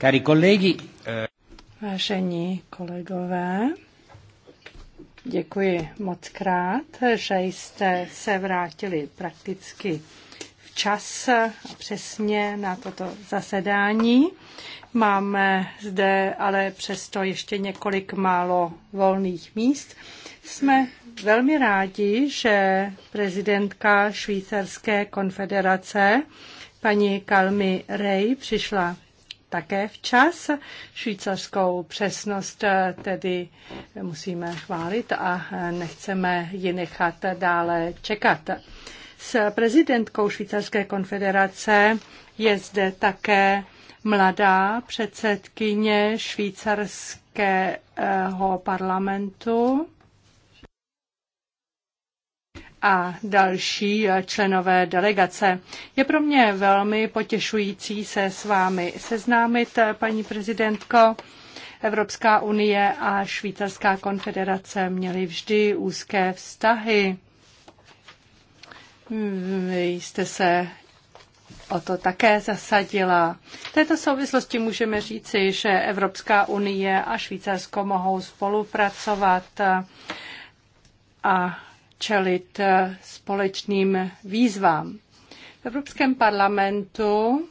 Cari colleghi, Vážení kolegové, děkuji moc krát, že jste se vrátili prakticky včas a přesně na toto zasedání. Máme zde ale přesto ještě několik málo volných míst. Jsme velmi rádi, že prezidentka Švýcarské konfederace paní Kalmy Rej přišla také včas. Švýcarskou přesnost eh, tedy eh, musíme chválit a eh, nechceme ji nechat dále čekat. S prezidentkou Švýcarské konfederace je zde také mladá předsedkyně švýcarského parlamentu a další členové delegace. Je pro mě velmi potěšující se s vámi seznámit, paní prezidentko. Evropská unie a Švýcarská konfederace měly vždy úzké vztahy. Vy jste se o to také zasadila. V této souvislosti můžeme říci, že Evropská unie a Švýcarsko mohou spolupracovat a čelit eh, společným výzvám. V Evropském parlamentu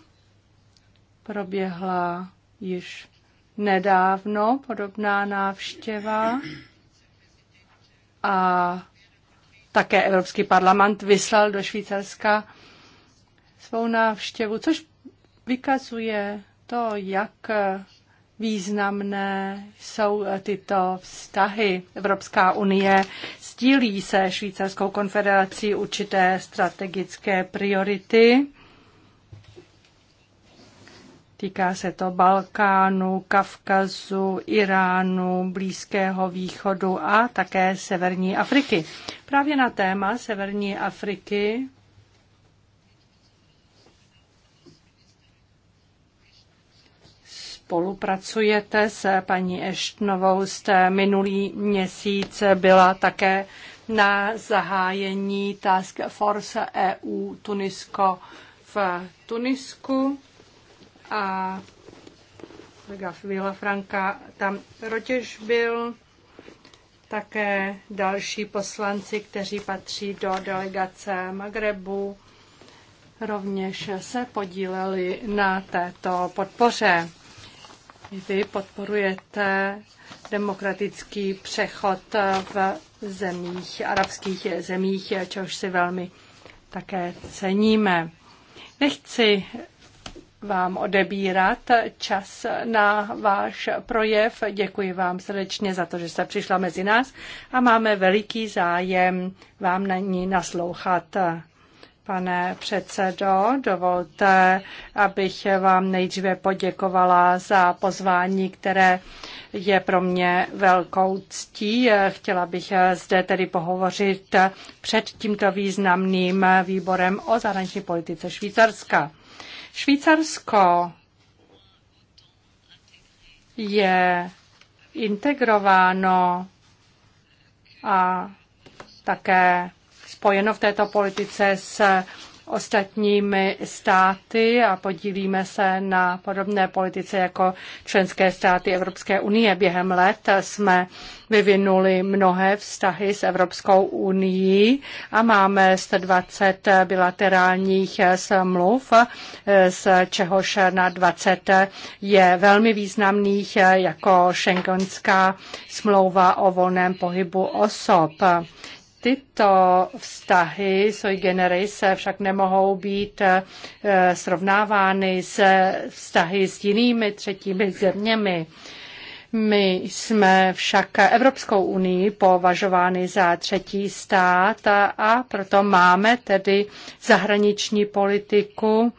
proběhla již nedávno podobná návštěva a také Evropský parlament vyslal do Švýcarska svou návštěvu, což vykazuje to, jak významné jsou eh, tyto vztahy. Evropská unie stílí se Švýcarskou konfederací určité strategické priority. Týká se to Balkánu, Kavkazu, Iránu, Blízkého východu a také Severní Afriky. Právě na téma Severní Afriky spolupracujete s paní Eštnovou. Jste minulý měsíc byla také na zahájení Task Force EU Tunisko v Tunisku a kolega Vila Franka tam rotěž byl také další poslanci, kteří patří do delegace Magrebu, rovněž se podíleli na této podpoře vy podporujete demokratický přechod v zemích, arabských zemích, čehož si velmi také ceníme. Nechci vám odebírat čas na váš projev. Děkuji vám srdečně za to, že jste přišla mezi nás a máme veliký zájem vám na ní naslouchat. Pane předsedo, dovolte, abych vám nejdříve poděkovala za pozvání, které je pro mě velkou ctí. Chtěla bych zde tedy pohovořit před tímto významným výborem o zahraniční politice Švýcarska. Švýcarsko je integrováno a také spojeno v této politice s ostatními státy a podílíme se na podobné politice jako členské státy Evropské unie. Během let jsme vyvinuli mnohé vztahy s Evropskou unii a máme 120 bilaterálních smluv, z čehož na 20 je velmi významných jako šengenská smlouva o volném pohybu osob. Tyto vztahy soj generis však nemohou být eh, srovnávány s vztahy s jinými třetími zeměmi. My jsme však Evropskou unii považovány za třetí stát a proto máme tedy zahraniční politiku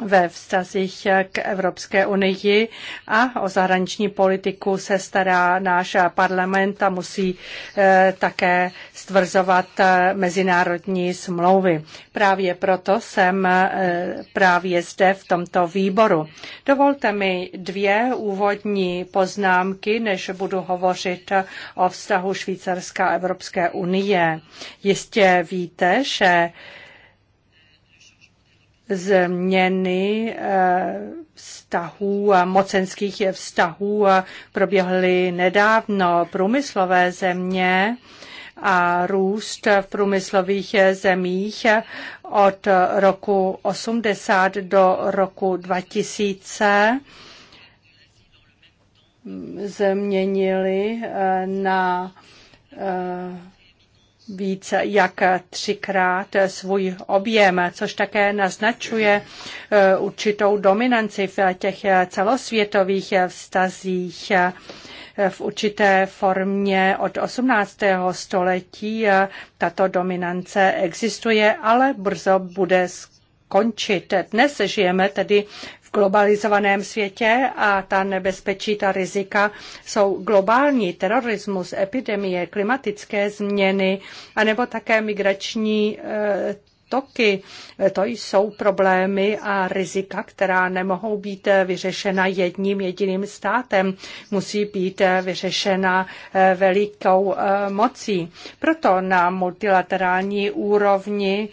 ve vztazích k Evropské unii a o zahraniční politiku se stará náš parlament a musí eh, také stvrzovat eh, mezinárodní smlouvy. Právě proto jsem eh, právě zde v tomto výboru. Dovolte mi dvě úvodní poznámky, než budu hovořit o vztahu Švýcarska a Evropské unie. Jistě víte, že změny eh, vztahů, mocenských vztahů eh, proběhly nedávno. Průmyslové země a růst v průmyslových zemích od roku 80 do roku 2000 změnili eh, na víc jak třikrát svůj objem, což také naznačuje eh, určitou dominanci v těch celosvětových vztazích eh, v určité formě od 18. století. Eh, tato dominance existuje, ale brzo bude skončit. Dnes žijeme tedy globalizovaném světě a ta nebezpečí, ta rizika jsou globální. Terorismus, epidemie, klimatické změny, anebo také migrační eh, toky. Eh, to jsou problémy a rizika, která nemohou být eh, vyřešena jedním jediným státem. Musí být vyřešena velikou mocí. Proto na multilaterální úrovni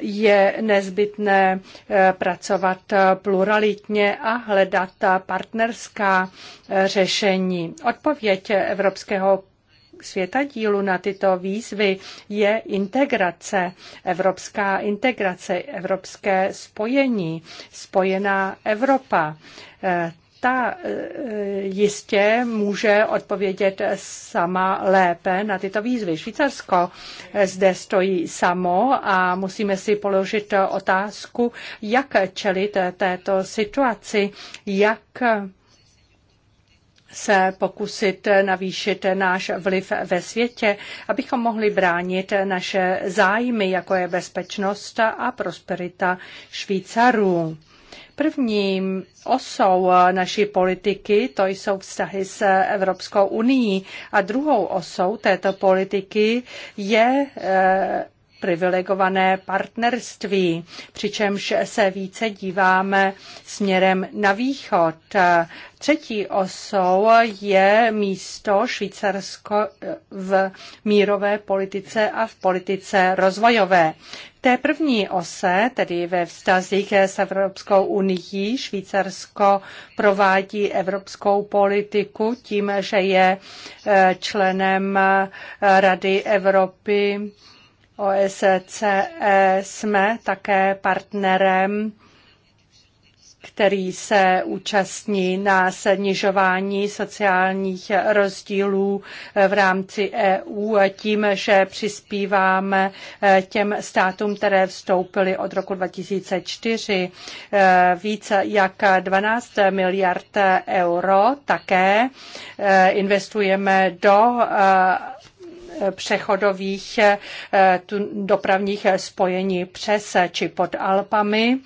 je nezbytné eh, pracovat eh, pluralitně a hledat eh, partnerská řešení. Odpověď Evropského světa dílu na tyto výzvy je integrace, evropská integrace, evropské spojení, spojená Evropa ta e, e, jistě může odpovědět sama lépe na tyto výzvy. Švýcarsko e, zde stojí samo a musíme si položit otázku, jak čelit této situaci, jak se pokusit navýšit náš vliv ve světě, abychom mohli bránit naše zájmy, jako je bezpečnost a prosperita Švýcarů. Prvním osou eh, naší politiky to jsou vztahy s Evropskou unii a druhou osou této politiky je eh, privilegované partnerství, přičemž se více díváme směrem na východ. Třetí osou je místo Švýcarsko v mírové politice a v politice rozvojové. V té první ose, tedy ve vztazích s Evropskou unii, Švýcarsko provádí evropskou politiku tím, že je eh, členem eh, Rady Evropy OSCE jsme také partnerem který se účastní na snižování sociálních rozdílů v rámci EU tím, že přispíváme eh, těm státům, které vstoupily od roku 2004 eh, více jak 12 miliard euro. Také eh, investujeme do přechodových eh, dopravních spojení přes či pod Alpami.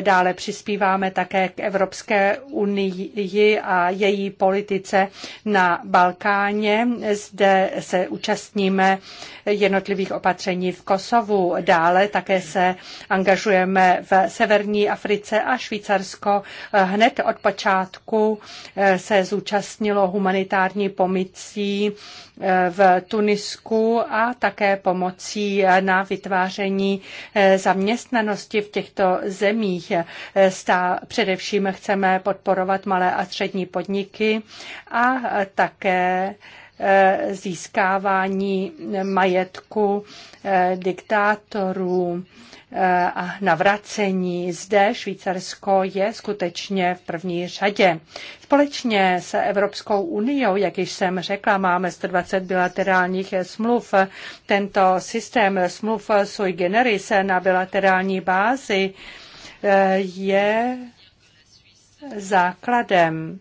Dále přispíváme také k Evropské unii a její politice na Balkáně. Zde se účastníme jednotlivých opatření v Kosovu. Dále také se angažujeme v severní Africe a Švýcarsko hned od počátku eh, se zúčastnilo humanitární pomocí eh, v Tunisku zisku a také pomocí na vytváření eh, zaměstnanosti v těchto zemích. Eh, stá, především chceme podporovat malé a střední podniky a také eh, získávání majetku diktátorů a navracení. Zde Švýcarsko je skutečně v první řadě. Společně se Evropskou uniou, jak již jsem řekla, máme 120 bilaterálních smluv. Tento systém smluv sui generis na bilaterální bázi eh, je základem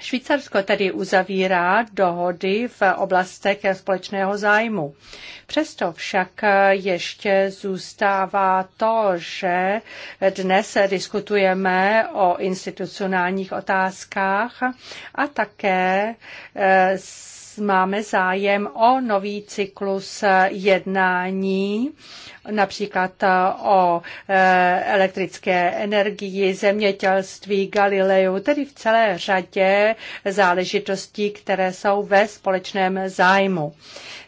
Švýcarsko tedy uzavírá dohody v oblastech společného zájmu. Přesto však ještě zůstává to, že dnes diskutujeme o institucionálních otázkách a také eh, máme zájem o nový cyklus jednání například eh, o eh, elektrické energii, zemědělství, Galileu, tedy v celé řadě záležitostí, které jsou ve společném zájmu.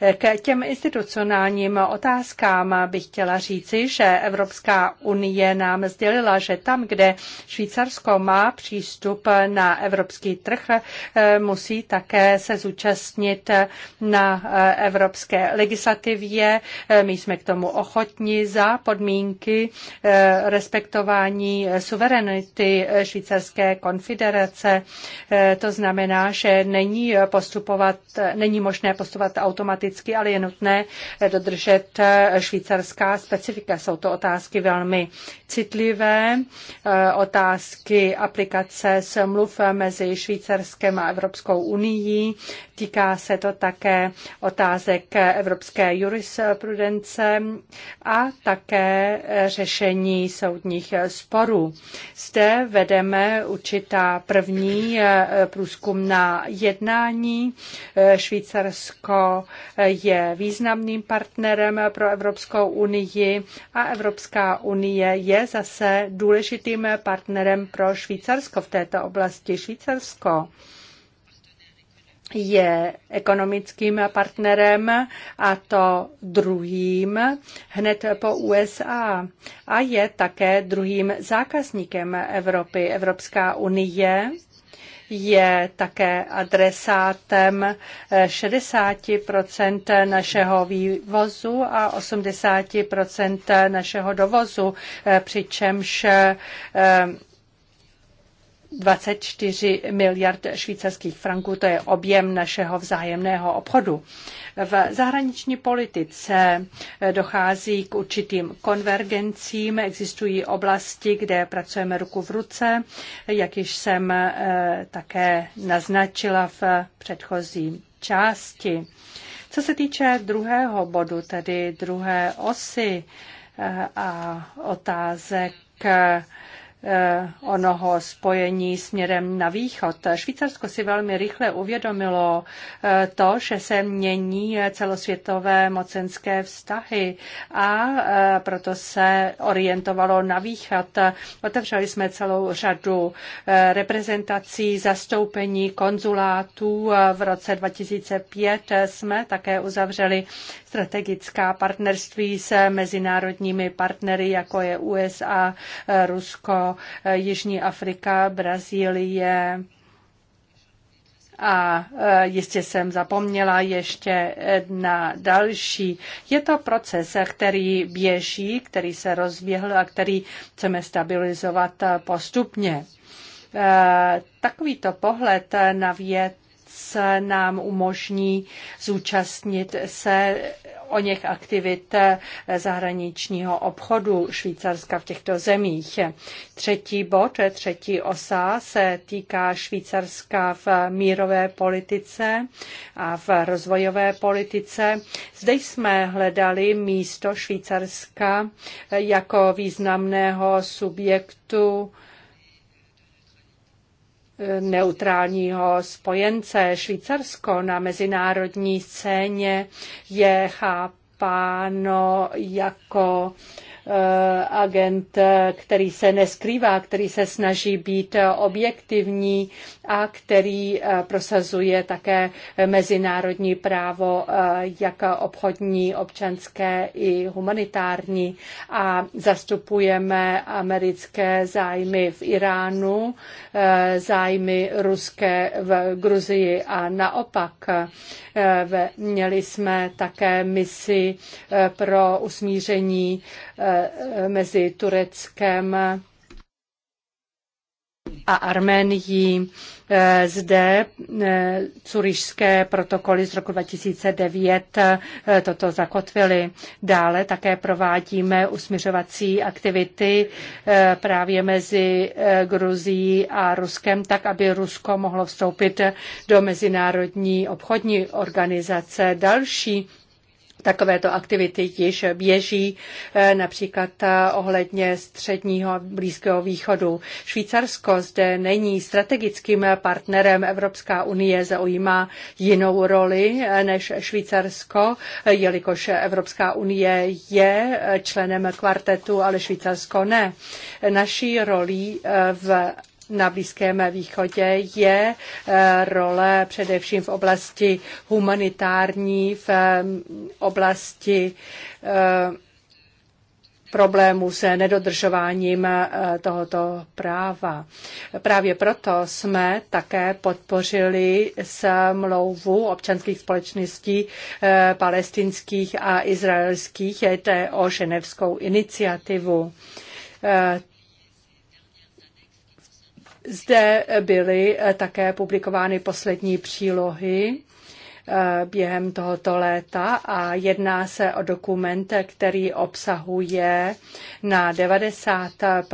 Eh, k těm institucionálním otázkám bych chtěla říci, že Evropská unie nám sdělila, že tam, kde Švýcarsko má přístup na evropský trh, musí také se zúčastnit na evropské legislativě. My jsme k tomu ochotní ochotni za podmínky eh, respektování eh, suverenity eh, Švýcarské konfederace. To znamená, že není, postupovat, není možné postupovat automaticky, ale je nutné dodržet švýcarská specifika. Jsou to otázky velmi citlivé, otázky aplikace smluv mezi Švýcarskem a Evropskou unii. Týká se to také otázek evropské jurisprudence a také eh, řešení soudních eh, sporů. Zde vedeme určitá první eh, průzkumná jednání. Švýcarsko je významným partnerem pro Evropskou unii a Evropská unie je zase důležitým partnerem pro Švýcarsko v této oblasti. Švýcarsko je ekonomickým partnerem a to druhým hned po USA a je také druhým zákazníkem Evropy. Evropská unie je také adresátem 60 našeho vývozu a 80 našeho dovozu, přičemž eh, 24 miliard švýcarských franků, to je objem našeho vzájemného obchodu. V zahraniční politice dochází k určitým konvergencím, existují oblasti, kde pracujeme ruku v ruce, jak již jsem eh, také naznačila v předchozí části. Co se týče druhého bodu, tedy druhé osy eh, a otázek, eh, Eh, onoho spojení směrem na východ. Švýcarsko si velmi rychle uvědomilo eh, to, že se mění celosvětové mocenské vztahy a eh, proto se orientovalo na východ. Otevřeli jsme celou řadu reprezentací, zastoupení konzulátů. V roce 2005 jsme také uzavřeli strategická partnerství se mezinárodními partnery, jako je USA, Rusko, Eh, Jižní Afrika, Brazílie, a eh, jistě jsem zapomněla ještě eh, na další. Je to proces, který běží, který se rozběhl a který chceme stabilizovat postupně. Takovýto pohled na věd se nám umožní zúčastnit se o něch aktivit zahraničního obchodu Švýcarska v těchto zemích. Třetí bod, třetí osa se týká Švýcarska v mírové politice a v rozvojové politice. Zde jsme hledali místo Švýcarska jako významného subjektu neutrálního spojence. Švýcarsko na mezinárodní scéně je chápáno jako uh, Eh, agent, eh, který se neskrývá, který se snaží být eh, objektivní a který prosazuje také mezinárodní právo, jak obchodní, občanské i humanitární. A zastupujeme americké zájmy v Iránu, zájmy ruské v Gruzii a naopak. Měli jsme také misi pro usmíření Eh, mezi Tureckem a Arménií. Eh, zde eh, curišské protokoly z roku 2009 toto zakotvily. Dále také provádíme usměřovací aktivity právě mezi Gruzií a Ruskem, tak aby Rusko mohlo vstoupit do Mezinárodní obchodní organizace. Další Takovéto aktivity již běží eh, například eh, ohledně středního a Blízkého východu. Švýcarsko zde není strategickým partnerem. Evropská unie zaujímá jinou roli eh, než Švýcarsko, jelikož Evropská unie je členem kvartetu, ale Švýcarsko ne. Naší roli v na Blízkém východě je eh, role především v oblasti humanitární, v mm, oblasti eh, problémů se nedodržováním eh, tohoto práva. Právě proto jsme také podpořili smlouvu občanských společností palestinských a izraelských, to je o ženevskou iniciativu zde byly eh, také publikovány poslední přílohy Eh, během tohoto léta a jedná se o dokument, který obsahuje na 90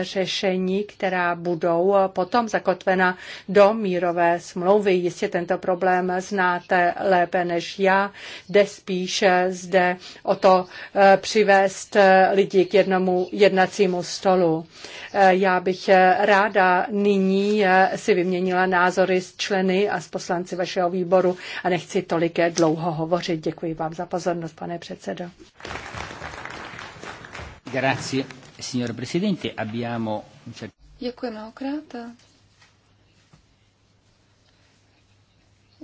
řešení, která budou potom zakotvena do mírové smlouvy. Jistě tento problém znáte lépe než já. Jde spíše zde o to eh, přivést lidi k jednomu jednacímu stolu. Eh, já bych ráda nyní si vyměnila názory s členy a s poslanci vašeho výboru a nechci tolik dlouho hovořit. Děkuji vám za pozornost, pane předsedo. Grazie, signor Presidente. Abbiamo... Děkuji mnohokrát.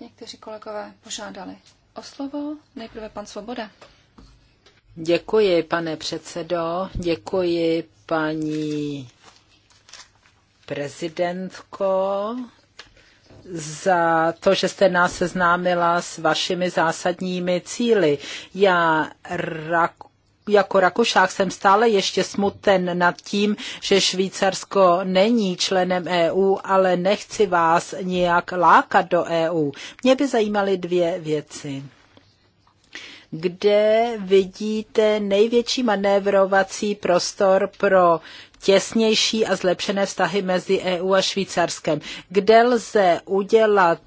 Někteří kolegové požádali o slovo. Nejprve pan Svoboda. Děkuji, pane předsedo. Děkuji, paní prezidentko za to, že jste nás seznámila s vašimi zásadními cíly. Já rak, jako Rakušák jsem stále ještě smuten nad tím, že Švýcarsko není členem EU, ale nechci vás nějak lákat do EU. Mě by zajímaly dvě věci. Kde vidíte největší manévrovací prostor pro těsnější a zlepšené vztahy mezi EU a Švýcarskem, kde lze udělat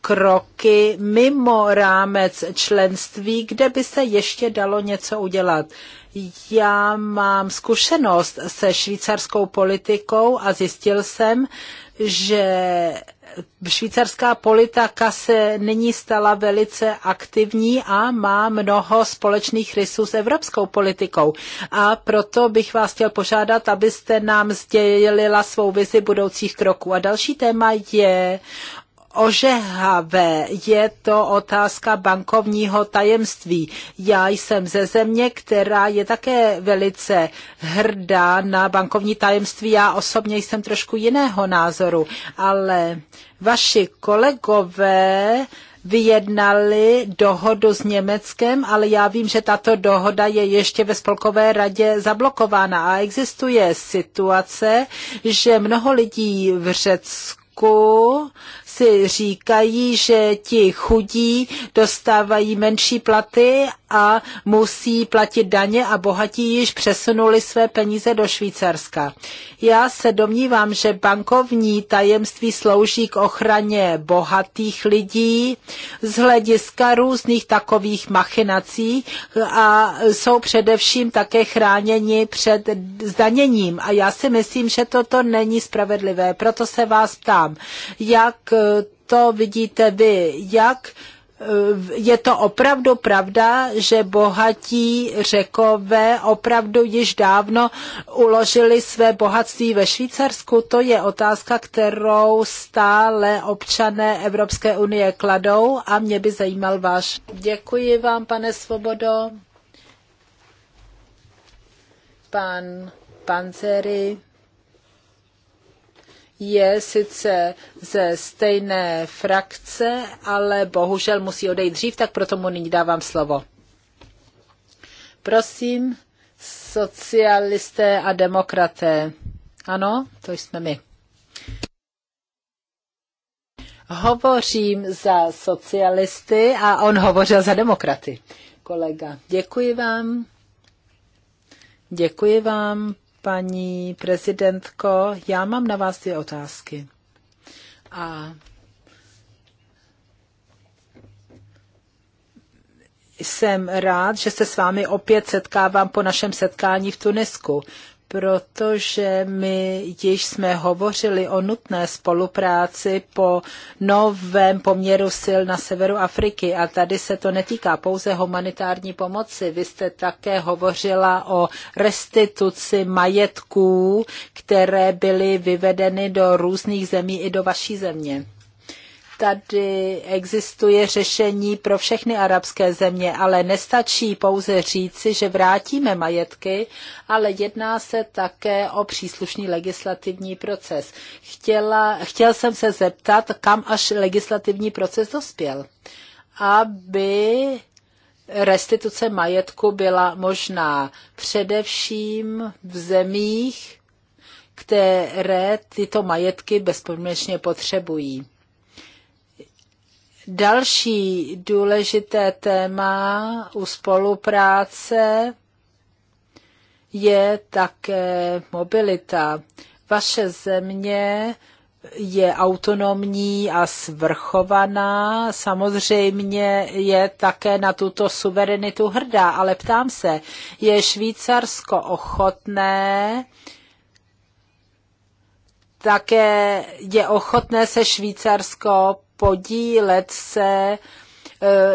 kroky mimo rámec členství, kde by se ještě dalo něco udělat. Já mám zkušenost se švýcarskou politikou a zjistil jsem, že švýcarská politika se nyní stala velice aktivní a má mnoho společných rysů s evropskou politikou. A proto bych vás chtěl požádat, abyste nám sdělila svou vizi budoucích kroků. A další téma je ožehavé. Je to otázka bankovního tajemství. Já jsem ze země, která je také velice hrdá na bankovní tajemství. Já osobně jsem trošku jiného názoru, ale vaši kolegové vyjednali dohodu s Německem, ale já vím, že tato dohoda je ještě ve Spolkové radě zablokována a existuje situace, že mnoho lidí v Řecku si říkají, že ti chudí dostávají menší platy a musí platit daně a bohatí již přesunuli své peníze do Švýcarska. Já se domnívám, že bankovní tajemství slouží k ochraně bohatých lidí z hlediska různých takových machinací a jsou především také chráněni před zdaněním. A já si myslím, že toto není spravedlivé. Proto se vás ptám, jak to vidíte vy, jak je to opravdu pravda, že bohatí řekové opravdu již dávno uložili své bohatství ve Švýcarsku? To je otázka, kterou stále občané Evropské unie kladou a mě by zajímal váš. Děkuji vám, pane Svobodo. Pan Panzeri je sice ze stejné frakce, ale bohužel musí odejít dřív, tak proto mu nyní dávám slovo. Prosím, socialisté a demokraté. Ano, to jsme my. Hovořím za socialisty a on hovořil za demokraty. Kolega, děkuji vám. Děkuji vám, paní prezidentko, já mám na vás dvě otázky. A jsem rád, že se s vámi opět setkávám po našem setkání v Tunisku, protože my již jsme hovořili o nutné spolupráci po novém poměru sil na severu Afriky a tady se to netýká pouze humanitární pomoci. Vy jste také hovořila o restituci majetků, které byly vyvedeny do různých zemí i do vaší země tady existuje řešení pro všechny arabské země, ale nestačí pouze říci, že vrátíme majetky, ale jedná se také o příslušný legislativní proces. Chtěla, chtěl jsem se zeptat, kam až legislativní proces dospěl, aby restituce majetku byla možná především v zemích, které tyto majetky bezpodmínečně potřebují Další důležité téma u spolupráce je také mobilita. Vaše země je autonomní a svrchovaná. Samozřejmě je také na tuto suverenitu hrdá, ale ptám se, je Švýcarsko ochotné také je ochotné se Švýcarsko podílet se e,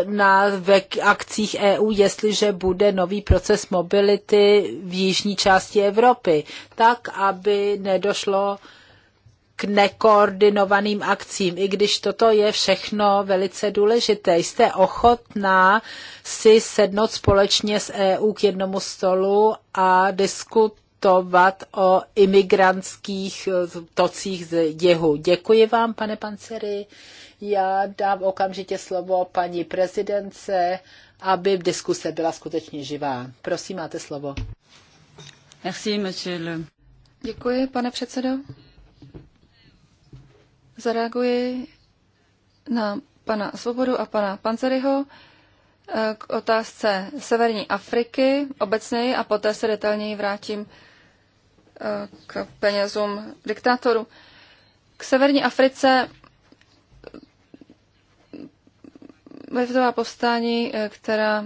na ve akcích EU, jestliže bude nový proces mobility v jižní části Evropy, tak aby nedošlo k nekoordinovaným akcím, i když toto je všechno velice důležité. Jste ochotná si sednout společně s EU k jednomu stolu a diskutovat o imigrantských tocích z jihu. Děkuji vám, pane Panceri. Já dám okamžitě slovo paní prezidence, aby v diskuse byla skutečně živá. Prosím, máte slovo. Merci, monsieur Děkuji, pane předsedo. Zareaguji na pana Svobodu a pana Panzeryho eh, k otázce Severní Afriky obecněji a poté se detailněji vrátím eh, k penězům diktátoru K Severní Africe Litová povstání, eh, která,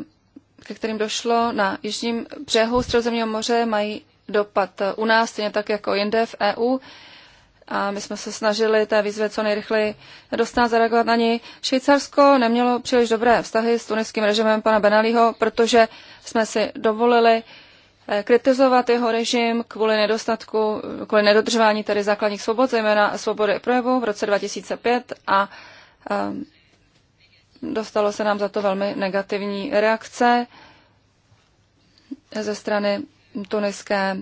ke kterým došlo na jižním břehu Středozemního moře, mají dopad eh, u nás, stejně tak jako jinde v EU. A my jsme se snažili té výzvy co nejrychleji dostat zareagovat na ní. Švýcarsko nemělo příliš dobré vztahy s tuniským režimem pana Benalího, protože jsme si dovolili eh, kritizovat jeho režim kvůli nedostatku, kvůli nedodržování tedy základních svobod, zejména svobody projevu v roce 2005 a ehm, Dostalo se nám za to velmi negativní reakce ze strany tuniské,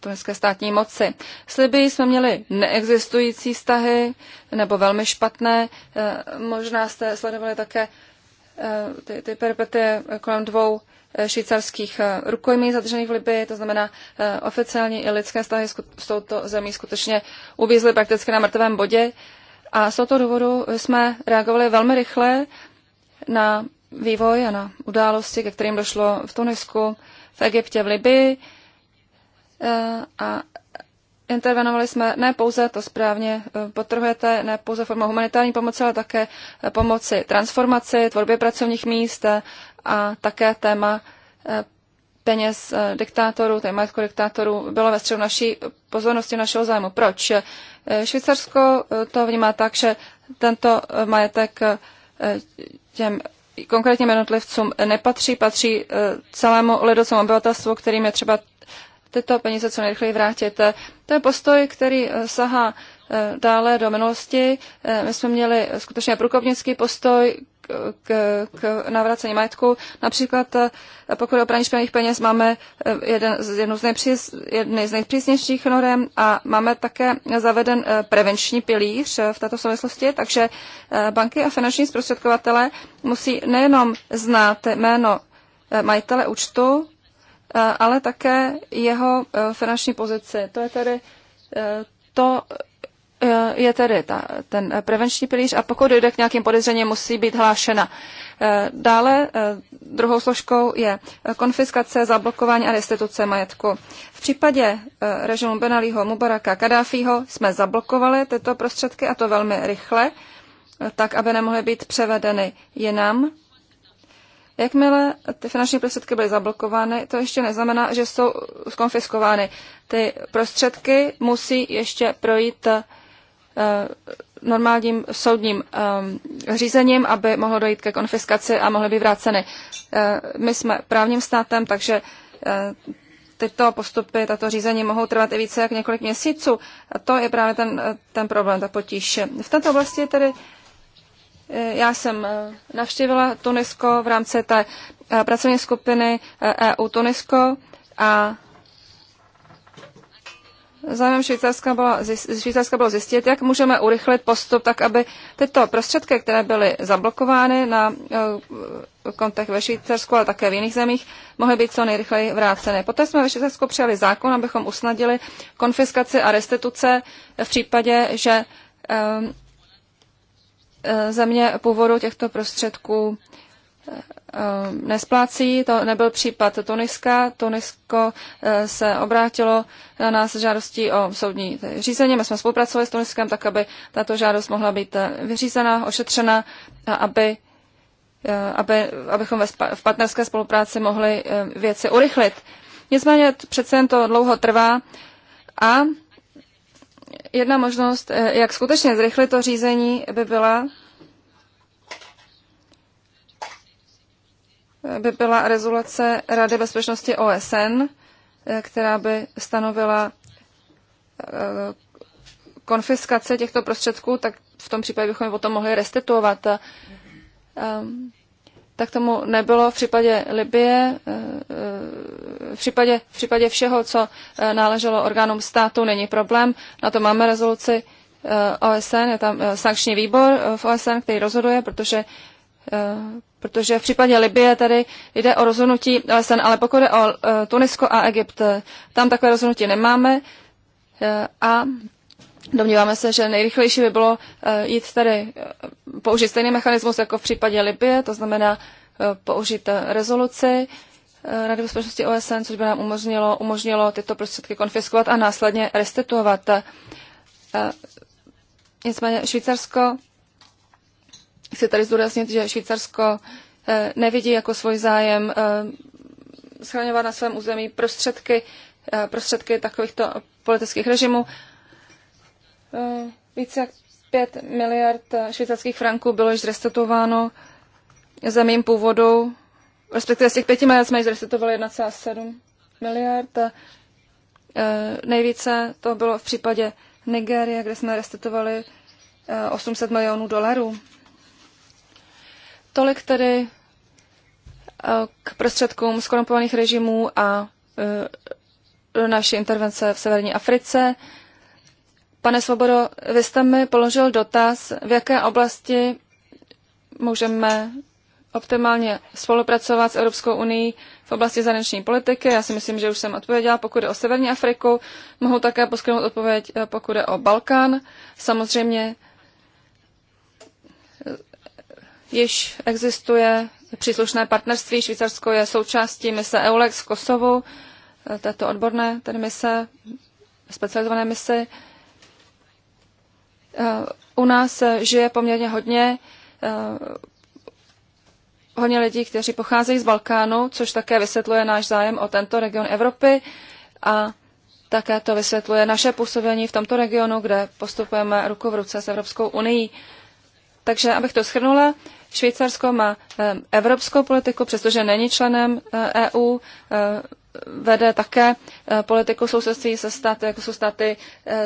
tuniské státní moci. S Libii jsme měli neexistující vztahy nebo velmi špatné. Eh, možná jste sledovali také eh, ty, ty peripetie kolem dvou eh, švýcarských rukojmí zadržených v Libii, to znamená oficiální i lidské vztahy s touto zemí skutečně uvízly prakticky na mrtvém bodě. A z toho důvodu jsme reagovali velmi rychle na vývoj a na události, ke kterým došlo v Tunisku, v Egyptě, v Libii. Eh, a intervenovali jsme ne pouze, to správně eh, potrhujete, ne pouze formou humanitární pomoci, ale také eh, pomoci transformaci, tvorbě pracovních míst a také téma peněz eh, diktátorů, té majetku diktátorů, bylo ve středu naší pozornosti, našeho zájmu. Proč? Eh, Švýcarsko eh, to vnímá tak, že tento majetek těm konkrétním jednotlivcům nepatří, patří celému lidovcům obyvatelstvu, kterým je třeba tyto peníze co nejrychleji vrátit. To je postoj, který sahá dále do minulosti. My jsme měli skutečně průkopnický postoj k, k navracení majetku. Například eh, pokud o praní špinavých peněz máme eh, jeden, jednu z nejpřiz, jedny z nejpřísnějších norem a máme také zaveden eh, prevenční pilíř v této souvislosti, takže banky a finanční zprostředkovatele musí nejenom znát jméno majitele účtu, ale také jeho finanční pozici. To je tedy to, Eh, je tedy ta, ten eh, prevenční pilíř a pokud dojde k nějakým podezřením, musí být hlášena. Eh, dále druhou složkou je konfiskace, zablokování a restituce majetku. V případě režimu Benalího, Mubaraka, Kadáfího jsme zablokovali tyto prostředky a to velmi rychle, tak, aby nemohly být převedeny jinam. Jakmile ty finanční prostředky byly zablokovány, to ještě neznamená, že jsou skonfiskovány. Ty prostředky musí ještě projít Eh, normálním soudním eh, řízením, aby mohlo dojít ke konfiskaci a mohly být vráceny. Eh, my jsme právním státem, takže tyto postupy, tato řízení mohou trvat i více jak několik měsíců. A to je právě ten, ten problém, ta potíž. V této oblasti tedy já jsem navštívila Tunisko v rámci té pracovní skupiny EU e Tunisko a Zájem Švýcarska bylo, Švýcarska bylo zjistit, jak můžeme urychlit postup tak, aby tyto prostředky, které byly zablokovány na eh, kontech ve Švýcarsku, ale také v jiných zemích, mohly být co nejrychleji vráceny. Poté jsme ve Švýcarsku přijali zákon, abychom usnadili konfiskaci a restituce v případě, že eh, eh, země původu těchto prostředků Eh, nesplácí. To nebyl případ Tuniska. Tunisko eh, se obrátilo na nás žádostí o soudní řízení. My jsme spolupracovali s Tuniskem tak, aby tato žádost mohla být eh, vyřízena, ošetřena a aby, aby, abychom ve, v partnerské spolupráci mohli věci urychlit. Nicméně přece jen to dlouho trvá a jedna možnost, jak skutečně zrychlit to řízení, by byla by byla rezoluce Rady bezpečnosti OSN, eh, která by stanovila eh, konfiskace těchto prostředků, tak v tom případě bychom o tom mohli restituovat. Eh, tak tomu nebylo v případě Libie, v případě, v případě všeho, co náleželo orgánům státu, není problém. Na to máme rezoluci OSN, je tam sankční výbor v OSN, který rozhoduje, protože Eh, protože v případě Libie tady jde o rozhodnutí OSN, ale pokud jde o eh, Tunisko a Egypt, eh, tam takové rozhodnutí nemáme a domníváme se, že nejrychlejší by bylo jít tady použít stejný mechanismus jako v případě Libie, to znamená použít rezoluci Rady bezpečnosti OSN, což by nám umožnilo, umožnilo tyto prostředky konfiskovat a následně restituovat. Nicméně Švýcarsko chci tady zdůraznit, že Švýcarsko eh, nevidí jako svůj zájem eh, schraňovat na svém území prostředky, eh, prostředky takovýchto politických režimů. Více jak 5 miliard švýcarských franků bylo již zrestatováno zemím původu, respektive z těch 5 miliard jsme již zrestatovali 1,7 miliard. Nejvíce to bylo v případě Nigérie, kde jsme restituovali 800 milionů dolarů. Tolik tedy eh, k prostředkům skorumpovaných režimů a eh, naší intervence v severní Africe. Pane Svobodo, vy jste mi položil dotaz, v jaké oblasti můžeme optimálně spolupracovat s Evropskou unii v oblasti zahraniční politiky. Já si myslím, že už jsem odpověděla, pokud je o Severní Afriku. Mohu také poskytnout odpověď, eh, pokud je o Balkán. Samozřejmě již existuje příslušné partnerství. Švýcarsko je součástí mise EULEX v Kosovu, eh, této odborné tedy mise, specializované mise. Eh, u nás žije poměrně hodně eh, hodně lidí, kteří pocházejí z Balkánu, což také vysvětluje náš zájem o tento region Evropy a také to vysvětluje naše působení v tomto regionu, kde postupujeme ruku v ruce s Evropskou unii. Takže abych to shrnula, Švýcarsko má eh, evropskou politiku, přestože není členem EU, eh, e eh, vede také politiku sousedství se státy, jako jsou státy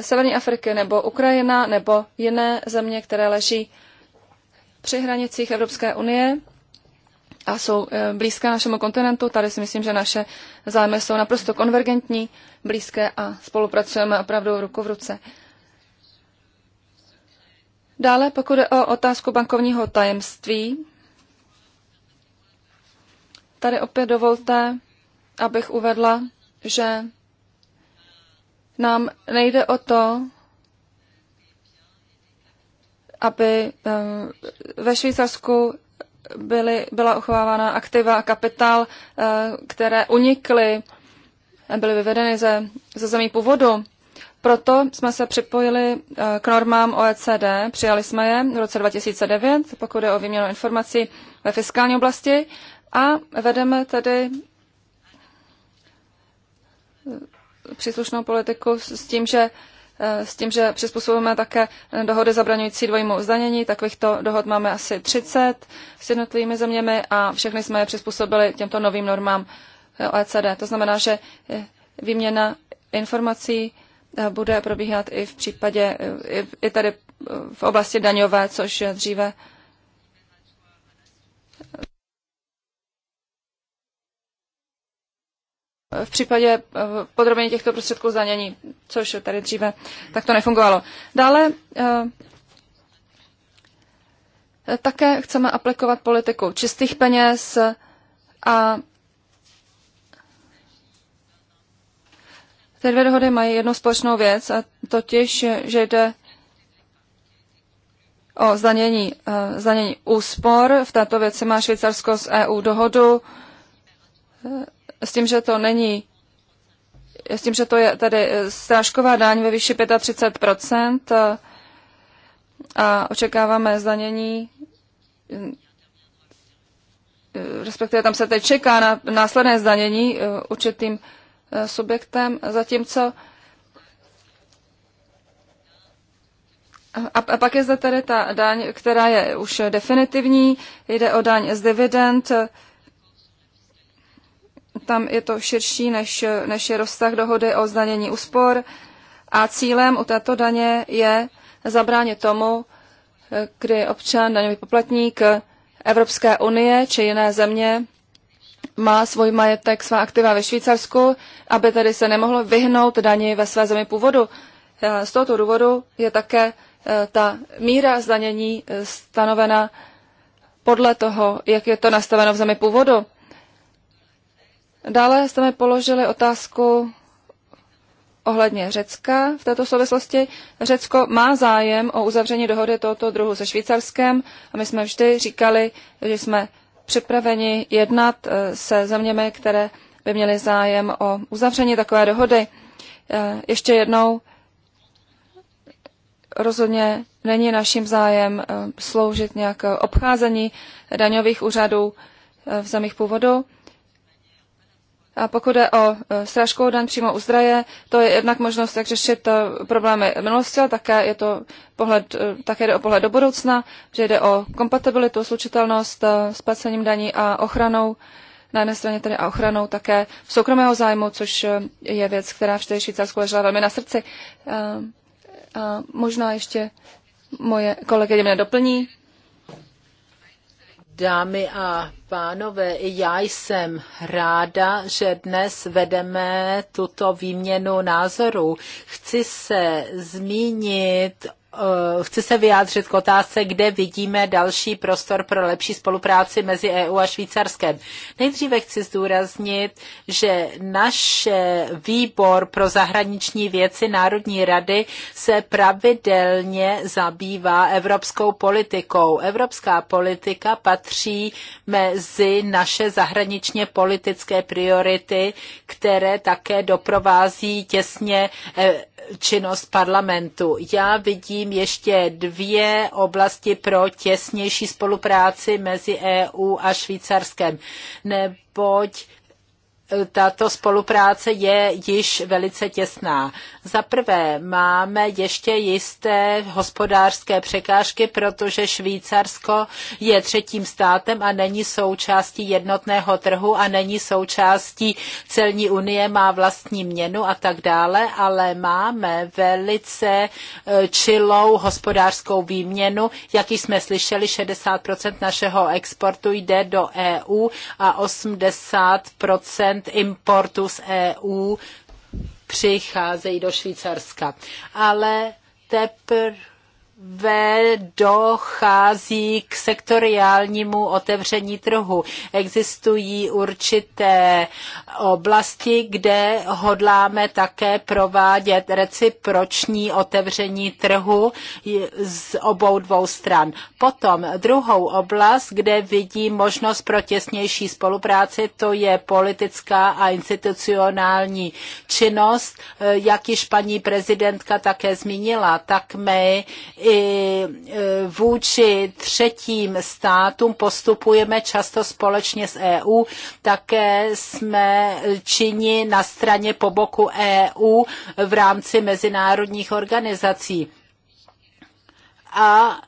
Severní Afriky nebo Ukrajina nebo jiné země, které leží při hranicích Evropské unie a jsou blízké našemu kontinentu. Tady si myslím, že naše zájmy jsou naprosto konvergentní, blízké a spolupracujeme opravdu ruku v ruce. Dále, pokud je o otázku bankovního tajemství, tady opět dovolte, abych uvedla, že nám nejde o to, aby eh, ve Švýcarsku byly, byla uchovávána aktiva a kapitál, eh, které unikly, byly vyvedeny ze, ze zemí původu. Proto jsme se připojili eh, k normám OECD, přijali jsme je v roce 2009, pokud je o výměnu informací ve fiskální oblasti a vedeme tedy eh, příslušnou politiku s tím, že eh, s tím, že přizpůsobujeme také dohody zabraňující dvojímu zdanění. Takovýchto dohod máme asi 30 s jednotlivými zeměmi a všechny jsme je přizpůsobili těmto novým normám OECD. To znamená, že výměna informací bude probíhat i v případě, i, tady v oblasti daňové, což dříve v případě eh, podrobení těchto prostředků zdanění, což tady dříve tak to nefungovalo. Dále eh, také chceme aplikovat politiku čistých peněz a Ty dvě dohody mají jednu společnou věc, a totiž, že jde o zdanění, eh, zdanění úspor. V této věci má Švýcarsko s EU dohodu eh, s tím, že to není s tím, že to je tady eh, strážková daň ve výši 35 a, a očekáváme zdanění, respektive tam se teď čeká na následné zdanění určitým subjektem, zatímco A, a pak je zde tedy ta daň, která je už definitivní, jde o daň z dividend. Tam je to širší, než, než je rozsah dohody o zdanění úspor. A cílem u této daně je zabránit tomu, kdy občan, daňový poplatník Evropské unie či jiné země má svůj majetek, svá aktiva ve Švýcarsku, aby tedy se nemohlo vyhnout daní ve své zemi původu. Eh, z tohoto důvodu je také eh, ta míra zdanění eh, stanovena podle toho, jak je to nastaveno v zemi původu. Dále jste mi položili otázku ohledně Řecka v této souvislosti. Řecko má zájem o uzavření dohody tohoto druhu se Švýcarskem a my jsme vždy říkali, že jsme připraveni jednat eh, se zeměmi, které by měly zájem o uzavření takové dohody. Eh, ještě jednou, rozhodně není naším zájem eh, sloužit nějak obcházení daňových úřadů v zemích původu. A pokud je o e, srážkovou daň přímo u zdraje, to je jednak možnost, jak řešit e, problémy minulosti, ale také, je to pohled, e, také jde o pohled do budoucna, že jde o kompatibilitu, slučitelnost s placením daní a ochranou na jedné straně tedy a ochranou také soukromého zájmu, což je věc, která vždy Švýcarsku ležela velmi na srdci. A, možná ještě moje kolegy mě doplní. Dámy a pánové, i já jsem ráda, že dnes vedeme tuto výměnu názorů. Chci se zmínit Eh, chci se vyjádřit k otázce, kde vidíme další prostor pro lepší spolupráci mezi EU a Švýcarskem. Nejdříve chci zdůraznit, že náš výbor pro zahraniční věci Národní rady se pravidelně zabývá evropskou politikou. Evropská politika patří mezi naše zahraničně politické priority, které také doprovází těsně eh, činnost parlamentu. Já vidím ještě dvě oblasti pro těsnější spolupráci mezi EU a Švýcarskem, neboť tato spolupráce je již velice těsná. Za prvé máme ještě jisté hospodářské překážky, protože Švýcarsko je třetím státem a není součástí jednotného trhu a není součástí celní unie, má vlastní měnu a tak dále, ale máme velice eh, čilou hospodářskou výměnu. Jak jsme slyšeli, 60% našeho exportu jde do EU a 80% importu z EU přicházejí do Švýcarska. Ale teprve ve dochází k sektoriálnímu otevření trhu. Existují určité oblasti, kde hodláme také provádět reciproční otevření trhu z obou dvou stran. Potom druhou oblast, kde vidí možnost pro těsnější spolupráci, to je politická a institucionální činnost. Jak již paní prezidentka také zmínila, tak my i e, vůči třetím státům postupujeme často společně s EU. Také jsme činí na straně po boku EU v rámci mezinárodních organizací. A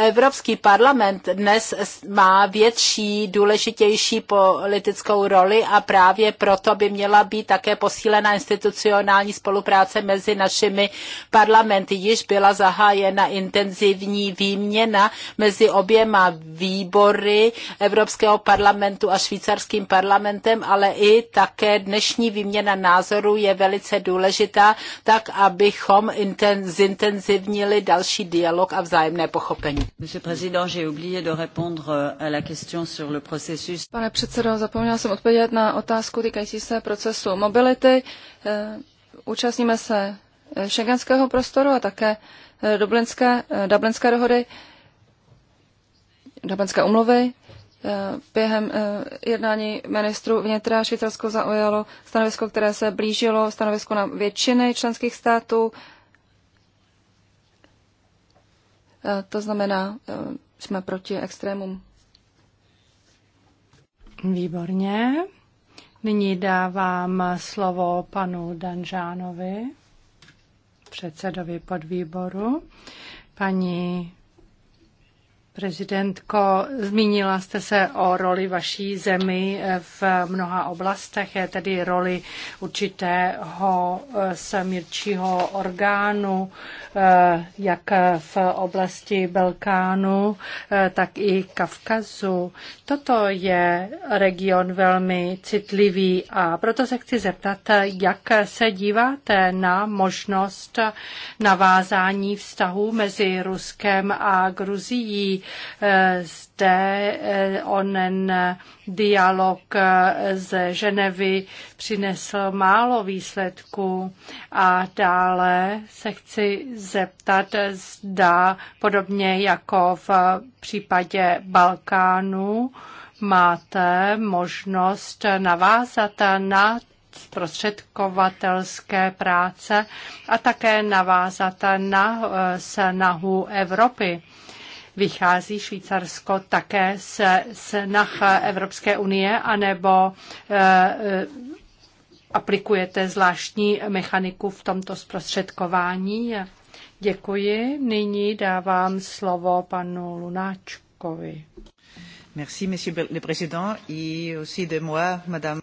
Evropský parlament dnes má větší, důležitější politickou roli a právě proto by měla být také posílena institucionální spolupráce mezi našimi parlamenty. Již byla zahájena intenzivní výměna mezi oběma výbory Evropského parlamentu a švýcarským parlamentem, ale i také dnešní výměna názorů je velice důležitá, tak abychom zintenzivnili další dialog a vzájemné pochopení. Pane předsedo, zapomněla jsem odpovědět na otázku týkající se procesu mobility. Eh, účastníme se šengenského eh, prostoru a také eh, dublinské, dublinské dohody, dublinské umluvy. Během jednání ministru vnitra Švýcarsko zaujalo stanovisko, které se blížilo stanovisko na většiny členských států Eh, to znamená, eh, jsme proti extrémům. Výborně. Nyní dávám slovo panu Danžánovi, předsedovi podvýboru. Paní prezidentko, zmínila jste se o roli vaší zemi v mnoha oblastech, je tedy roli určitého eh, samirčího orgánu, eh, jak v oblasti Balkánu, eh, tak i Kavkazu. Toto je region velmi citlivý a proto se chci zeptat, jak se díváte na možnost navázání vztahů mezi Ruskem a Gruzií Eh, zde eh, onen eh, dialog z Ženevy přinesl málo výsledků a dále se chci zeptat, zda podobně jako v případě Balkánu máte možnost navázat na zprostředkovatelské práce a také navázat na snahu Evropy. Vychází Švýcarsko také se snah Evropské unie anebo eh, eh, aplikujete zvláštní mechaniku v tomto zprostředkování? Děkuji. Nyní dávám slovo panu Lunáčkovi. Merci, monsieur le président, et aussi de moi, madame.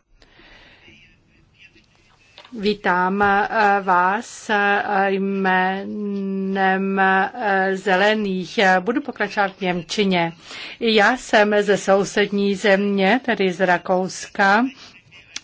Vítám eh, vás eh, jménem eh, zelených. Budu pokračovat v Němčině. Já jsem ze sousední země, tedy z Rakouska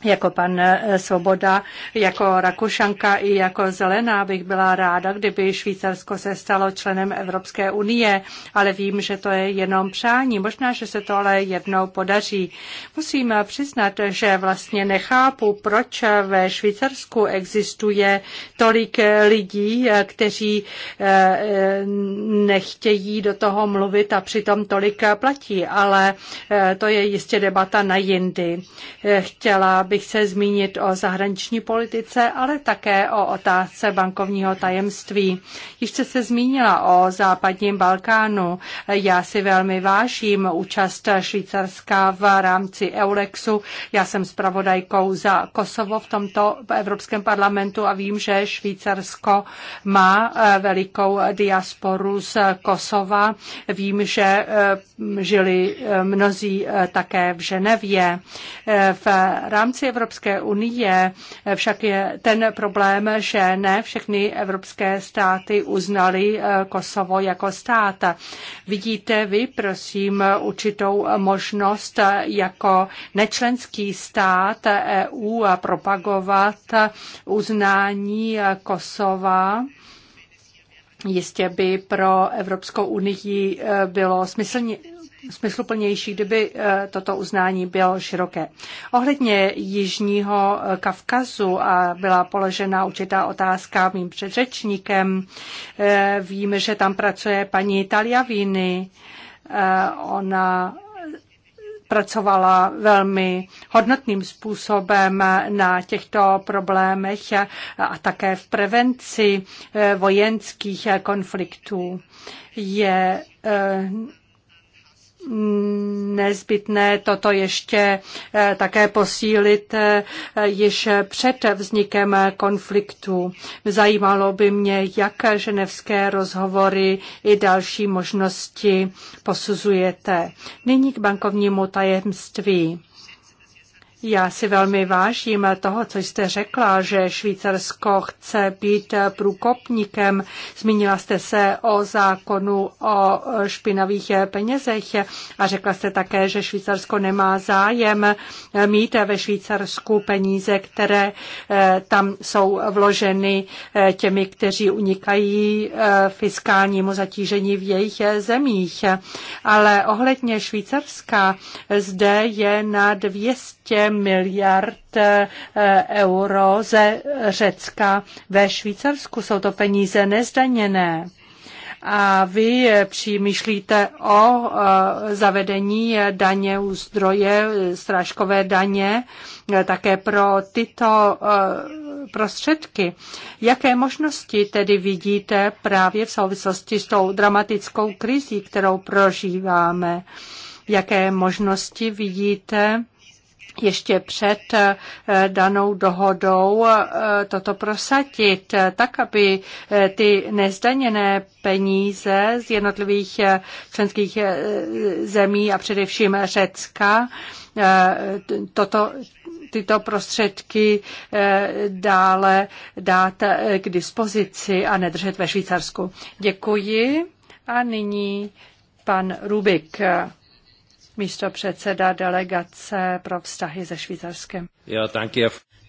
jako pan eh, Svoboda, jako Rakušanka i jako Zelená bych byla ráda, kdyby Švýcarsko se stalo členem Evropské unie, ale vím, že to je jenom přání. Možná, že se to ale jednou podaří. Musím přiznat, že vlastně nechápu, proč ve Švýcarsku existuje tolik lidí, eh, kteří eh, nechtějí do toho mluvit a přitom tolik platí, ale to je jistě debata na jindy. Chtěla bych bych se zmínit o zahraniční politice, ale také o otázce bankovního tajemství. Již jste se zmínila o západním Balkánu. Já si velmi vážím účast Švýcarska v rámci Eulexu. Já jsem zpravodajkou za Kosovo v tomto Evropském parlamentu a vím, že Švýcarsko má eh, velikou diasporu z Kosova. Vím, že eh, žili eh, mnozí také v Ženevě. V rámci rámci Evropské unie však je ten problém, že ne všechny evropské státy uznaly eh, Kosovo jako stát. Vidíte vy, prosím, určitou možnost eh, jako nečlenský stát EU propagovat uznání eh, Kosova? Jistě by pro Evropskou unii bylo smyslně, smysluplnější, kdyby eh, toto uznání bylo široké. Ohledně Jižního eh, Kavkazu a byla položena určitá otázka mým předřečníkem. Eh, Víme, že tam pracuje paní Taliavini. Ona pracovala velmi hodnotným způsobem na těchto problémech a také v prevenci vojenských konfliktů. Je nezbytné toto ještě eh, také posílit eh, již před vznikem konfliktu. Zajímalo by mě, jak ženevské rozhovory i další možnosti posuzujete. Nyní k bankovnímu tajemství. Já si velmi vážím toho, co jste řekla, že Švýcarsko chce být průkopníkem. Zmínila jste se o zákonu o špinavých penězech a řekla jste také, že Švýcarsko nemá zájem mít ve Švýcarsku peníze, které eh, tam jsou vloženy eh, těmi, kteří unikají eh, fiskálnímu zatížení v jejich zemích. Ale ohledně Švýcarska zde je na 200 miliard eh, euro ze Řecka ve Švýcarsku. Jsou to peníze nezdaněné a vy eh, přemýšlíte o eh, zavedení daně u zdroje, strážkové daně, také pro tyto prostředky. Jaké možnosti tedy vidíte právě v souvislosti s tou dramatickou krizí, kterou prožíváme? Jaké možnosti vidíte ještě před eh, danou dohodou eh, toto prosadit, eh, tak aby ty nezdaněné peníze z jednotlivých členských zemí a především Řecka toto tyto prostředky dále dát k dispozici a nedržet ve Švýcarsku. Děkuji. A nyní pan Rubik místo předseda delegace pro vztahy se Švýcarskem.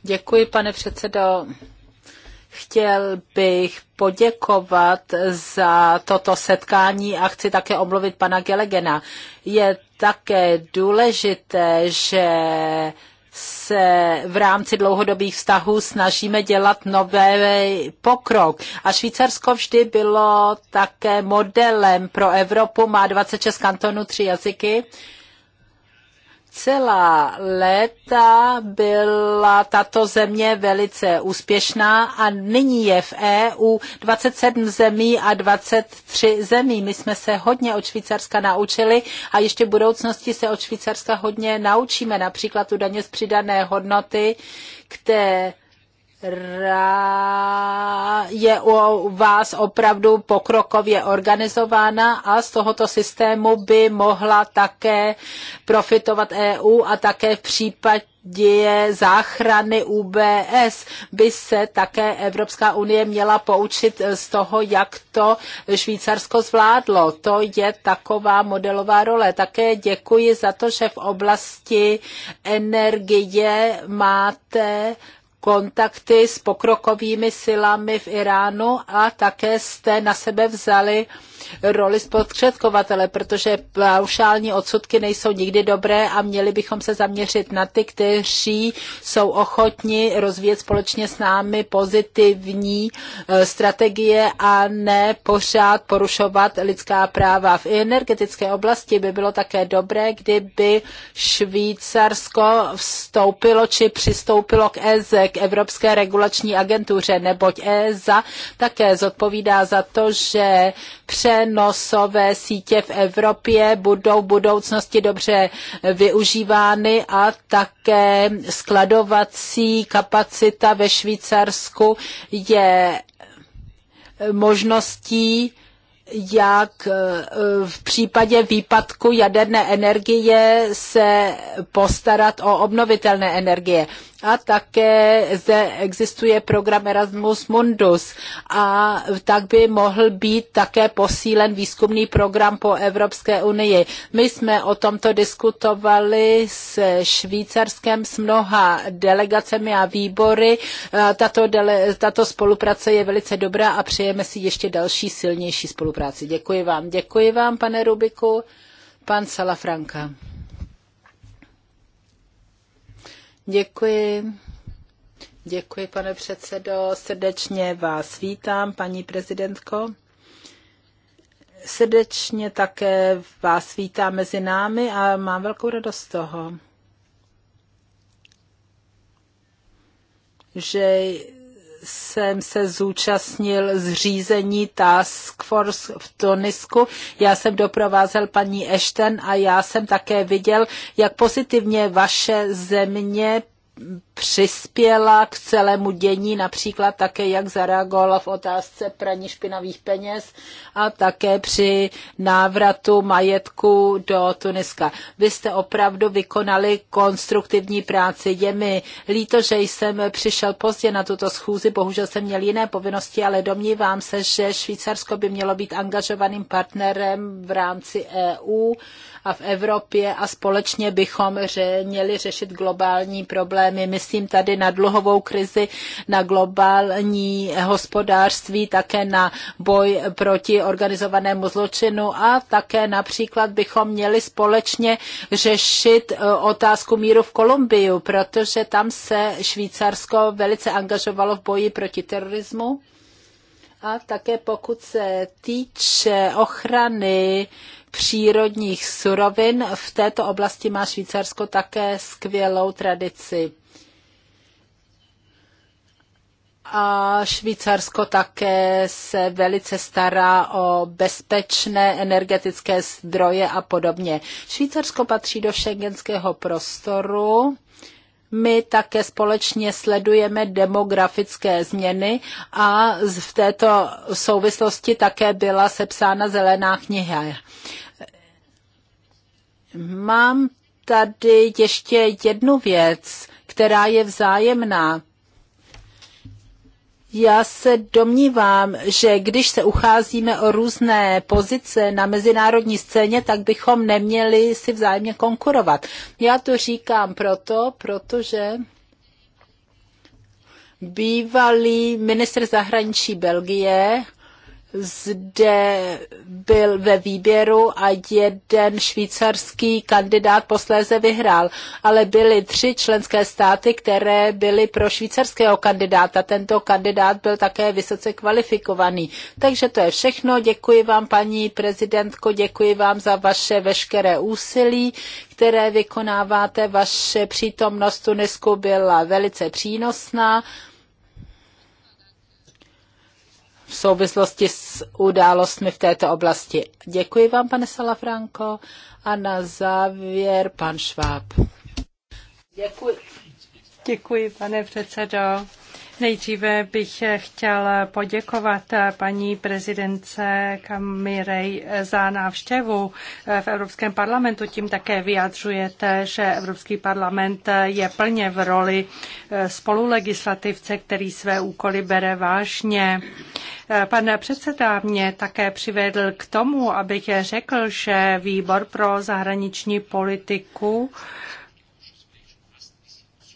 děkuji. pane předsedo. Chtěl bych poděkovat za toto setkání a chci také omluvit pana Gelegena. Je také důležité, že se v rámci dlouhodobých vztahů snažíme dělat nový pokrok. A Švýcarsko vždy bylo také modelem pro Evropu, má 26 kantonů, tři jazyky celá léta byla tato země velice úspěšná a nyní je v EU 27 zemí a 23 zemí. My jsme se hodně od Švýcarska naučili a ještě v budoucnosti se od Švýcarska hodně naučíme, například tu daně z přidané hodnoty, které je u vás opravdu pokrokově organizována a z tohoto systému by mohla také profitovat EU a také v případě děje záchrany UBS by se také Evropská unie měla poučit z toho, jak to Švýcarsko zvládlo. To je taková modelová role. Také děkuji za to, že v oblasti energie máte kontakty s pokrokovými silami v Iránu a také jste na sebe vzali roli zprostředkovatele, protože paušální odsudky nejsou nikdy dobré a měli bychom se zaměřit na ty, kteří jsou ochotni rozvíjet společně s námi pozitivní eh, strategie a ne pořád porušovat lidská práva. V energetické oblasti by bylo také dobré, kdyby Švýcarsko vstoupilo či přistoupilo k EZE, k Evropské regulační agentuře, neboť EZA také zodpovídá za to, že při přenosové sítě v Evropě budou v budoucnosti dobře využívány a také skladovací kapacita ve Švýcarsku je možností, jak e, v případě výpadku jaderné energie se postarat o obnovitelné energie. A také zde existuje program Erasmus Mundus a tak by mohl být také posílen výzkumný program po Evropské unii. My jsme o tomto diskutovali s Švýcarskem s mnoha delegacemi a výbory. Tato, dele, tato spolupráce je velice dobrá a přejeme si ještě další silnější spolupráci. Děkuji vám. Děkuji vám, pane Rubiku. Pan Salafranka. Děkuji. Děkuji, pane předsedo. Srdečně vás vítám, paní prezidentko. Srdečně také vás vítám mezi námi a mám velkou radost z toho, že jsem se zúčastnil zřízení Task Force v Tunisku. Já jsem doprovázel paní Ešten a já jsem také viděl, jak pozitivně vaše země přispěla k celému dění, například také, jak zareagovala v otázce praní špinavých peněz a také při návratu majetku do Tuniska. Vy jste opravdu vykonali konstruktivní práci. Je mi líto, že jsem přišel pozdě na tuto schůzi, bohužel jsem měl jiné povinnosti, ale domnívám se, že Švýcarsko by mělo být angažovaným partnerem v rámci EU a v Evropě a společně bychom ře- měli řešit globální problémy. My myslím tady na dluhovou krizi, na globální hospodářství, také na boj proti organizovanému zločinu a také například bychom měli společně řešit e, otázku míru v Kolumbii, protože tam se Švýcarsko velice angažovalo v boji proti terorismu. A také pokud se týče ochrany přírodních surovin, v této oblasti má Švýcarsko také skvělou tradici a Švýcarsko také se velice stará o bezpečné energetické zdroje a podobně. Švýcarsko patří do šengenského prostoru. My také společně sledujeme demografické změny a v této souvislosti také byla sepsána zelená kniha. Mám tady ještě jednu věc, která je vzájemná já se domnívám, že když se ucházíme o různé pozice na mezinárodní scéně, tak bychom neměli si vzájemně konkurovat. Já to říkám proto, protože bývalý ministr zahraničí Belgie zde byl ve výběru a jeden švýcarský kandidát posléze vyhrál, ale byly tři členské státy, které byly pro švýcarského kandidáta. Tento kandidát byl také vysoce kvalifikovaný. Takže to je všechno. Děkuji vám, paní prezidentko, děkuji vám za vaše veškeré úsilí, které vykonáváte. Vaše přítomnost Tunisku byla velice přínosná v souvislosti s událostmi v této oblasti. Děkuji vám, pane Salafranco. A na závěr pan Šváb. Děkuji. Děkuji, pane předsedo. Nejdříve bych chtěl poděkovat paní prezidence Kamirej za návštěvu v Evropském parlamentu. Tím také vyjadřujete, že Evropský parlament je plně v roli spolulegislativce, který své úkoly bere vážně. Pan předseda mě také přivedl k tomu, abych řekl, že výbor pro zahraniční politiku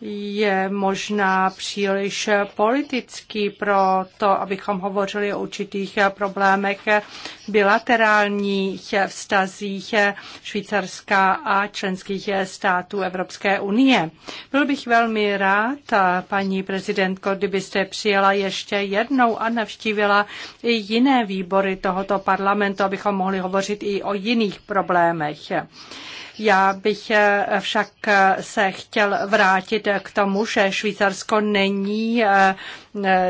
je možná příliš politický pro to, abychom hovořili o určitých problémech bilaterálních vztazích Švýcarska a členských států Evropské unie. Byl bych velmi rád, paní prezidentko, kdybyste přijela ještě jednou a navštívila i jiné výbory tohoto parlamentu, abychom mohli hovořit i o jiných problémech. Já bych eh, však eh, se chtěl vrátit k tomu, že Švýcarsko není eh,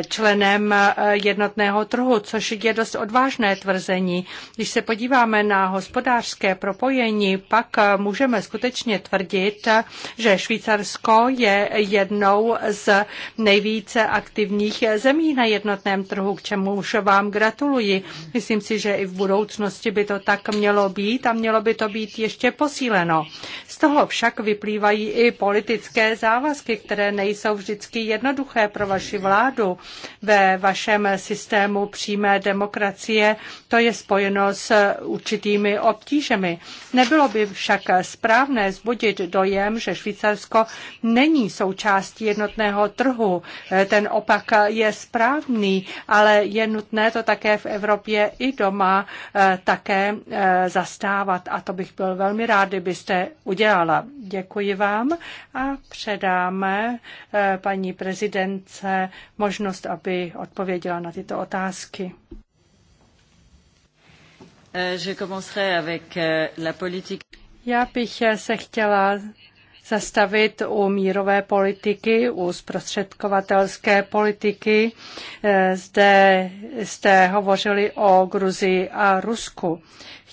členem eh, jednotného trhu, což je dost odvážné tvrzení. Když se podíváme na hospodářské propojení, pak eh, můžeme skutečně tvrdit, že Švýcarsko je jednou z nejvíce aktivních zemí na jednotném trhu, k čemu už vám gratuluji. Myslím si, že i v budoucnosti by to tak mělo být a mělo by to být ještě posíleno. Z toho však vyplývají i politické závazky, které nejsou vždycky jednoduché pro vaši vládu řádu Ve vašem systému přímé demokracie to je spojeno s určitými obtížemi. Nebylo by však správné zbudit dojem, že Švýcarsko není součástí jednotného trhu. Ten opak je správný, ale je nutné to také v Evropě i doma eh, také eh, zastávat. A to bych byl velmi rád, kdybyste udělala. Děkuji vám a předáme eh, paní prezidentce možnost, aby odpověděla na tyto otázky. Eh, eh, Já bych eh, se chtěla zastavit u mírové politiky, u zprostředkovatelské politiky. Zde jste hovořili o Gruzii a Rusku.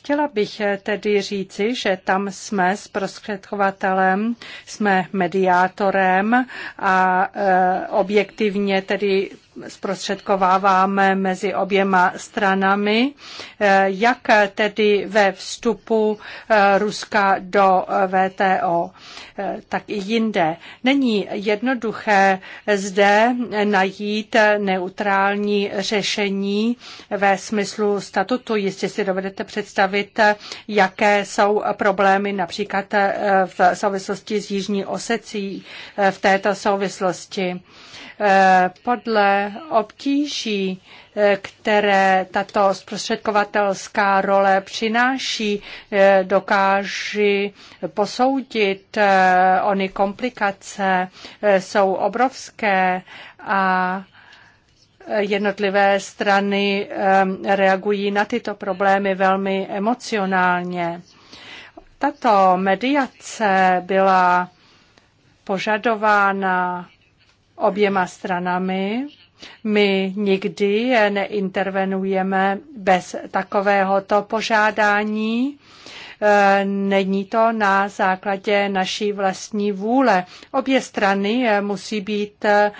Chtěla bych eh, tedy říci, že tam jsme s prostředkovatelem, jsme mediátorem a eh, objektivně tedy zprostředkováváme mezi oběma stranami. Eh, jak tedy ve vstupu eh, Ruska do eh, VTO, tak i jinde. Není jednoduché zde najít neutrální řešení ve smyslu statutu. Jistě si dovedete představit, jaké jsou problémy například v souvislosti s Jižní Osecí v této souvislosti. Eh, podle obtíží, eh, které tato zprostředkovatelská role přináší, eh, dokáží posoudit. Ony komplikace jsou obrovské a jednotlivé strany reagují na tyto problémy velmi emocionálně. Tato mediace byla požadována oběma stranami. My nikdy neintervenujeme bez takovéhoto požádání Eh, není to na základě naší vlastní vůle. Obě strany eh, musí být eh,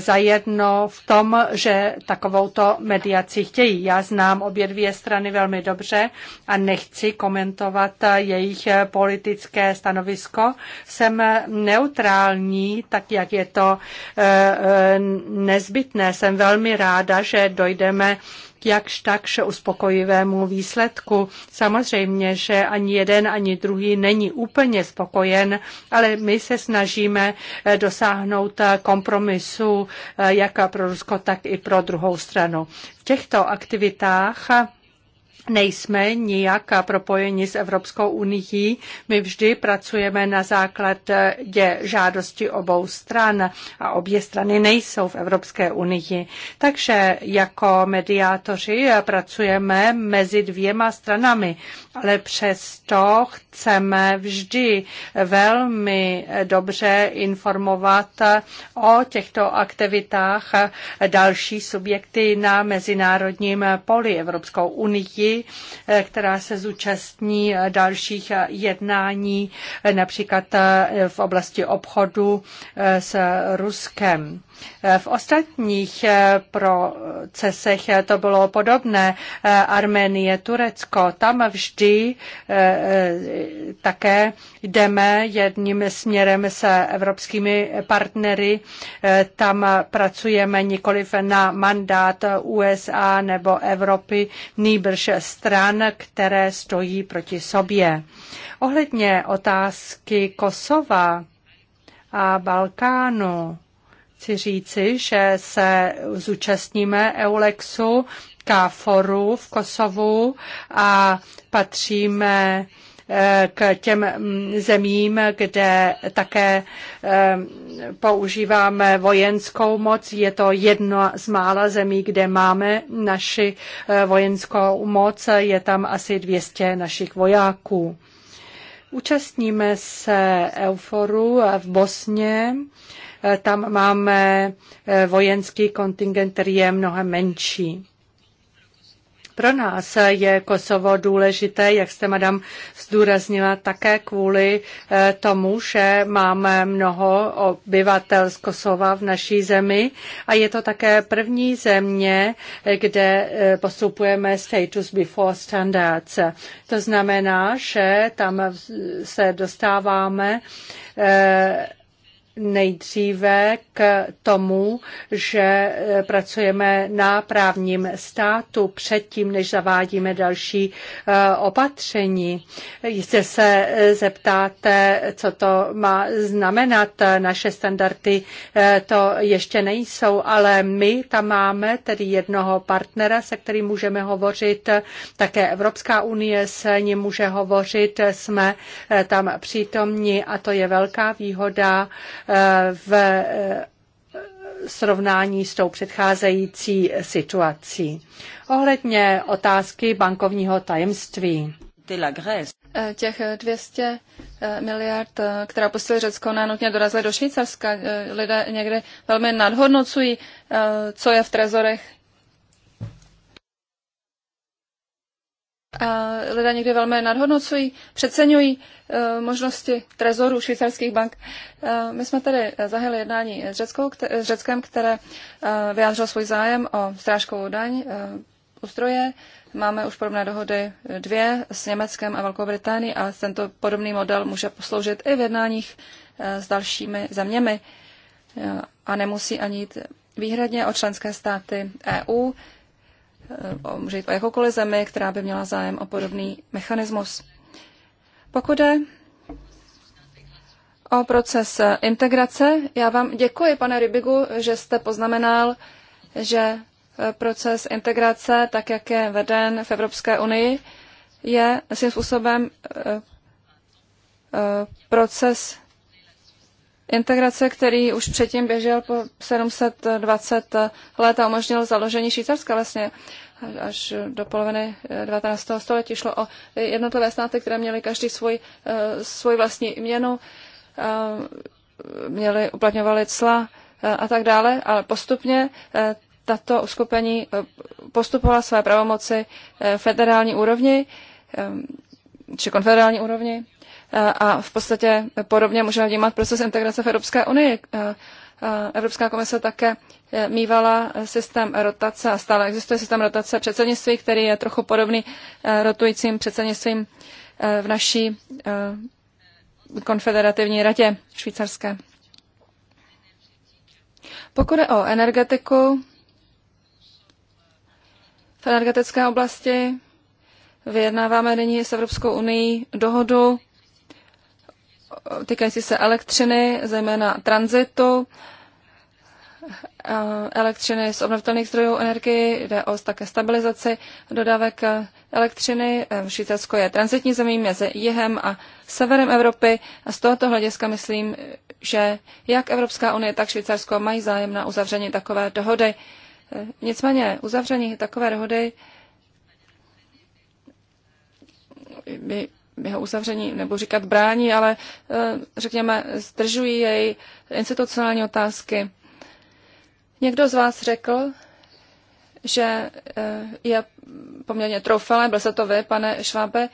zajedno v tom, že takovouto mediaci chtějí. Já znám obě dvě strany velmi dobře a nechci komentovat jejich politické stanovisko. Jsem neutrální, tak jak je to nezbytné. Jsem velmi ráda, že dojdeme k jakž takž uspokojivému výsledku. Samozřejmě, že ani jeden, ani druhý není úplně spokojen, ale my se snažíme eh, dosáhnout eh, kompromisu eh, jak pro Rusko, tak i pro druhou stranu. V těchto aktivitách nejsme nijak propojeni s Evropskou unii. My vždy pracujeme na základě žádosti obou stran a obě strany nejsou v Evropské unii. Takže jako mediátoři pracujeme mezi dvěma stranami, ale přesto chceme vždy velmi dobře informovat o těchto aktivitách další subjekty na mezinárodním poli Evropskou unii Eh, která se zúčastní eh, dalších eh, jednání, například v oblasti obchodu s Ruskem. V ostatních eh, procesech eh, to bylo podobné. Eh, Arménie, Turecko, tam vždy také jdeme jedním směrem se evropskými partnery. Tam pracujeme nikoliv na mandát USA nebo Evropy, nýbrž stran, které stojí proti sobě. Ohledně otázky Kosova a Balkánu, Chci říci, že se zúčastníme Eulexu, KFORu v Kosovu a patříme eh, k těm mm, zemím, kde také eh, používáme vojenskou moc. Je to jedna z mála zemí, kde máme naši eh, vojenskou moc. Je tam asi 200 našich vojáků. Účastníme se Euforu v Bosně tam máme eh, vojenský kontingent, který je mnohem menší. Pro nás je Kosovo důležité, jak jste, madam, zdůraznila, také kvůli eh, tomu, že máme mnoho obyvatel z Kosova v naší zemi a je to také první země, eh, kde postupujeme status before standards. To znamená, že tam se dostáváme nejdříve k tomu, že eh, pracujeme na právním státu předtím, než zavádíme další eh, opatření. Jistě se eh, zeptáte, co to má znamenat. Naše standardy to ještě nejsou, ale my tam máme tedy jednoho partnera, se kterým můžeme hovořit. Také Evropská unie se ním může hovořit. Jsme tam přítomní a to je velká výhoda Eh, v eh, srovnání s tou předcházející situací. Ohledně otázky bankovního tajemství. Eh, těch 200 miliard, která posílí Řecko, nenutně dorazily do Švýcarska. Lidé někde velmi nadhodnocují, co je v trezorech A lidé někdy velmi nadhodnocují, přeceňují uh, možnosti trezorů švýcarských bank. Uh, my jsme tady zahájili jednání s, Řeckou, kte, s Řeckem, které uh, vyjádřilo svůj zájem o strážkovou daň uh, ustroje. Máme už podobné dohody dvě s Německem a Velkou Británií a tento podobný model může posloužit i v jednáních e, s dalšími zeměmi a nemusí ani jít výhradně o členské státy EU. Eh, může jít o jakoukoliv zemi, která by měla zájem o podobný mechanismus. Pokud je o proces integrace, já vám děkuji, pane Rybigu, že jste poznamenal, že eh, proces integrace, tak jak je veden v Evropské unii, je svým způsobem eh, proces integrace, který už předtím běžel po 720 let a umožnil založení Švýcarska vlastně až do poloviny 19. Eh, století. Šlo o eh, jednotlivé státy, které měly každý svůj, eh, svůj vlastní měnu, měly uplatňovali cla a tak dále, ale postupně tato uskupení postupovala své pravomoci federální úrovni či konfederální úrovni a v podstatě podobně můžeme vnímat proces integrace v Evropské unii. Evropská komise také mývala systém rotace a stále existuje systém rotace předsednictví, který je trochu podobný e, rotujícím předsednictvím e, v naší e, konfederativní radě švýcarské. Pokud je o energetiku, v energetické oblasti vyjednáváme nyní s Evropskou unii dohodu týkající se elektřiny, zejména tranzitu, eh, elektřiny z obnovitelných zdrojů energie, jde o také stabilizaci dodávek elektřiny. Eh, Švýcarsko je transitní zemí mezi jihem a severem Evropy a z tohoto hlediska myslím, že jak Evropská unie, tak Švýcarsko mají zájem na uzavření takové dohody. Eh, nicméně uzavření takové dohody by jeho uzavření, nebo říkat brání, ale e, řekněme, zdržují jej institucionální otázky. Někdo z vás řekl, že e, je poměrně troufalé, byl se to vy, pane Švábe,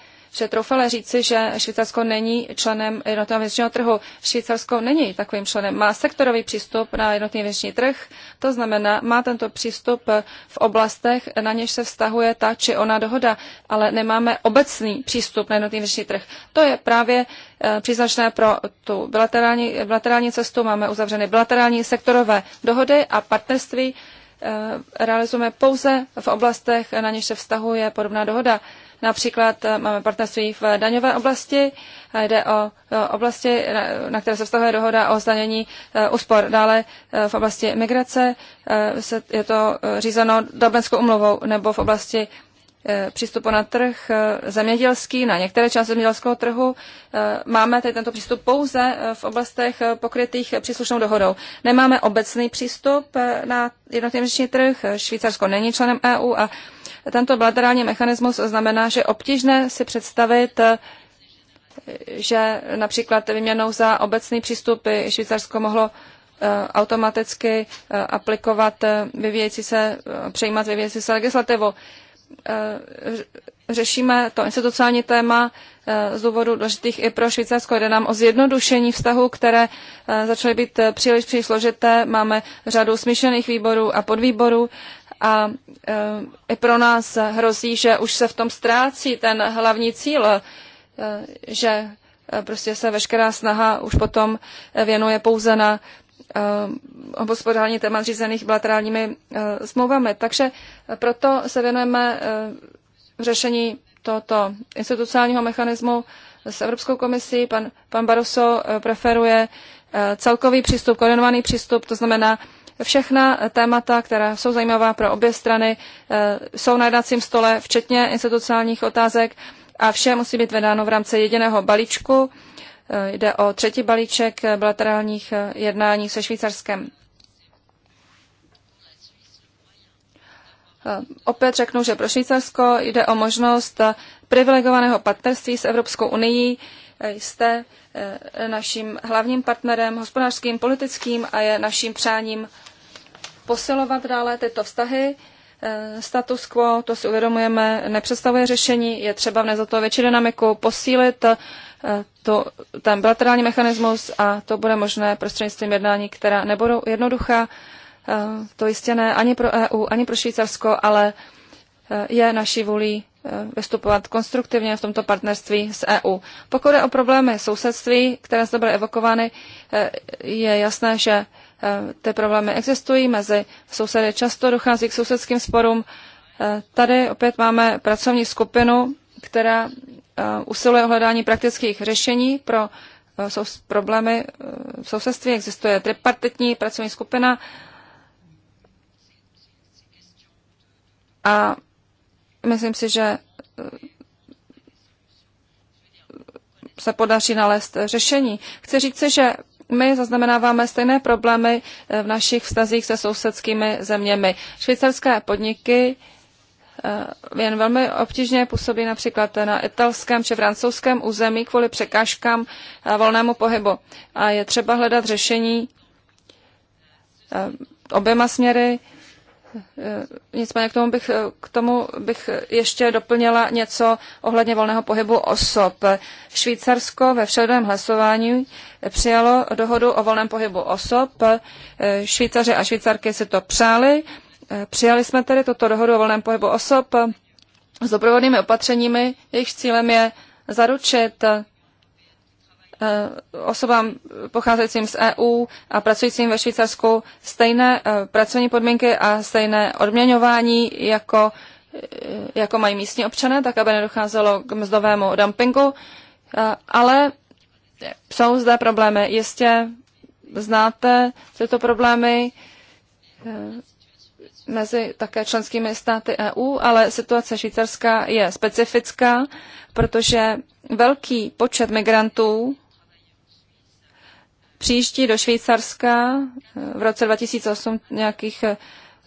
je troufala říci, že Švýcarsko není členem jednotného vnitřního trhu. Švýcarsko není takovým členem. Má sektorový přístup na jednotný vnitřní trh, to znamená, má tento přístup v oblastech, na něž se vztahuje ta či ona dohoda, ale nemáme obecný přístup na jednotný vnitřní trh. To je právě eh, příznačné pro tu bilaterální, bilaterální cestu. Máme uzavřeny bilaterální sektorové dohody a partnerství eh, realizujeme pouze v oblastech, na něž se vztahuje podobná dohoda. Například eh, máme partnerství v daňové oblasti, jde o oblasti, na které se vztahuje dohoda o zdanění eh, úspor. Dále eh, v oblasti migrace je to řízeno Dublinskou umluvou nebo v oblasti přístupu na trh zemědělský, na některé části zemědělského trhu. Máme tady tento přístup pouze v oblastech pokrytých příslušnou dohodou. Nemáme obecný přístup na jednotný trh. Švýcarsko není členem EU a tento bilaterální mechanismus znamená, že obtížné si představit, že například vyměnou za obecný přístup by Švýcarsko mohlo eh, automaticky eh, aplikovat eh, vyvíjející se, přejímat vyvíjející se legislativu. Řešíme to institucionální téma z důvodu důležitých i pro Švýcarsko. Jde nám o zjednodušení vztahu, které začaly být příliš příliš složité. Máme řadu smíšených výborů a podvýborů a eh, i pro nás hrozí, že už se v tom ztrácí ten hlavní cíl, eh, že eh, prostě se veškerá snaha už potom věnuje pouze na obospodální témat řízených bilaterálními smlouvami. Takže proto se věnujeme řešení tohoto institucionálního mechanismu s Evropskou komisí. Pan, pan Barroso preferuje celkový přístup, koordinovaný přístup, to znamená Všechna témata, která jsou zajímavá pro obě strany, eh, jsou na jednacím stole, včetně institucionálních otázek a vše musí být vedáno v rámci jediného balíčku. Eh, jde o třetí balíček bilaterálních eh, jednání se Švýcarskem. Opět řeknu, že pro Švýcarsko jde o možnost privilegovaného partnerství s Evropskou unii. Jste naším hlavním partnerem hospodářským, politickým a je naším přáním posilovat dále tyto vztahy. E, status quo, to si uvědomujeme, nepředstavuje řešení. Je třeba vnes do toho větší dynamiku, posílit e, to, ten bilaterální mechanismus a to bude možné prostřednictvím jednání, která nebudou jednoduchá. E, to jistě ne ani pro EU, ani pro Švýcarsko, ale je naší vůlí vystupovat konstruktivně v tomto partnerství s EU. Pokud je o problémy sousedství, které zde byly evokovány, je jasné, že Eh, ty problémy existují, mezi sousedy často dochází k sousedským sporům. Eh, tady opět máme pracovní skupinu, která eh, usiluje o hledání praktických řešení pro problémy v sousedství. Existuje tripartitní pracovní skupina a myslím si, že se podaří nalézt řešení. Chci říct, že my zaznamenáváme stejné problémy eh, v našich vztazích se sousedskými zeměmi. Švýcarské podniky eh, jen velmi obtížně působí například na italském či francouzském území kvůli překážkám eh, volnému pohybu. A je třeba hledat řešení oběma směry Eh, nicméně k tomu, bych, eh, k tomu bych ještě doplnila něco ohledně volného pohybu osob. Švýcarsko ve všedném hlasování přijalo dohodu o volném pohybu osob. Eh, Švýcaři a švýcarky si to přáli. Přijali jsme tedy toto dohodu o volném pohybu osob s doprovodnými opatřeními. Jejich cílem je zaručit Eh, osobám pocházejícím z EU a pracujícím ve Švýcarsku stejné eh, pracovní podmínky a stejné odměňování jako, eh, jako mají místní občané, tak aby nedocházelo k mzdovému dumpingu. Ale jsou zde problémy. Jistě znáte tyto problémy mezi také členskými státy EU, ale situace švýcarská je specifická, protože velký počet migrantů přijíždí do Švýcarska eh, v roce 2008 nějakých eh,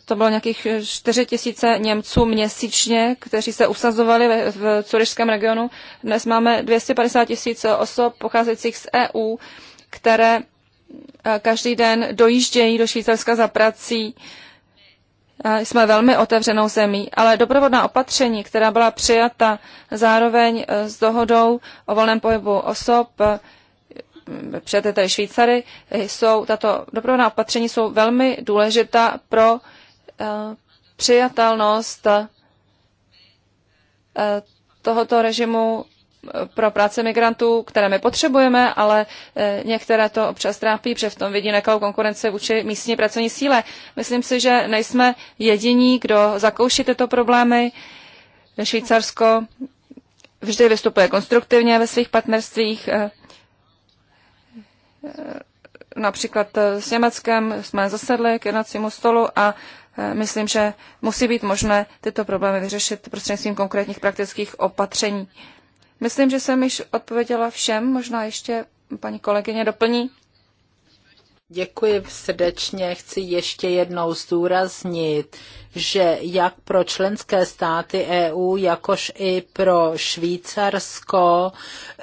to bylo nějakých 4 eh, tisíce Němců měsíčně, kteří se usazovali v, v curišském regionu. Dnes máme 250 tisíc osob pocházejících z EU, které každý den dojíždějí do Švýcarska za prací. Jsme velmi otevřenou zemí, ale doprovodná opatření, která byla přijata zároveň s dohodou o volném pohybu osob, té Švýcary, jsou, tato doprovodná opatření jsou velmi důležitá pro eh, přijatelnost eh, tohoto režimu eh, pro práce migrantů, které my potřebujeme, ale některé to občas trápí, protože v tom vidí nekalou konkurence vůči místní pracovní síle. Myslím si, že nejsme jediní, kdo zakouší tyto problémy. Švýcarsko vždy vystupuje konstruktivně ve svých partnerstvích Eh, například eh, s Německem jsme zasedli k jednacímu stolu a eh, myslím, že musí být možné tyto problémy vyřešit prostřednictvím konkrétních praktických opatření. Myslím, že jsem již odpověděla všem, možná ještě paní kolegyně doplní. Děkuji srdečně. Chci ještě jednou zdůraznit, že jak pro členské státy EU, jakož i pro Švýcarsko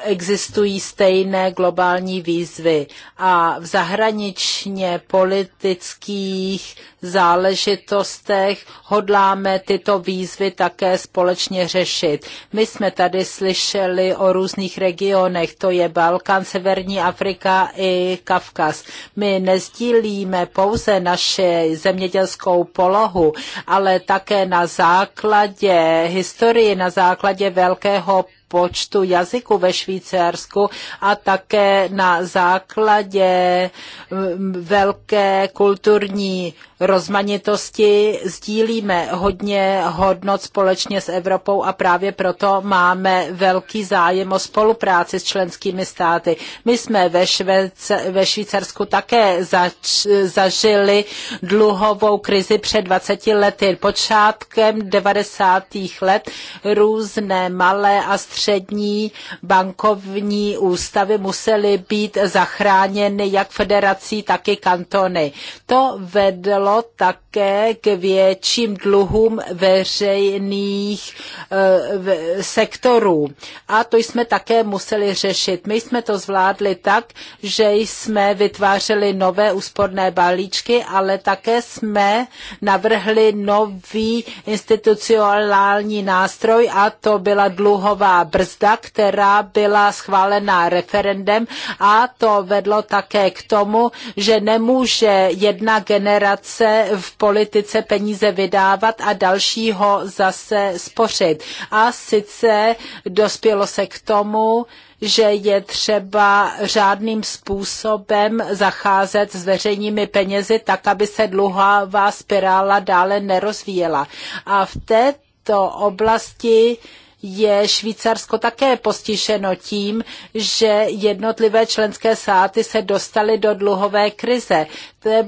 existují stejné globální výzvy a v zahraničně politických záležitostech hodláme tyto výzvy také společně řešit. My jsme tady slyšeli o různých regionech, to je Balkán, Severní Afrika i Kavkaz. My nezdílíme pouze naše zemědělskou polohu, ale také na základě historie, na základě velkého počtu jazyků ve Švýcarsku a také na základě mm, velké kulturní rozmanitosti sdílíme hodně hodnot společně s Evropou a právě proto máme velký zájem o spolupráci s členskými státy. My jsme ve, Švec, ve Švýcarsku také zač, zažili dluhovou krizi před 20 lety. Počátkem 90. let různé malé a střední přední bankovní ústavy musely být zachráněny jak federací, tak i kantony. To vedlo tak také k větším dluhům veřejných e, sektorů. A to jsme také museli řešit. My jsme to zvládli tak, že jsme vytvářeli nové úsporné balíčky, ale také jsme navrhli nový institucionální nástroj a to byla dluhová brzda, která byla schválená referendem a to vedlo také k tomu, že nemůže jedna generace v politice peníze vydávat a dalšího zase spořit. A sice dospělo se k tomu, že je třeba řádným způsobem zacházet s veřejnými penězi tak, aby se dluhová spirála dále nerozvíjela. A v této oblasti je Švýcarsko také postiženo tím, že jednotlivé členské státy se dostaly do dluhové krize,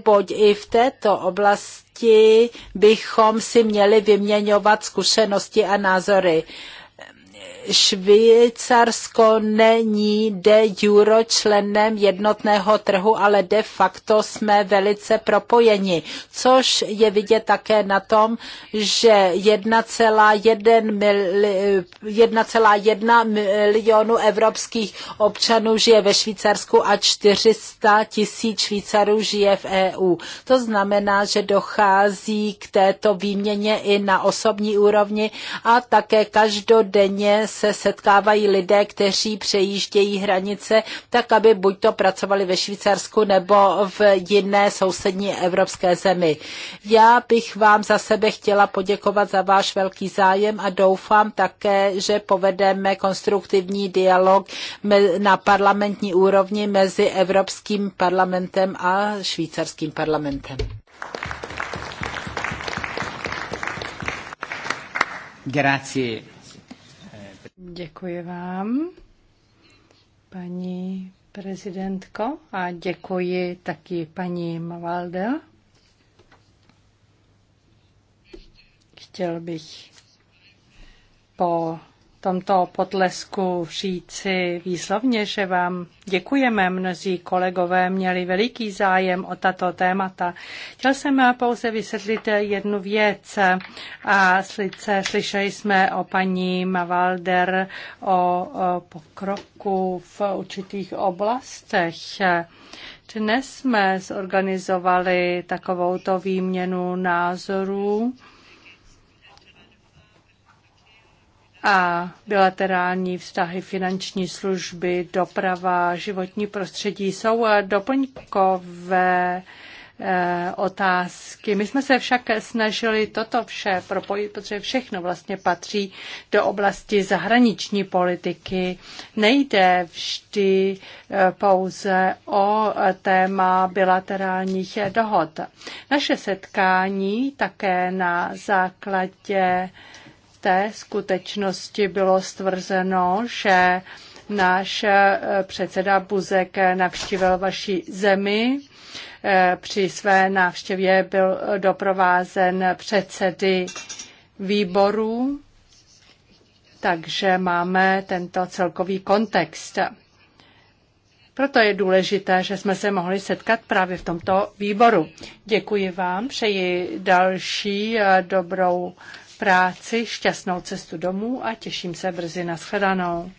boď i v této oblasti bychom si měli vyměňovat zkušenosti a názory. Švýcarsko není de juro členem jednotného trhu, ale de facto jsme velice propojeni, což je vidět také na tom, že 1,1 milionu evropských občanů žije ve Švýcarsku a 400 tisíc Švýcarů žije v EU. To znamená, že dochází k této výměně i na osobní úrovni a také každodenně se setkávají lidé, kteří přejíždějí hranice, tak aby buď to pracovali ve Švýcarsku nebo v jiné sousední evropské zemi. Já bych vám za sebe chtěla poděkovat za váš velký zájem a doufám také, že povedeme konstruktivní dialog na parlamentní úrovni mezi Evropským parlamentem a švýcarským parlamentem. Grazie. Děkuji vám, paní prezidentko, a děkuji taky paní Mavalde. Chtěl bych po tomto potlesku říci výslovně, že vám děkujeme. Mnozí kolegové měli veliký zájem o tato témata. Chtěl jsem pouze vysvětlit jednu věc a slice, slyšeli jsme o paní Mavalder o pokroku v určitých oblastech. Dnes jsme zorganizovali takovouto výměnu názorů a bilaterální vztahy, finanční služby, doprava, životní prostředí jsou eh, doplňkové eh, otázky. My jsme se však snažili toto vše propojit, protože všechno vlastně patří do oblasti zahraniční politiky. Nejde vždy eh, pouze o téma bilaterálních dohod. Naše setkání také na základě té skutečnosti bylo stvrzeno, že náš eh, předseda Buzek navštívil vaši zemi. Eh, při své návštěvě byl doprovázen předsedy výborů, takže máme tento celkový kontext. Proto je důležité, že jsme se mohli setkat právě v tomto výboru. Děkuji vám, přeji další eh, dobrou práci, šťastnou cestu domů a těším se brzy na shledanou.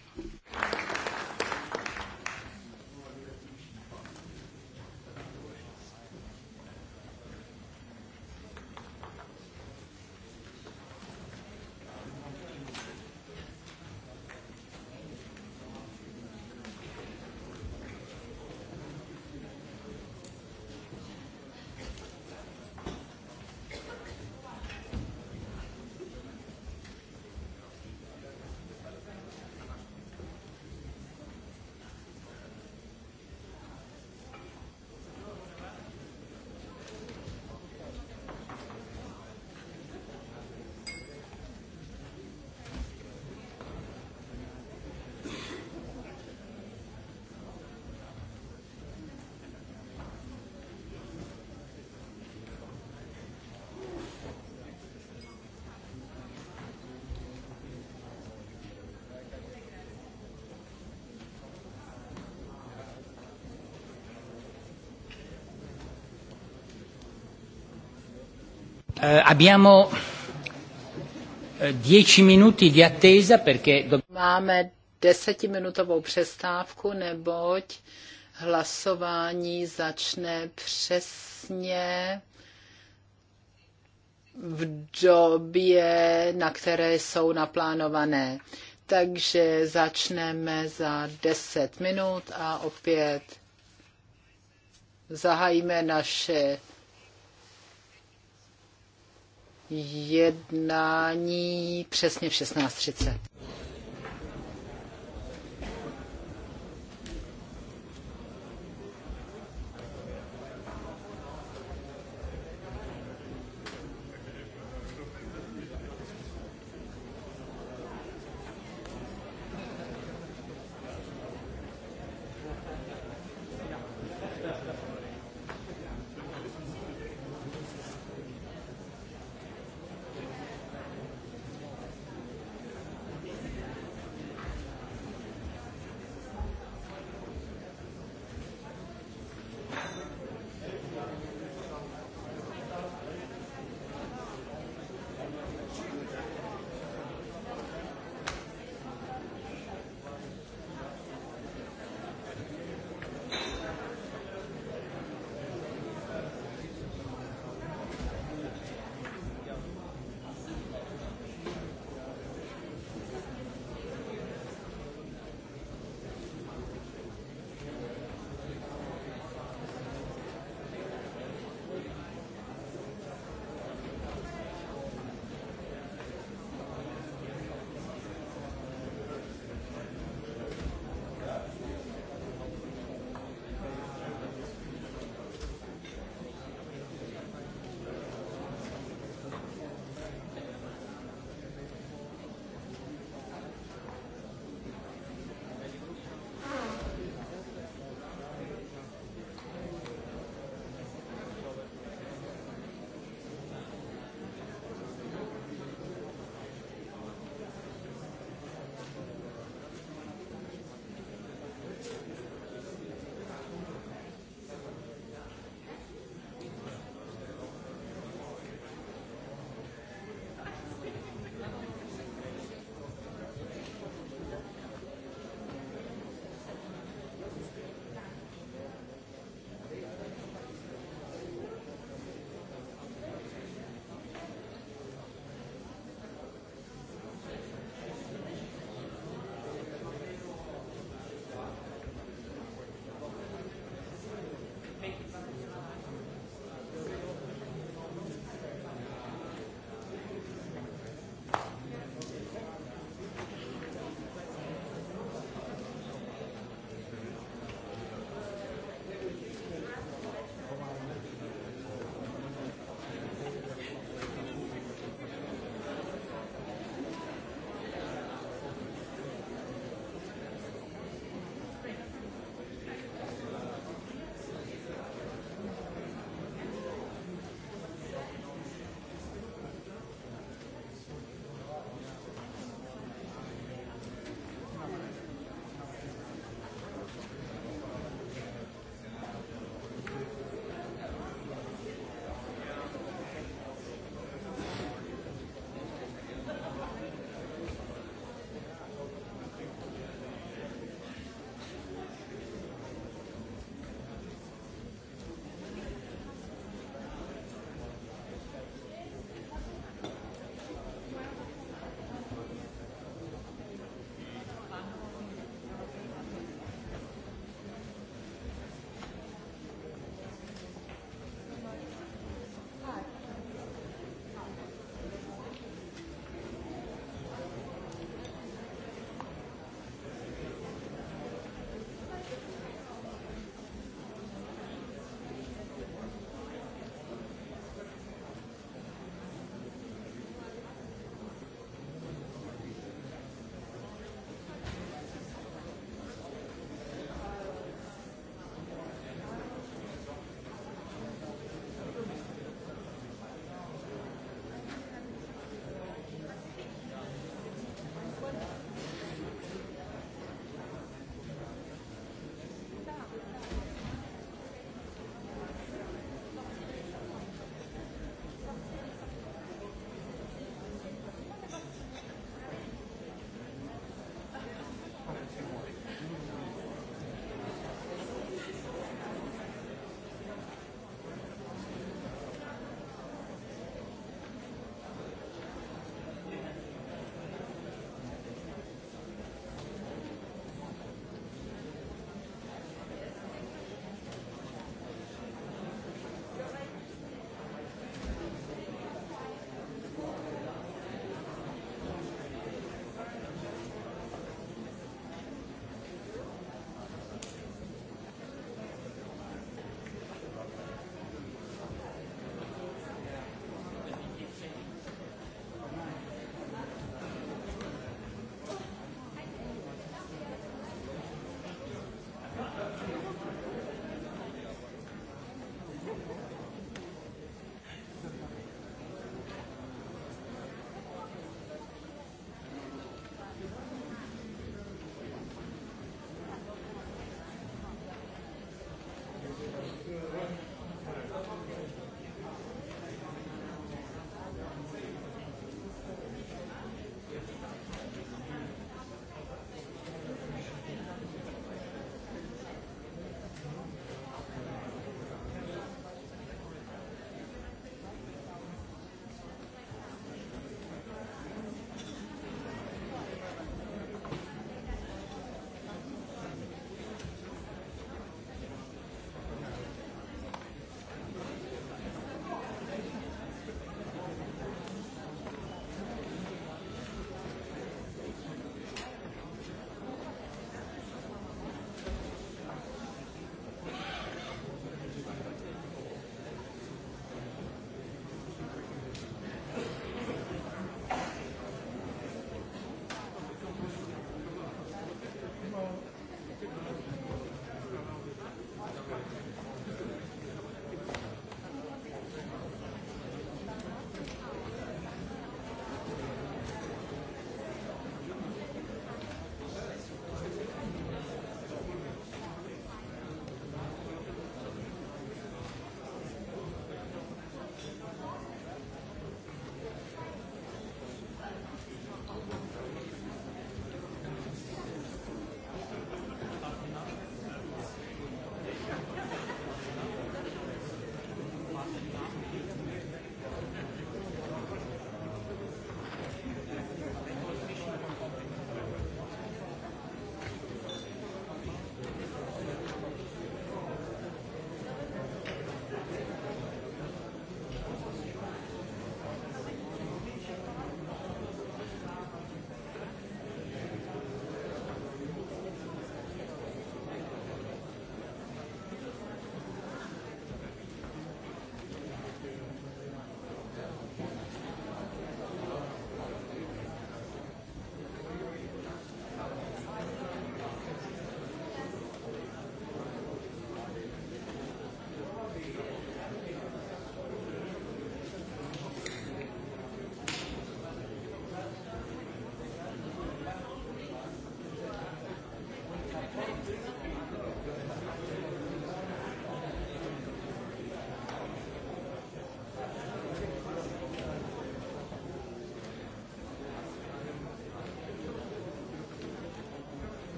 Eh, abbiamo eh, dieci minuti di attesa perché... Máme desetiminutovou přestávku, neboť hlasování začne přesně v době, na které jsou naplánované. Takže začneme za 10 minut a opět zahajíme naše jednání přesně v 16.30.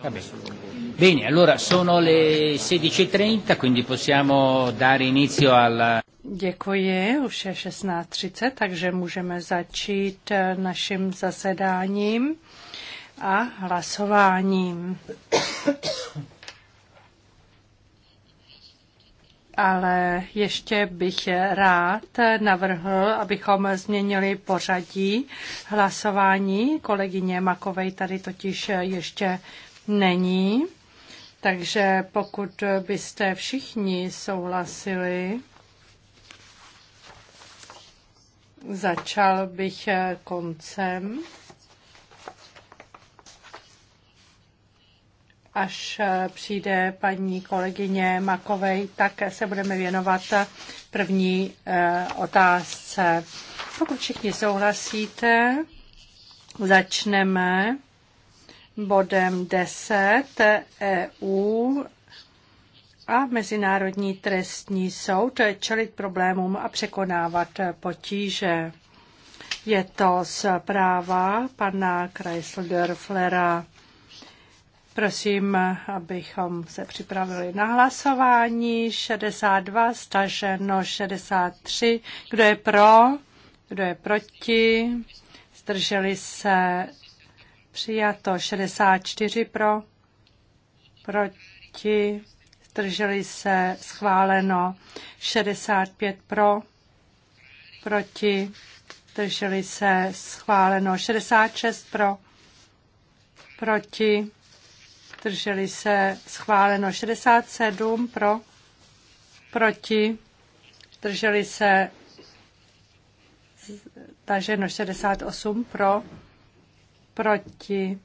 Vabbè. Bene, allora sono le 16.30, e quindi possiamo dare inizio alla... Děkuji, už je 16.30, takže můžeme začít eh, naším zasedáním a hlasováním. Ale ještě bych rád navrhl, abychom změnili pořadí hlasování. Kolegyně Makovej tady totiž ještě není. Takže pokud byste všichni souhlasili, začal bych koncem. Až přijde paní kolegyně Makovej, tak se budeme věnovat první eh, otázce. Pokud všichni souhlasíte, začneme bodem 10 EU a Mezinárodní trestní soud čelit problémům a překonávat potíže. Je to zpráva pana Kreisler-Dörflera. Prosím, abychom se připravili na hlasování. 62, staženo 63. Kdo je pro? Kdo je proti? Zdrželi se Přijato 64 pro, proti, zdrželi se, schváleno 65 pro, proti, zdrželi se, schváleno 66 pro, proti, zdrželi se, schváleno 67 pro, proti, zdrželi se, taženo 68 pro, proti,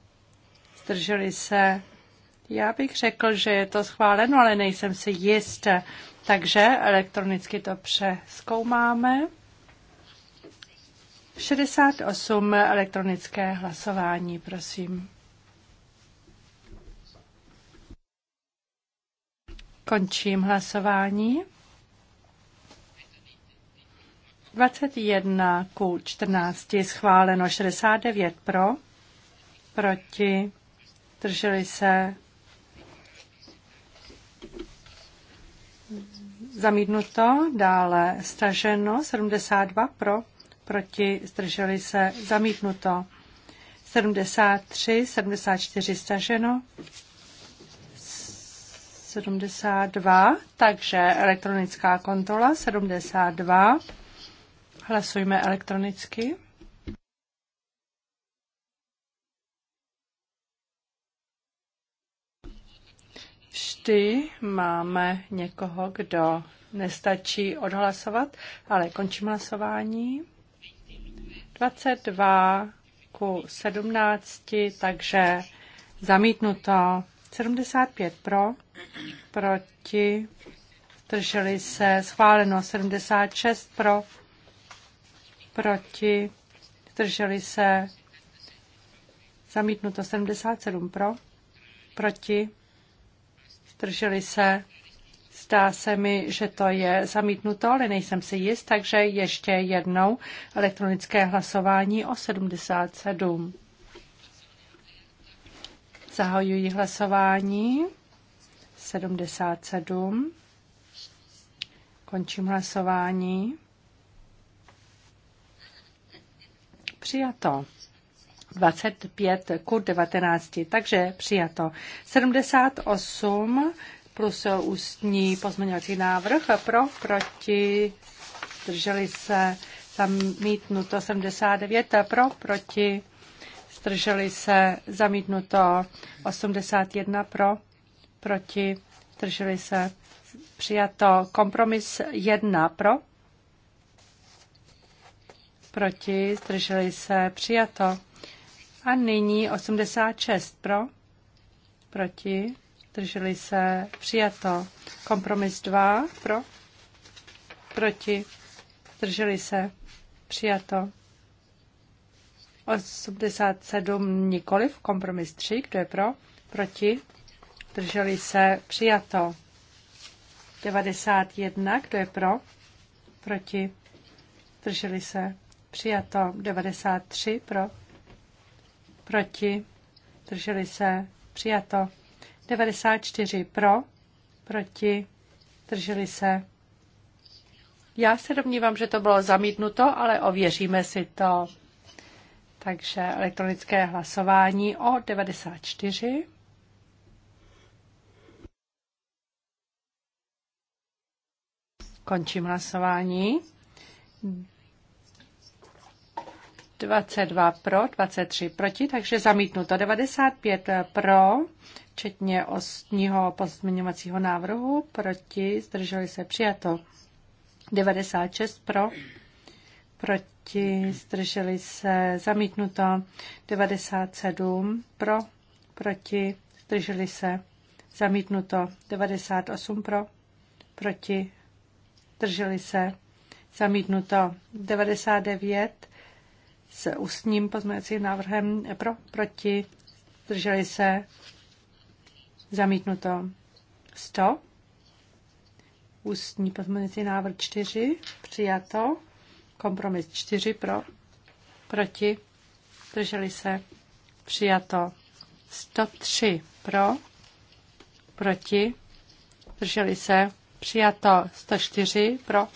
zdrželi se. Já bych řekl, že je to schváleno, ale nejsem si jist. Takže elektronicky to přeskoumáme. 68 elektronické hlasování, prosím. Končím hlasování. 21 ku 14 schváleno, 69 pro proti, drželi se, zamítnuto, dále staženo, 72 pro, proti, zdrželi se, zamítnuto, 73, 74 staženo, 72, takže elektronická kontrola 72. Hlasujme elektronicky. Vždy máme někoho, kdo nestačí odhlasovat, ale končím hlasování. 22 ku 17, takže zamítnuto 75 pro, proti, drželi se, schváleno 76 pro, proti, drželi se, zamítnuto 77 pro, proti, Zdrželi se? Zdá se mi, že to je zamítnuto, ale nejsem si jist, takže ještě jednou elektronické hlasování o 77. Zahajuji hlasování 77. Končím hlasování. Přijato. 25 ku 19, takže přijato. 78 plus ústní pozměňovací návrh pro, proti, zdrželi se, zamítnuto 79 pro, proti, zdrželi se, zamítnuto 81 pro, proti, zdrželi se, přijato kompromis 1 pro, proti, zdrželi se, přijato a nyní 86 pro, proti, drželi se, přijato. Kompromis 2 pro, proti, drželi se, přijato. 87 nikoliv, kompromis 3, kdo je pro, proti, drželi se, přijato. 91, kdo je pro, proti, drželi se, přijato. 93 pro, proti, drželi se, přijato. 94 pro, proti, drželi se. Já se domnívám, že to bylo zamítnuto, ale ověříme si to. Takže elektronické hlasování o 94. Končím hlasování. 22 pro, 23 proti, takže zamítnuto. 95 pro, včetně ostního pozměňovacího návrhu, proti, zdrželi se přijato. 96 pro, proti, zdrželi se zamítnuto. 97 pro, proti, zdrželi se zamítnuto. 98 pro, proti, zdrželi se zamítnuto. 99 s ústním pozměňovacím návrhem pro, proti, zdrželi se, zamítnuto 100, ústní pozměňovací návrh 4, přijato, kompromis 4 pro, proti, zdrželi se, přijato 103 pro, proti, zdrželi se, přijato 104 pro,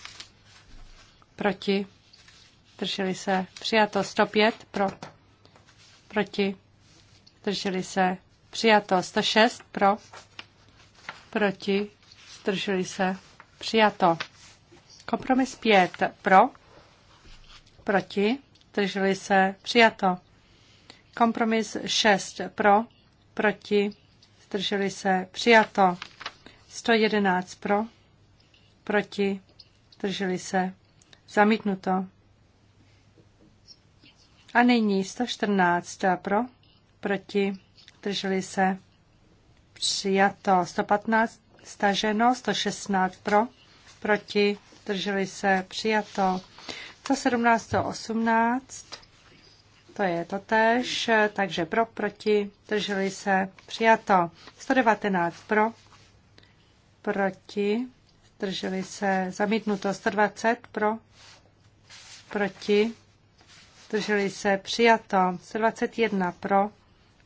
proti, zdrželi se, přijato 105 pro, proti, zdrželi se, přijato 106 pro, proti, zdrželi se, přijato. Kompromis 5 pro, proti, zdrželi se, přijato. Kompromis 6 pro, proti, zdrželi se, přijato. 111 pro, proti, zdrželi se, zamítnuto. A nyní 114 eh, pro, proti, drželi se, přijato. 115 staženo, 116 pro, proti, drželi se, přijato. 117, 118, to je totéž, eh, takže pro, proti, drželi se, přijato. 119 pro, proti, drželi se, zamítnuto. 120 pro, proti, zdrželi se, přijato. 121 pro,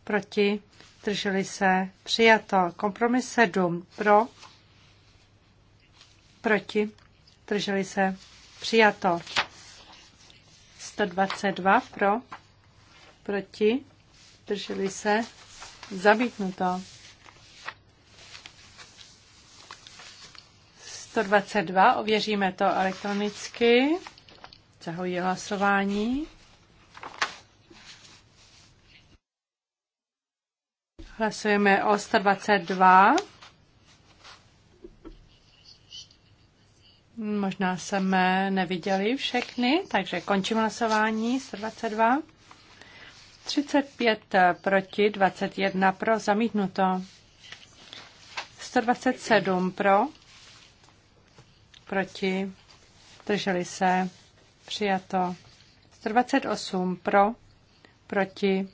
proti, zdrželi se, přijato. Kompromis 7 pro, proti, zdrželi se, přijato. 122 pro, proti, zdrželi se, zamítnuto. 122, ověříme to elektronicky. Zahojí hlasování. Hlasujeme o 122. Možná jsme eh, neviděli všechny, takže končím hlasování 122. 35 eh, proti, 21 pro, zamítnuto. 127 pro, proti, drželi se, přijato. 128 pro, proti,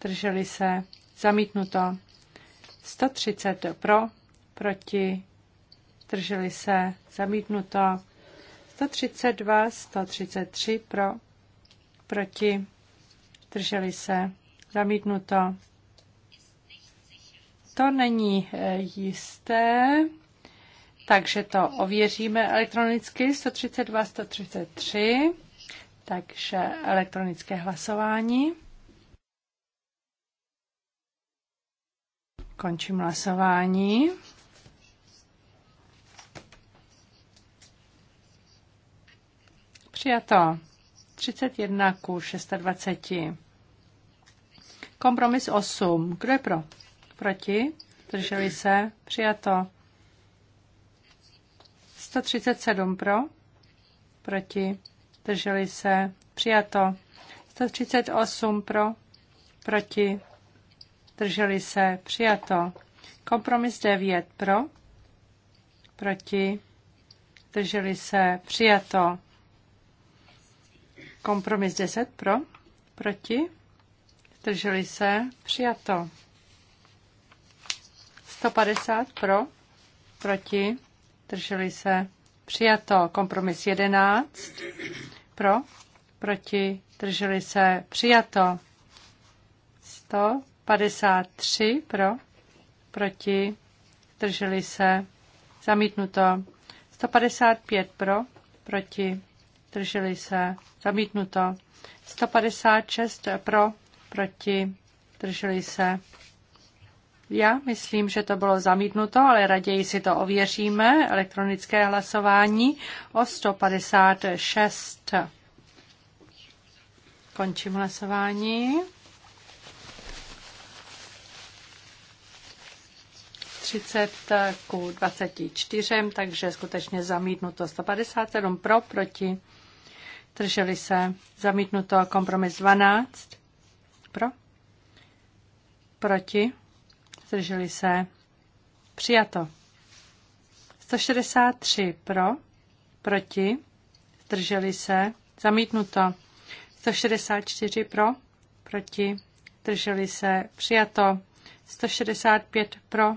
drželi se, Zamítnuto. 130 pro, proti, drželi se, zamítnuto. 132, 133 pro, proti, drželi se, zamítnuto. To není e, jisté, takže to ověříme elektronicky 132, 133, takže elektronické hlasování. Končím hlasování. Přijato. 31 ku 26. Kompromis 8. Kdo je pro? Proti? Drželi se? Přijato. 137 pro? Proti? Drželi se? Přijato. 138 pro? Proti? zdrželi se, přijato. Kompromis 9 pro, proti, zdrželi se, přijato. Kompromis 10 pro, proti, zdrželi se, přijato. 150 pro, proti, zdrželi se, přijato. Kompromis 11 pro, proti, zdrželi se, přijato. 100 53 pro, proti, drželi se, zamítnuto. 155 pro, proti, drželi se, zamítnuto. 156 pro, proti, drželi se. Já myslím, že to bylo zamítnuto, ale raději si to ověříme. Elektronické hlasování o 156. Končím hlasování. 30 ku 24, takže skutečně zamítnuto 157 pro, proti. Drželi se zamítnuto kompromis 12 pro, proti. Drželi se přijato. 163 pro, proti. Drželi se zamítnuto. 164 pro, proti. Drželi se přijato. 165 pro,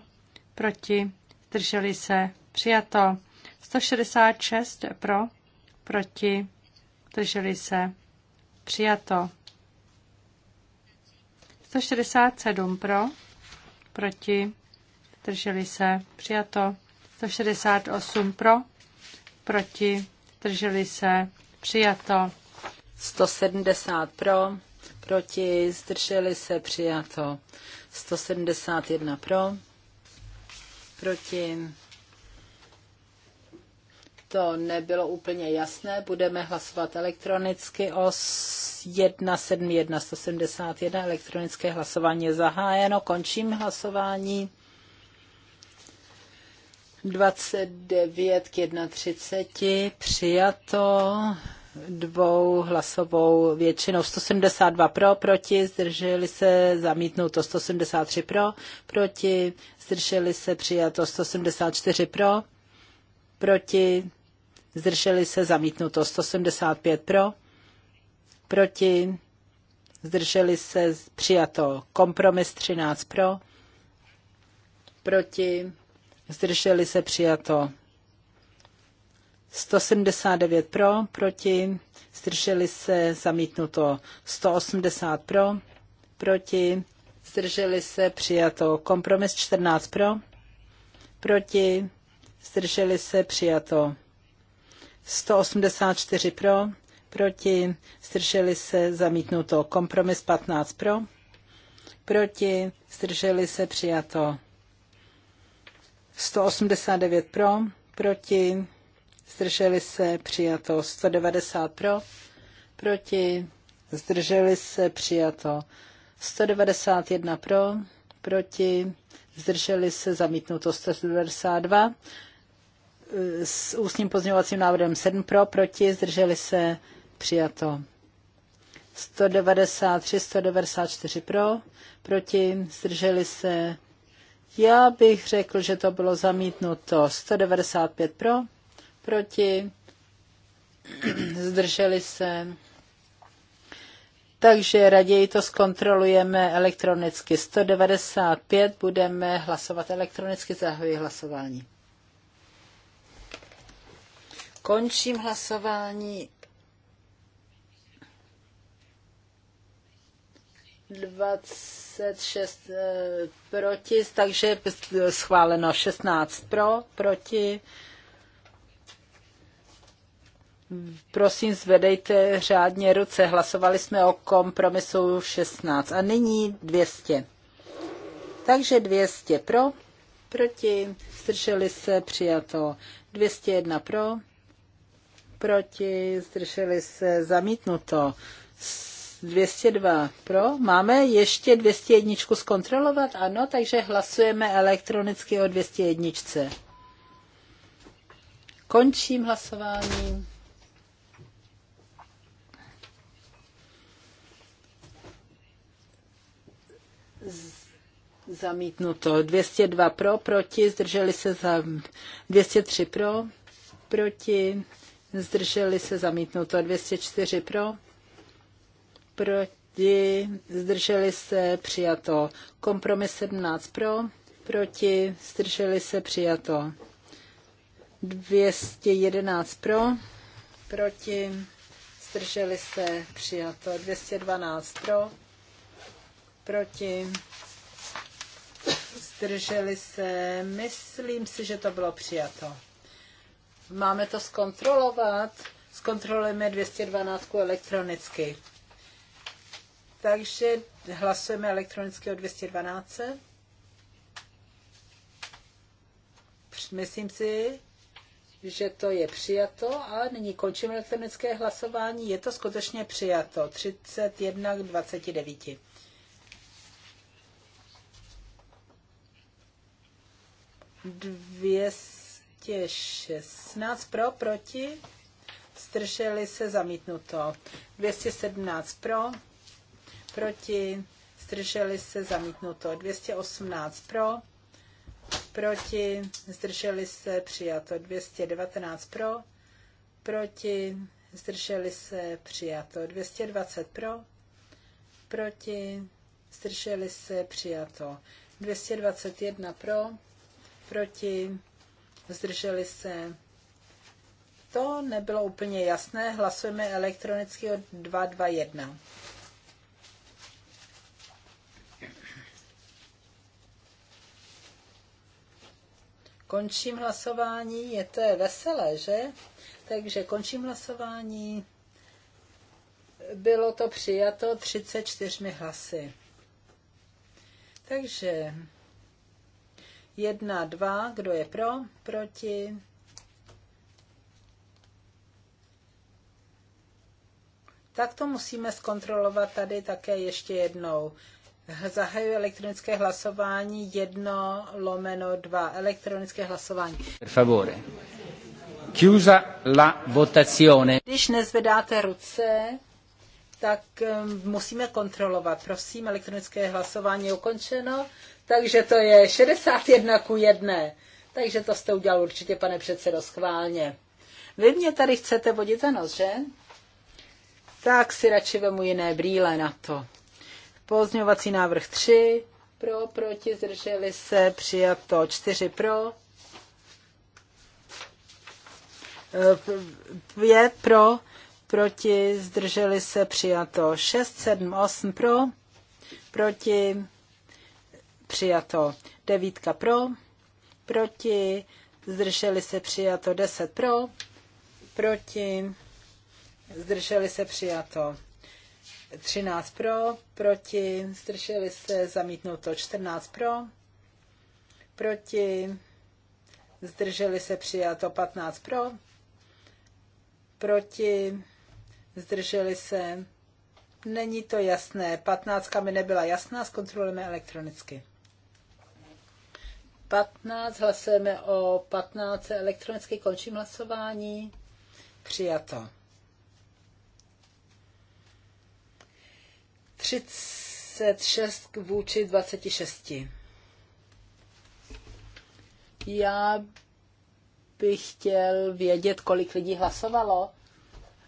proti, zdrželi se, přijato. 166 pro, proti, zdrželi se, přijato. 167 pro, proti, zdrželi se, přijato. 168 pro, proti, zdrželi se, přijato. 170 pro, proti, zdrželi se, přijato. 171 pro, proti. To nebylo úplně jasné. Budeme hlasovat elektronicky o 171, 171. Elektronické hlasování je zahájeno. Končím hlasování. 29 k 31. Přijato dvou hlasovou většinou 172 pro, proti, zdrželi se zamítnuto 173 pro, proti, zdrželi se přijato 174 pro, proti, zdrželi se zamítnuto 175 pro, proti, zdrželi se přijato kompromis 13 pro, proti, zdrželi se přijato 179 pro, proti, zdrželi se, zamítnuto 180 pro, proti, zdrželi se, přijato kompromis 14 pro, proti, zdrželi se, přijato 184 pro, proti, zdrželi se, zamítnuto kompromis 15 pro, proti, zdrželi se, přijato 189 pro, proti, zdrželi se, přijato 190 pro, proti, zdrželi se, přijato 191 pro, proti, zdrželi se, zamítnuto 192, s ústním pozměňovacím návrhem 7 pro, proti, zdrželi se, přijato 193, 194 pro, proti, zdrželi se, já bych řekl, že to bylo zamítnuto 195 pro, proti, zdrželi se. Takže raději to zkontrolujeme elektronicky. 195 budeme hlasovat elektronicky, zahajuji hlasování. Končím hlasování. 26 eh, proti, takže schváleno 16 pro, proti, Prosím, zvedejte řádně ruce. Hlasovali jsme o kompromisu 16 a nyní 200. Takže 200 pro, proti, zdrželi se, přijato. 201 pro, proti, zdrželi se, zamítnuto. 202 pro. Máme ještě 201 zkontrolovat? Ano, takže hlasujeme elektronicky o 201. Končím hlasování. zamítnuto. 202 pro, proti, zdrželi se za 203 pro, proti, zdrželi se zamítnuto. 204 pro, proti, zdrželi se přijato. Kompromis 17 pro, proti, zdrželi se přijato. 211 pro, proti, zdrželi se přijato. 212 pro, proti, zdrželi se, myslím si, že to bylo přijato. Máme to zkontrolovat, zkontrolujeme 212 elektronicky. Takže hlasujeme elektronicky o 212. Myslím si, že to je přijato a nyní končím elektronické hlasování. Je to skutečně přijato. 31 k 29. 216 pro, proti, zdrželi se zamítnuto. 217 pro, proti, zdrželi se zamítnuto. 218 pro, proti, zdrželi se přijato. 219 pro, proti, zdrželi se přijato. 220 pro, proti, zdrželi se přijato. 221 pro, proti, zdrželi se. To nebylo úplně jasné, hlasujeme elektronicky o 221. Končím hlasování, je to veselé, že? Takže končím hlasování. Bylo to přijato 34 hlasy. Takže Jedna dva, kdo je pro, proti. Tak to musíme zkontrolovat tady také ještě jednou. Zahajuji elektronické hlasování 1 lomeno 2. Elektronické hlasování. Per favore. Chiusa la votazione. Když nezvedáte ruce, tak um, musíme kontrolovat. Prosím, elektronické hlasování je ukončeno, takže to je 61 ku 1. Takže to jste udělal určitě, pane předsedo, schválně. Vy mě tady chcete vodit za nos, že? Tak si radši vemu jiné brýle na to. Pozňovací návrh 3, pro, proti, zdrželi se, přijato 4 pro, 5 e, pro, proti, zdrželi se přijato 6, 7, 8 pro, proti, přijato 9 pro, proti, zdrželi se přijato 10 pro, proti, zdrželi se přijato 13 pro, proti, zdrželi se zamítnuto 14 pro, proti, zdrželi se přijato 15 pro, proti, zdrželi se. Není to jasné. Patnáctka mi nebyla jasná, zkontrolujeme elektronicky. 15, hlasujeme o 15, elektronicky končím hlasování. Přijato. 36 k vůči 26. Já bych chtěl vědět, kolik lidí hlasovalo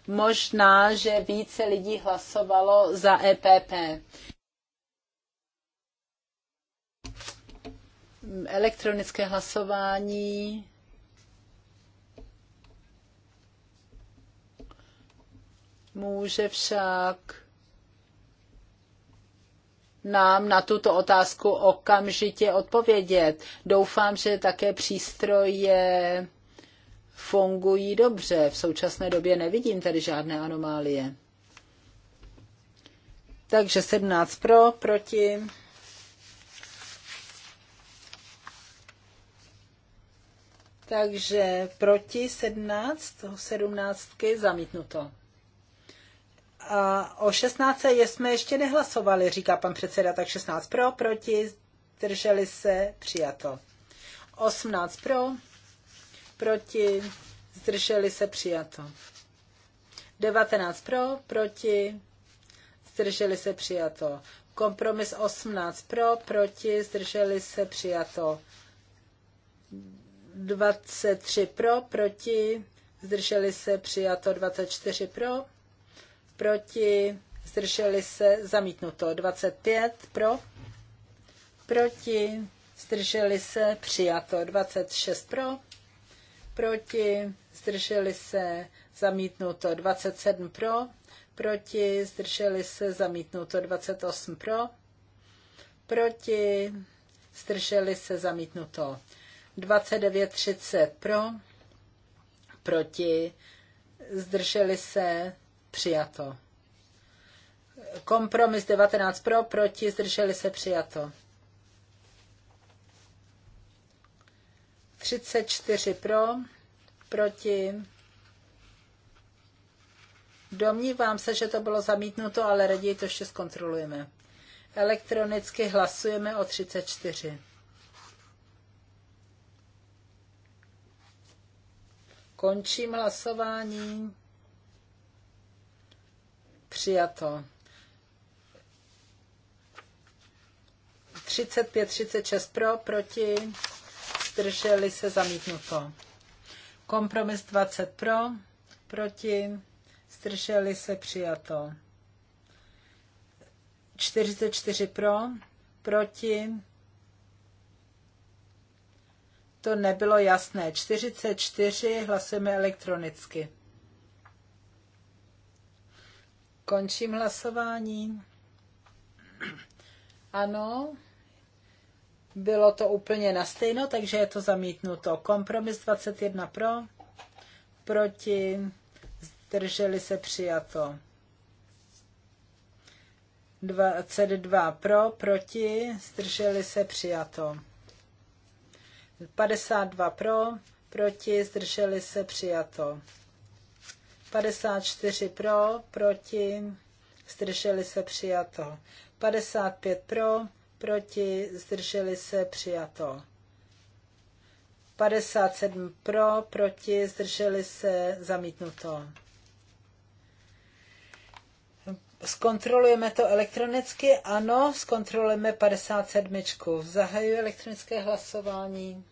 možná, že více lidí hlasovalo za EPP. Elektronické hlasování. Může však nám na tuto otázku okamžitě odpovědět. Doufám, že také přístroj je fungují dobře. V současné době nevidím tady žádné anomálie. Takže 17 pro, proti. Takže proti 17, 17 zamítnuto. A o 16 jsme ještě nehlasovali, říká pan předseda, tak 16 pro, proti, drželi se, přijato. 18 pro, proti, zdrželi se přijato. 19 pro, proti, zdrželi se přijato. Kompromis 18 pro, proti, zdrželi se přijato. 23 pro, proti, zdrželi se přijato. 24 pro, proti, zdrželi se zamítnuto. 25 pro, proti, zdrželi se přijato. 26 pro, proti, zdrželi se, zamítnuto 27 pro, proti, zdrželi se, zamítnuto 28 pro, proti, zdrželi se, zamítnuto 29.30 pro, proti, zdrželi se, přijato. Kompromis 19 pro, proti, zdrželi se, přijato. 34 pro, proti. Domnívám se, že to bylo zamítnuto, ale raději to ještě zkontrolujeme. Elektronicky hlasujeme o 34. Končím hlasování. Přijato. 35, 36 pro, proti zdrželi se zamítnuto. Kompromis 20 pro, proti, zdrželi se přijato. 44 pro, proti, to nebylo jasné. 44 hlasujeme elektronicky. Končím hlasování. Ano, bylo to úplně na stejno, takže je to zamítnuto. Kompromis 21 pro, proti, zdrželi se přijato. 22 pro, proti, zdrželi se přijato. 52 pro, proti, zdrželi se přijato. 54 pro, proti, zdrželi se přijato. 55 pro, proti, zdrželi se, přijato. 57 pro, proti, zdrželi se, zamítnuto. Zkontrolujeme to elektronicky? Ano, zkontrolujeme 57. Zahajuji elektronické hlasování.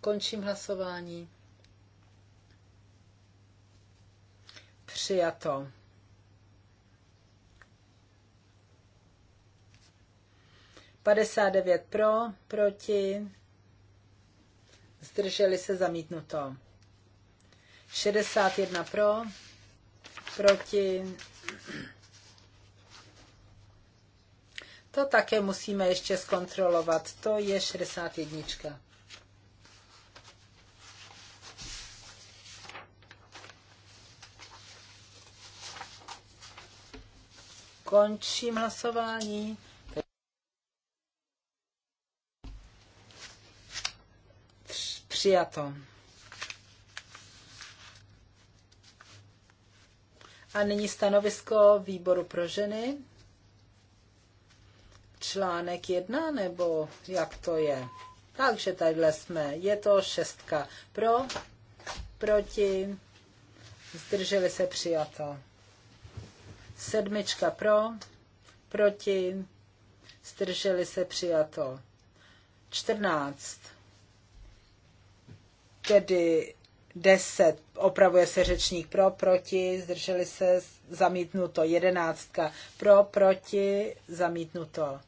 Končím hlasování. Přijato. 59 pro, proti, zdrželi se zamítnuto. 61 pro, proti. To také musíme ještě zkontrolovat. To je 61. Končím hlasování. Přijato. A nyní stanovisko výboru pro ženy. Článek jedna nebo jak to je? Takže tadyhle jsme. Je to šestka. Pro, proti, zdrželi se přijato. Sedmička pro, proti, zdrželi se přijato. Čtrnáct tedy 10, opravuje se řečník pro, proti, zdrželi se, zamítnuto, jedenáctka, pro, proti, zamítnuto.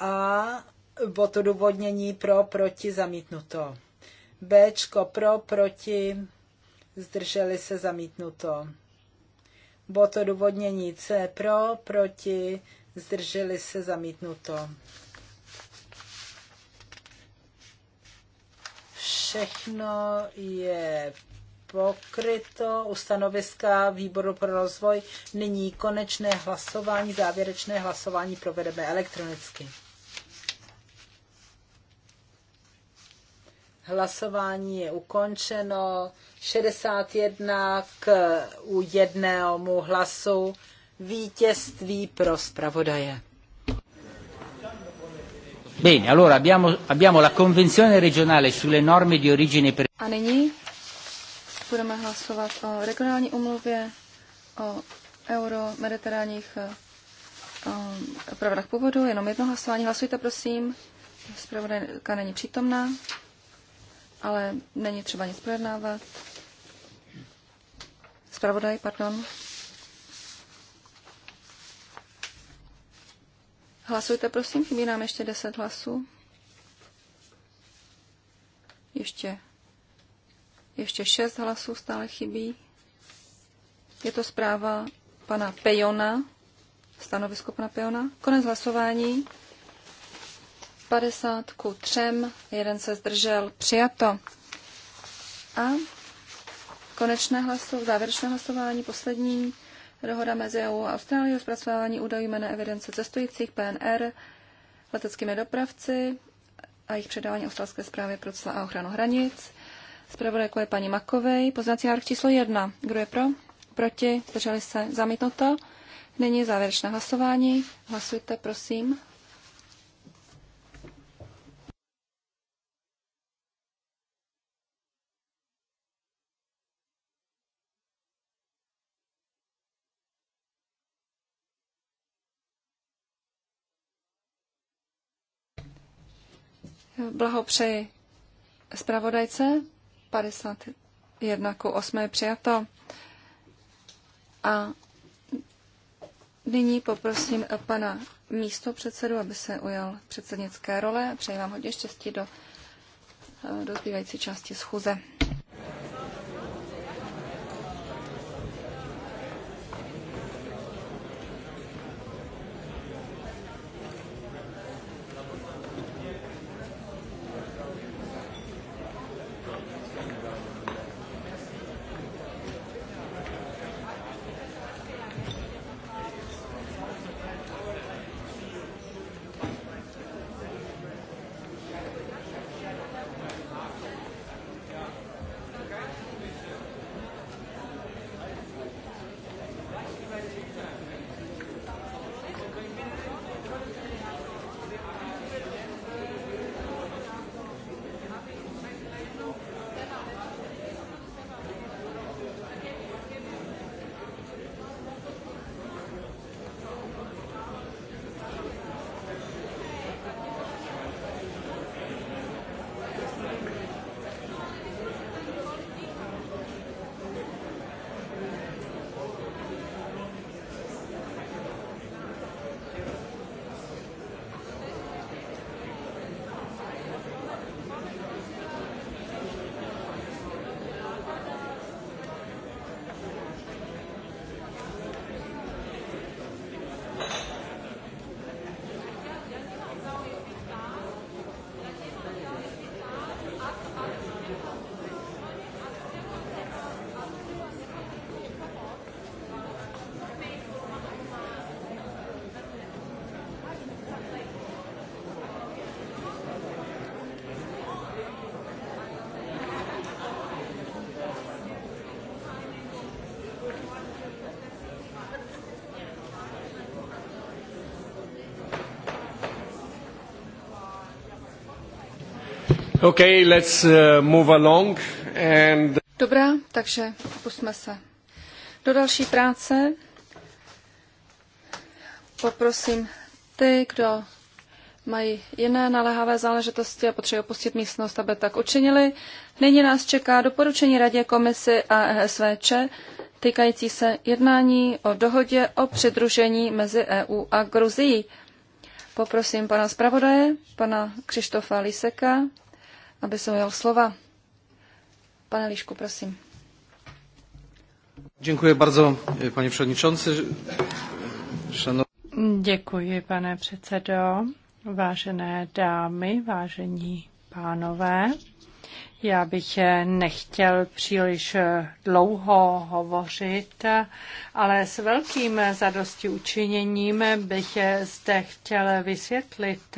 A bod odůvodnění pro, proti, zamítnuto. Bčko pro, proti, zdrželi se, zamítnuto. Bod odůvodnění C pro, proti, zdrželi se, zamítnuto. Všechno je pokryto u stanoviska výboru pro rozvoj. Nyní konečné hlasování, závěrečné hlasování provedeme elektronicky. Hlasování je ukončeno. 61 k u jednému hlasu vítězství pro zpravodaje. Bene, allora abbiamo, abbiamo la Convenzione regionale sulle norme di origine per... A nyní budeme hlasovat o regionální umluvě, o euro euromediteránních eh, eh, pravidlech původu. Jenom jedno hlasování. Hlasujte, prosím. Zpravodajka není přítomná, ale není třeba nic projednávat. Zpravodaj, pardon. Hlasujte, prosím, chybí nám ještě 10 hlasů. Ještě, ještě 6 hlasů stále chybí. Je to zpráva pana Pejona, stanovisko pana Pejona. Konec hlasování. 50 ku 3, jeden se zdržel, přijato. A konečné hlasování, závěrečné hlasování, poslední dohoda mezi EU a Austrálií o zpracování údajů jména evidence cestujících PNR leteckými dopravci a jejich předávání australské zprávy pro cla a ochranu hranic. Zpravodajkou je paní Makovej. Poznací návrh číslo jedna. Kdo je pro? Proti? Zdrželi se? Zamítnuto? Nyní závěrečné hlasování. Hlasujte, prosím. Blahopřeji zpravodajce. 51 k 8 je přijato. A nyní poprosím pana místo předsedu, aby se ujal předsednické role. Přeji vám hodně štěstí do, do zbývající části schůze. Okay, let's uh, move along and... Dobrá, takže pusme se do další práce. Poprosím ty, kdo mají jiné naléhavé záležitosti a potřebují opustit místnost, aby tak učinili. Nyní nás čeká doporučení Radě komisy a ESVČ týkající se jednání o dohodě o přidružení mezi EU a Gruzií. Poprosím pana zpravodaje, pana Křištofa Liseka, aby se ujal slova. Pane Lišku, prosím. Děkuji bardzo, pane předničonci. Šano... Děkuji, pane předsedo. Vážené dámy, vážení pánové, já bych nechtěl příliš dlouho hovořit, ale s velkým zadosti učiněním bych zde chtěl vysvětlit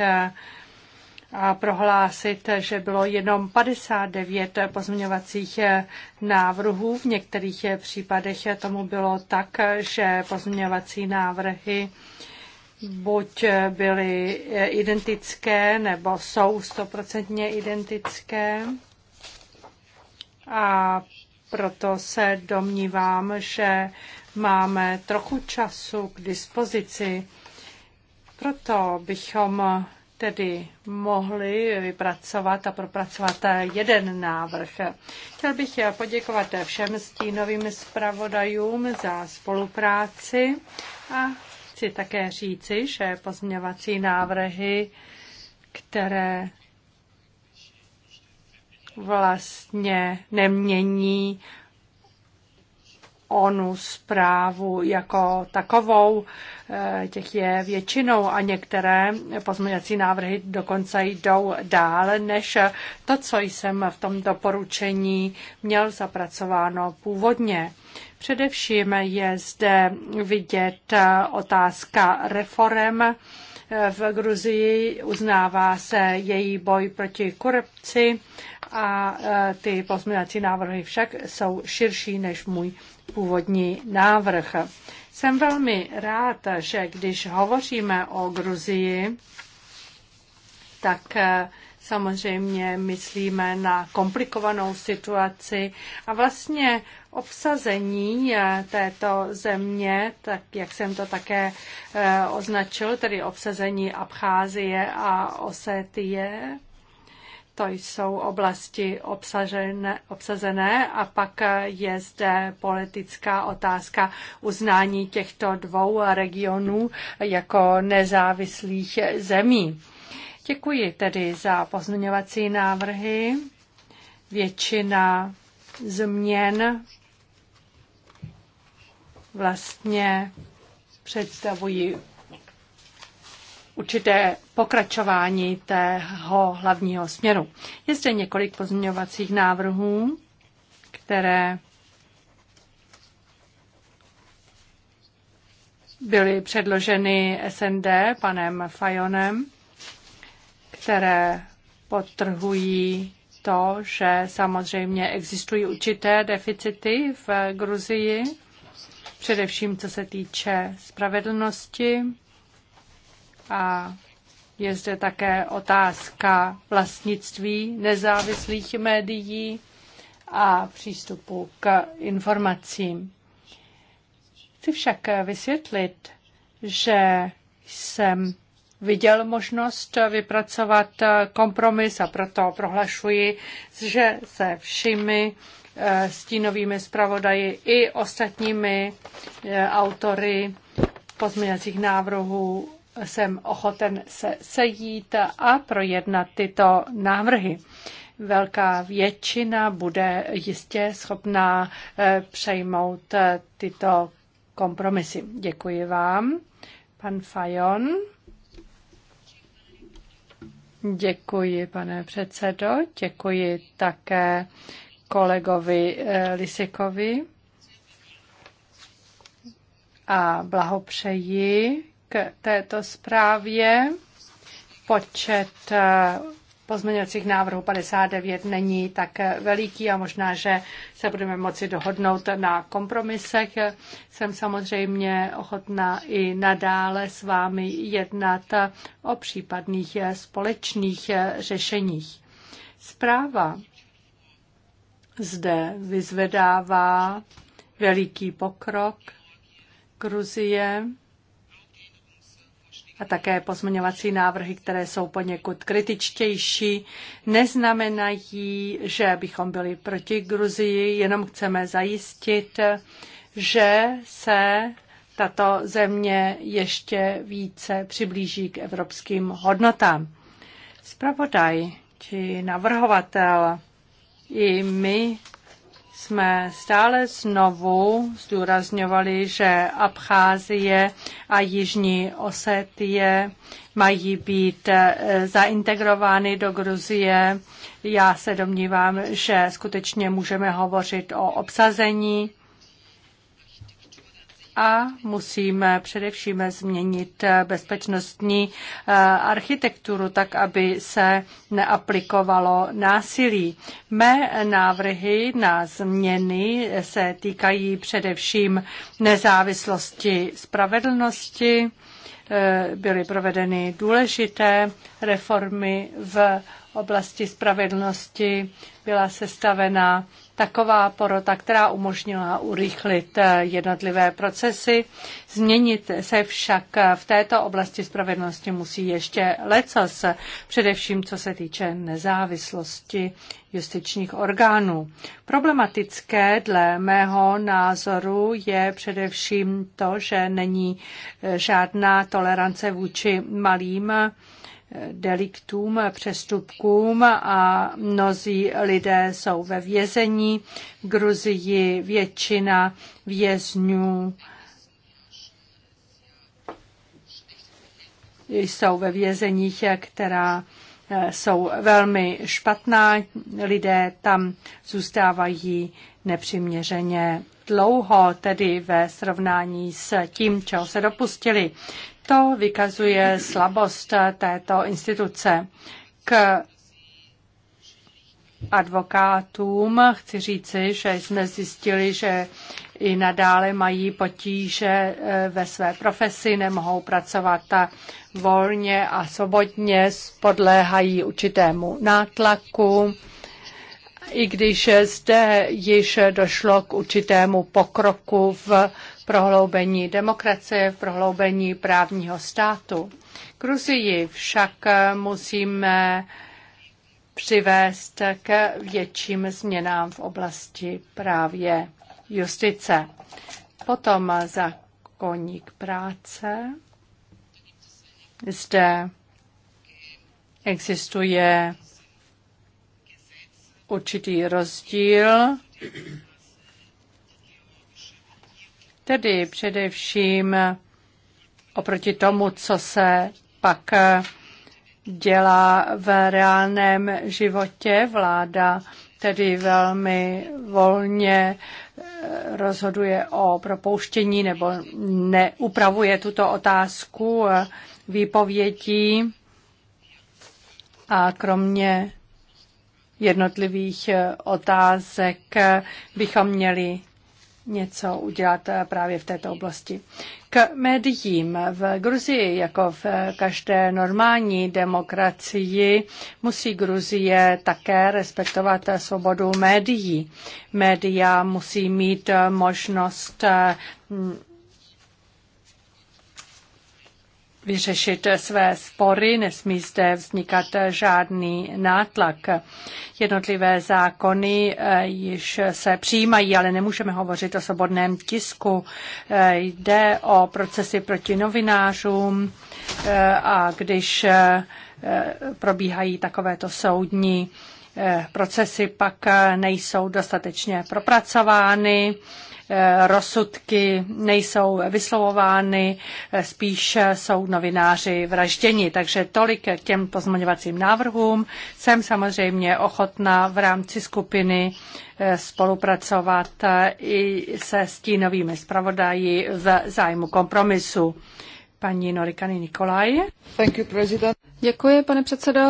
a prohlásit, že bylo jenom 59 pozměňovacích eh, návrhů. V některých eh, případech eh, tomu bylo tak, že pozměňovací návrhy buď byly identické, nebo jsou stoprocentně identické. A proto se domnívám, že máme trochu času k dispozici. Proto bychom tedy mohli vypracovat a propracovat jeden návrh. Chtěl bych poděkovat všem stínovým zpravodajům za spolupráci a chci také říci, že pozměňovací návrhy, které vlastně nemění onu zprávu jako takovou. Eh, těch je většinou a některé pozměňovací návrhy dokonce jdou dále než to, co jsem v tom doporučení měl zapracováno původně. Především je zde vidět eh, otázka reform eh, v Gruzii, uznává se její boj proti korupci a ty pozměňovací návrhy však jsou širší než můj původní návrh. Jsem velmi rád, že když hovoříme o Gruzii, tak eh, samozřejmě myslíme na komplikovanou situaci a vlastně obsazení eh, této země, tak jak jsem to také eh, označil, tedy obsazení Abcházie a Osetie, to jsou oblasti obsažené, obsazené a pak je zde politická otázka uznání těchto dvou regionů jako nezávislých zemí. Děkuji tedy za pozměňovací návrhy. Většina změn vlastně představují určité pokračování tého hlavního směru. Je zde několik pozměňovacích návrhů, které byly předloženy SND panem Fajonem, které potrhují to, že samozřejmě existují určité deficity v Gruzii, především co se týče spravedlnosti a je zde také otázka vlastnictví nezávislých médií a přístupu k informacím. Chci však vysvětlit, že jsem viděl možnost vypracovat kompromis a proto prohlašuji, že se všimi eh, stínovými zpravodaji i ostatními eh, autory pozměňovacích návrhů jsem ochoten se sejít a projednat tyto návrhy. Velká většina bude jistě schopná eh, přejmout eh, tyto kompromisy. Děkuji vám. Pan Fajon. Děkuji, pane předsedo. Děkuji také kolegovi eh, Lisekovi a blahopřeji této zprávě. Počet eh, pozměňovacích návrhů 59 není tak veliký a možná, že se budeme moci dohodnout na kompromisech. Jsem samozřejmě ochotná i nadále s vámi jednat o případných společných řešeních. Zpráva zde vyzvedává veliký pokrok Gruzie a také pozměňovací návrhy, které jsou poněkud kritičtější, neznamenají, že bychom byli proti Gruzii, jenom chceme zajistit, že se tato země ještě více přiblíží k evropským hodnotám. Spravodaj či navrhovatel i my jsme stále znovu zdůrazňovali, že Abcházie a Jižní Osetie mají být eh, zaintegrovány do Gruzie. Já se domnívám, že skutečně můžeme hovořit o obsazení a musíme především změnit bezpečnostní eh, architekturu tak, aby se neaplikovalo násilí. Mé návrhy na změny se týkají především nezávislosti spravedlnosti, eh, byly provedeny důležité reformy v oblasti spravedlnosti, byla sestavena taková porota, která umožnila urychlit eh, jednotlivé procesy. Změnit se však eh, v této oblasti spravedlnosti musí ještě lecos, především co se týče nezávislosti justičních orgánů. Problematické dle mého názoru je především to, že není eh, žádná tolerance vůči malým deliktům, přestupkům a mnozí lidé jsou ve vězení. V Gruzii většina vězňů jsou ve vězeních, která eh, jsou velmi špatná. Lidé tam zůstávají nepřiměřeně dlouho, tedy ve srovnání s tím, čeho se dopustili. To vykazuje slabost této instituce. K advokátům chci říci, že jsme zjistili, že i nadále mají potíže eh, ve své profesi, nemohou pracovat volně a svobodně, podléhají určitému nátlaku. I když zde již došlo k určitému pokroku v prohloubení demokracie, v prohloubení právního státu. Rusii však eh, musíme přivést k větším změnám v oblasti právě justice. Potom zákonník práce. Zde existuje určitý rozdíl Tedy především oproti tomu, co se pak eh, dělá v reálném životě, vláda tedy velmi volně eh, rozhoduje o propouštění nebo neupravuje tuto otázku eh, výpovědí a kromě jednotlivých otázek bychom měli něco udělat eh, právě v této oblasti. K médiím v Gruzii, jako v eh, každé normální demokracii, musí Gruzie také respektovat eh, svobodu médií. Média musí mít možnost vyřešit své spory, nesmí zde vznikat žádný nátlak. Jednotlivé zákony eh, již se přijímají, ale nemůžeme hovořit o svobodném tisku. Eh, jde o procesy proti novinářům eh, a když probíhají takovéto soudní Eh, procesy pak eh, nejsou dostatečně propracovány, eh, rozsudky nejsou vyslovovány, spíš jsou novináři vražděni. Takže tolik k těm pozmaňovacím návrhům. Jsem samozřejmě ochotná v rámci skupiny spolupracovat i se stínovými zpravodaji v zájmu kompromisu. Paní Norikany Nikolaj. Děkuji, pane předsedo.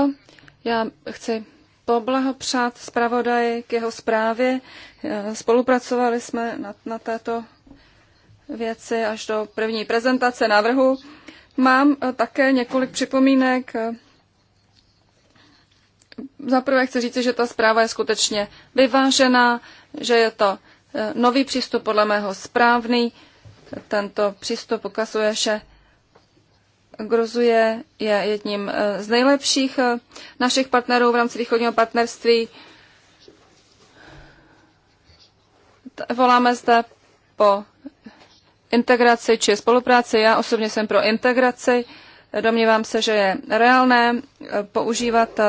Já chci poblahopřát zpravodaji k jeho zprávě. Spolupracovali jsme na, na této věci až do první prezentace návrhu. Mám eh, také několik připomínek. Za prvé chci říct, že ta zpráva je skutečně vyvážená, že je to eh, nový přístup podle mého správný. Tento přístup ukazuje, že Grozuje je jedním eh, z nejlepších eh, našich partnerů v rámci východního partnerství. Voláme zde po integraci či spolupráci. Já osobně jsem pro integraci. Domnívám se, že je reálné eh, používat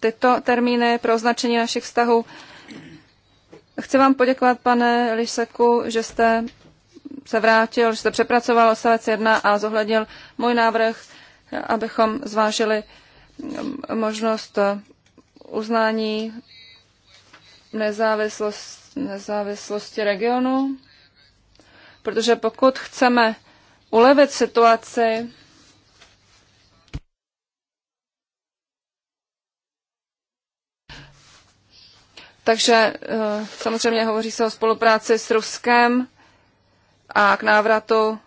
tyto termíny pro označení našich vztahů. Chci vám poděkovat, pane Liseku, že jste se vrátil, že se přepracoval odstavec 1 a zohlednil můj návrh, abychom zvážili mm, možnost eh, uznání nezávislost, nezávislosti regionu, protože pokud chceme ulevit situaci, Takže eh, samozřejmě hovoří se o spolupráci s Ruskem a k návratu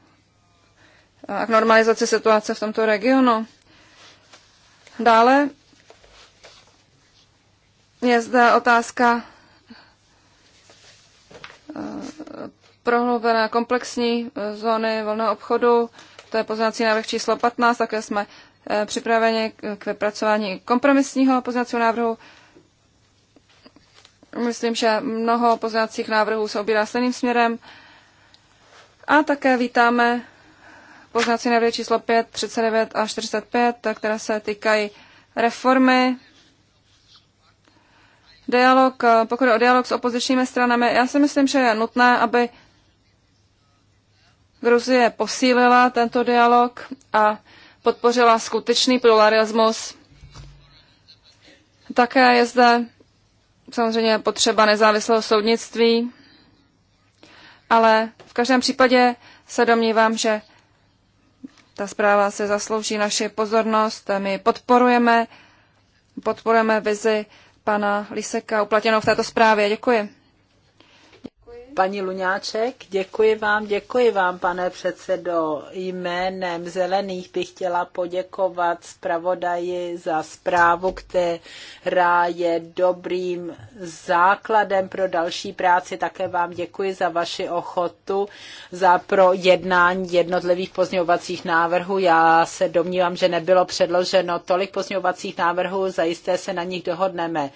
a k normalizaci situace v tomto regionu. Dále je zde otázka eh, prohloubené komplexní eh, zóny volného obchodu. To je poznací návrh číslo 15, také jsme eh, připraveni k vypracování kompromisního poznacího návrhu. Myslím, že mnoho poznacích návrhů se obírá stejným směrem. A také vítáme poznací návrhy číslo 5, 39 a 45, které se týkají reformy. Dialog, pokud je o dialog s opozičními stranami, já si myslím, že je nutné, aby Gruzie posílila tento dialog a podpořila skutečný pluralismus. Také je zde samozřejmě potřeba nezávislého soudnictví ale v každém případě se domnívám, že ta zpráva se zaslouží naši pozornost. My podporujeme, podporujeme vizi pana Liseka uplatněnou v této zprávě. Děkuji. Paní Luňáček, děkuji vám, děkuji vám, pane předsedo. Jménem Zelených bych chtěla poděkovat zpravodaji za zprávu, která je dobrým základem pro další práci. Také vám děkuji za vaši ochotu, za pro jednání jednotlivých pozměňovacích návrhů. Já se domnívám, že nebylo předloženo tolik pozměňovacích návrhů, zajisté se na nich dohodneme.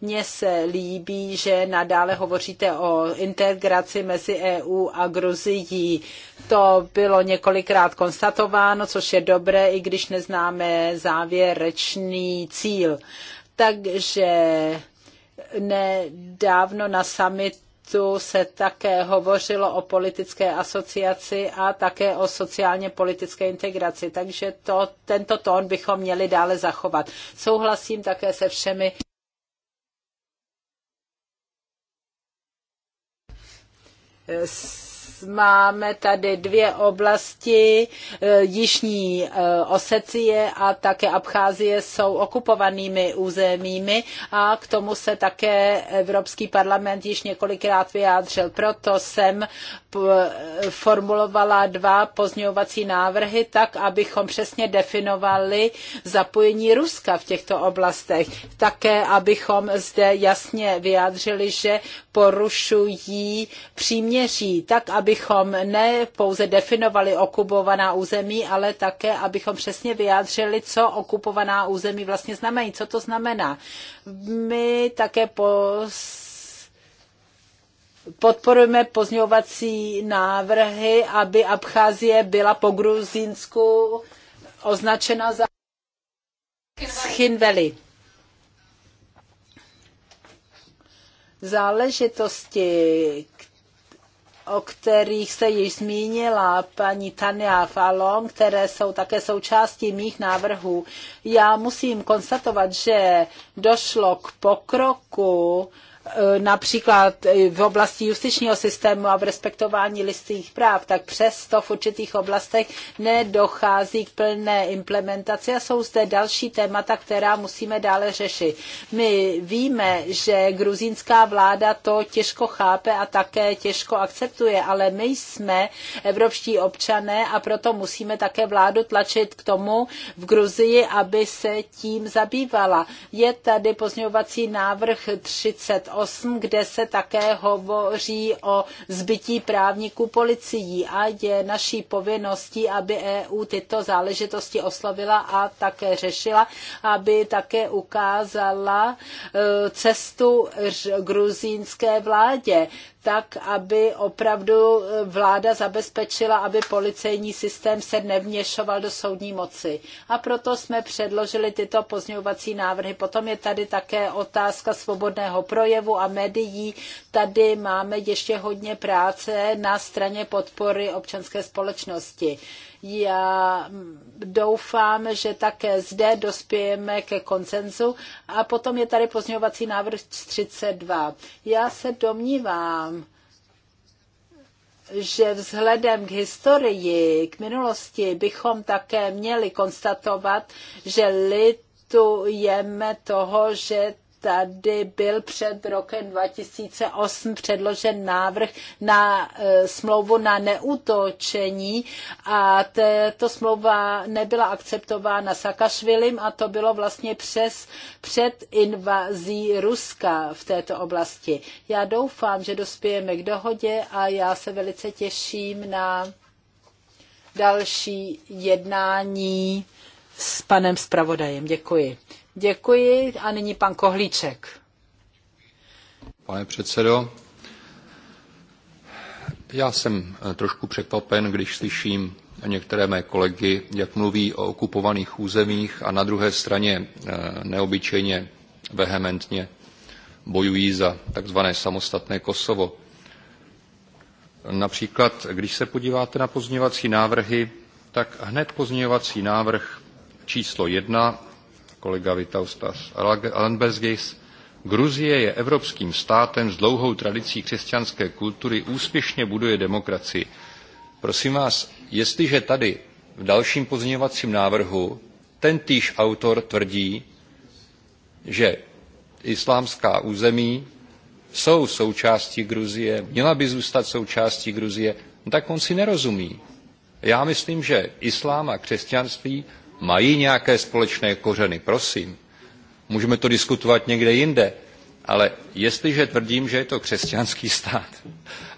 Mně se líbí, že nadále hovoříte o integraci integraci mezi EU a Gruzií. To bylo několikrát konstatováno, což je dobré, i když neznáme závěrečný cíl. Takže nedávno na summitu se také hovořilo o politické asociaci a také o sociálně politické integraci, takže to, tento tón bychom měli dále zachovat. Souhlasím také se všemi s máme tady dvě oblasti, e, Jižní e, Osecie a také Abcházie jsou okupovanými územími a k tomu se také Evropský parlament již několikrát vyjádřil. Proto jsem formulovala dva pozňovací návrhy tak, abychom přesně definovali zapojení Ruska v těchto oblastech. Také, abychom zde jasně vyjádřili, že porušují příměří, tak, aby abychom ne pouze definovali okupovaná území, ale také, abychom přesně vyjádřili, co okupovaná území vlastně znamenají, co to znamená. My také pos podporujeme pozňovací návrhy, aby Abcházie byla po Gruzínsku označena za Schinveli. Záležitosti, o kterých se již zmínila paní Tania Falon, které jsou také součástí mých návrhů. Já musím konstatovat, že došlo k pokroku Eh, například v oblasti justičního systému a v respektování listých práv, tak přesto v určitých oblastech nedochází k plné implementaci a jsou zde další témata, která musíme dále řešit. My víme, že gruzínská vláda to těžko chápe a také těžko akceptuje, ale my jsme evropští občané a proto musíme také vládu tlačit k tomu v Gruzii, aby se tím zabývala. Je tady pozňovací návrh 38 8, kde se také hovoří o zbytí právníků policií a je naší povinností, aby EU tyto záležitosti oslovila a také řešila, aby také ukázala e, cestu gruzínské vládě tak, aby opravdu e, vláda zabezpečila, aby policejní systém se nevměšoval do soudní moci. A proto jsme předložili tyto pozměňovací návrhy. Potom je tady také otázka svobodného projevu projevu a médií. Tady máme ještě hodně práce na straně podpory občanské společnosti. Já doufám, že také zde dospějeme ke koncenzu a potom je tady pozměňovací návrh 32. Já se domnívám, že vzhledem k historii, k minulosti, bychom také měli konstatovat, že litujeme toho, že tady byl před rokem 2008 předložen návrh na e, smlouvu na neútočení a tato smlouva nebyla akceptována Sakašvilim a to bylo vlastně přes před invazí Ruska v této oblasti. Já doufám, že dospějeme k dohodě a já se velice těším na další jednání s panem zpravodajem. Děkuji. Děkuji a nyní pan Kohlíček. Pane předsedo, já jsem eh, trošku překvapen, když slyším některé mé kolegy, jak mluví o okupovaných územích a na druhé straně eh, neobyčejně vehementně bojují za takzvané samostatné Kosovo. Například, když se podíváte na pozměňovací návrhy, tak hned pozměňovací návrh číslo jedna kolega Vitaustas Landbergis. Gruzie je evropským státem s dlouhou tradicí křesťanské kultury, úspěšně buduje demokracii. Prosím vás, jestliže tady v dalším pozměňovacím návrhu ten týž autor tvrdí, že islámská území jsou součástí Gruzie, měla by zůstat součástí Gruzie, no tak on si nerozumí. Já myslím, že islám a křesťanství mají nějaké společné kořeny, prosím. Můžeme to diskutovat někde jinde, ale jestliže tvrdím, že je to křesťanský stát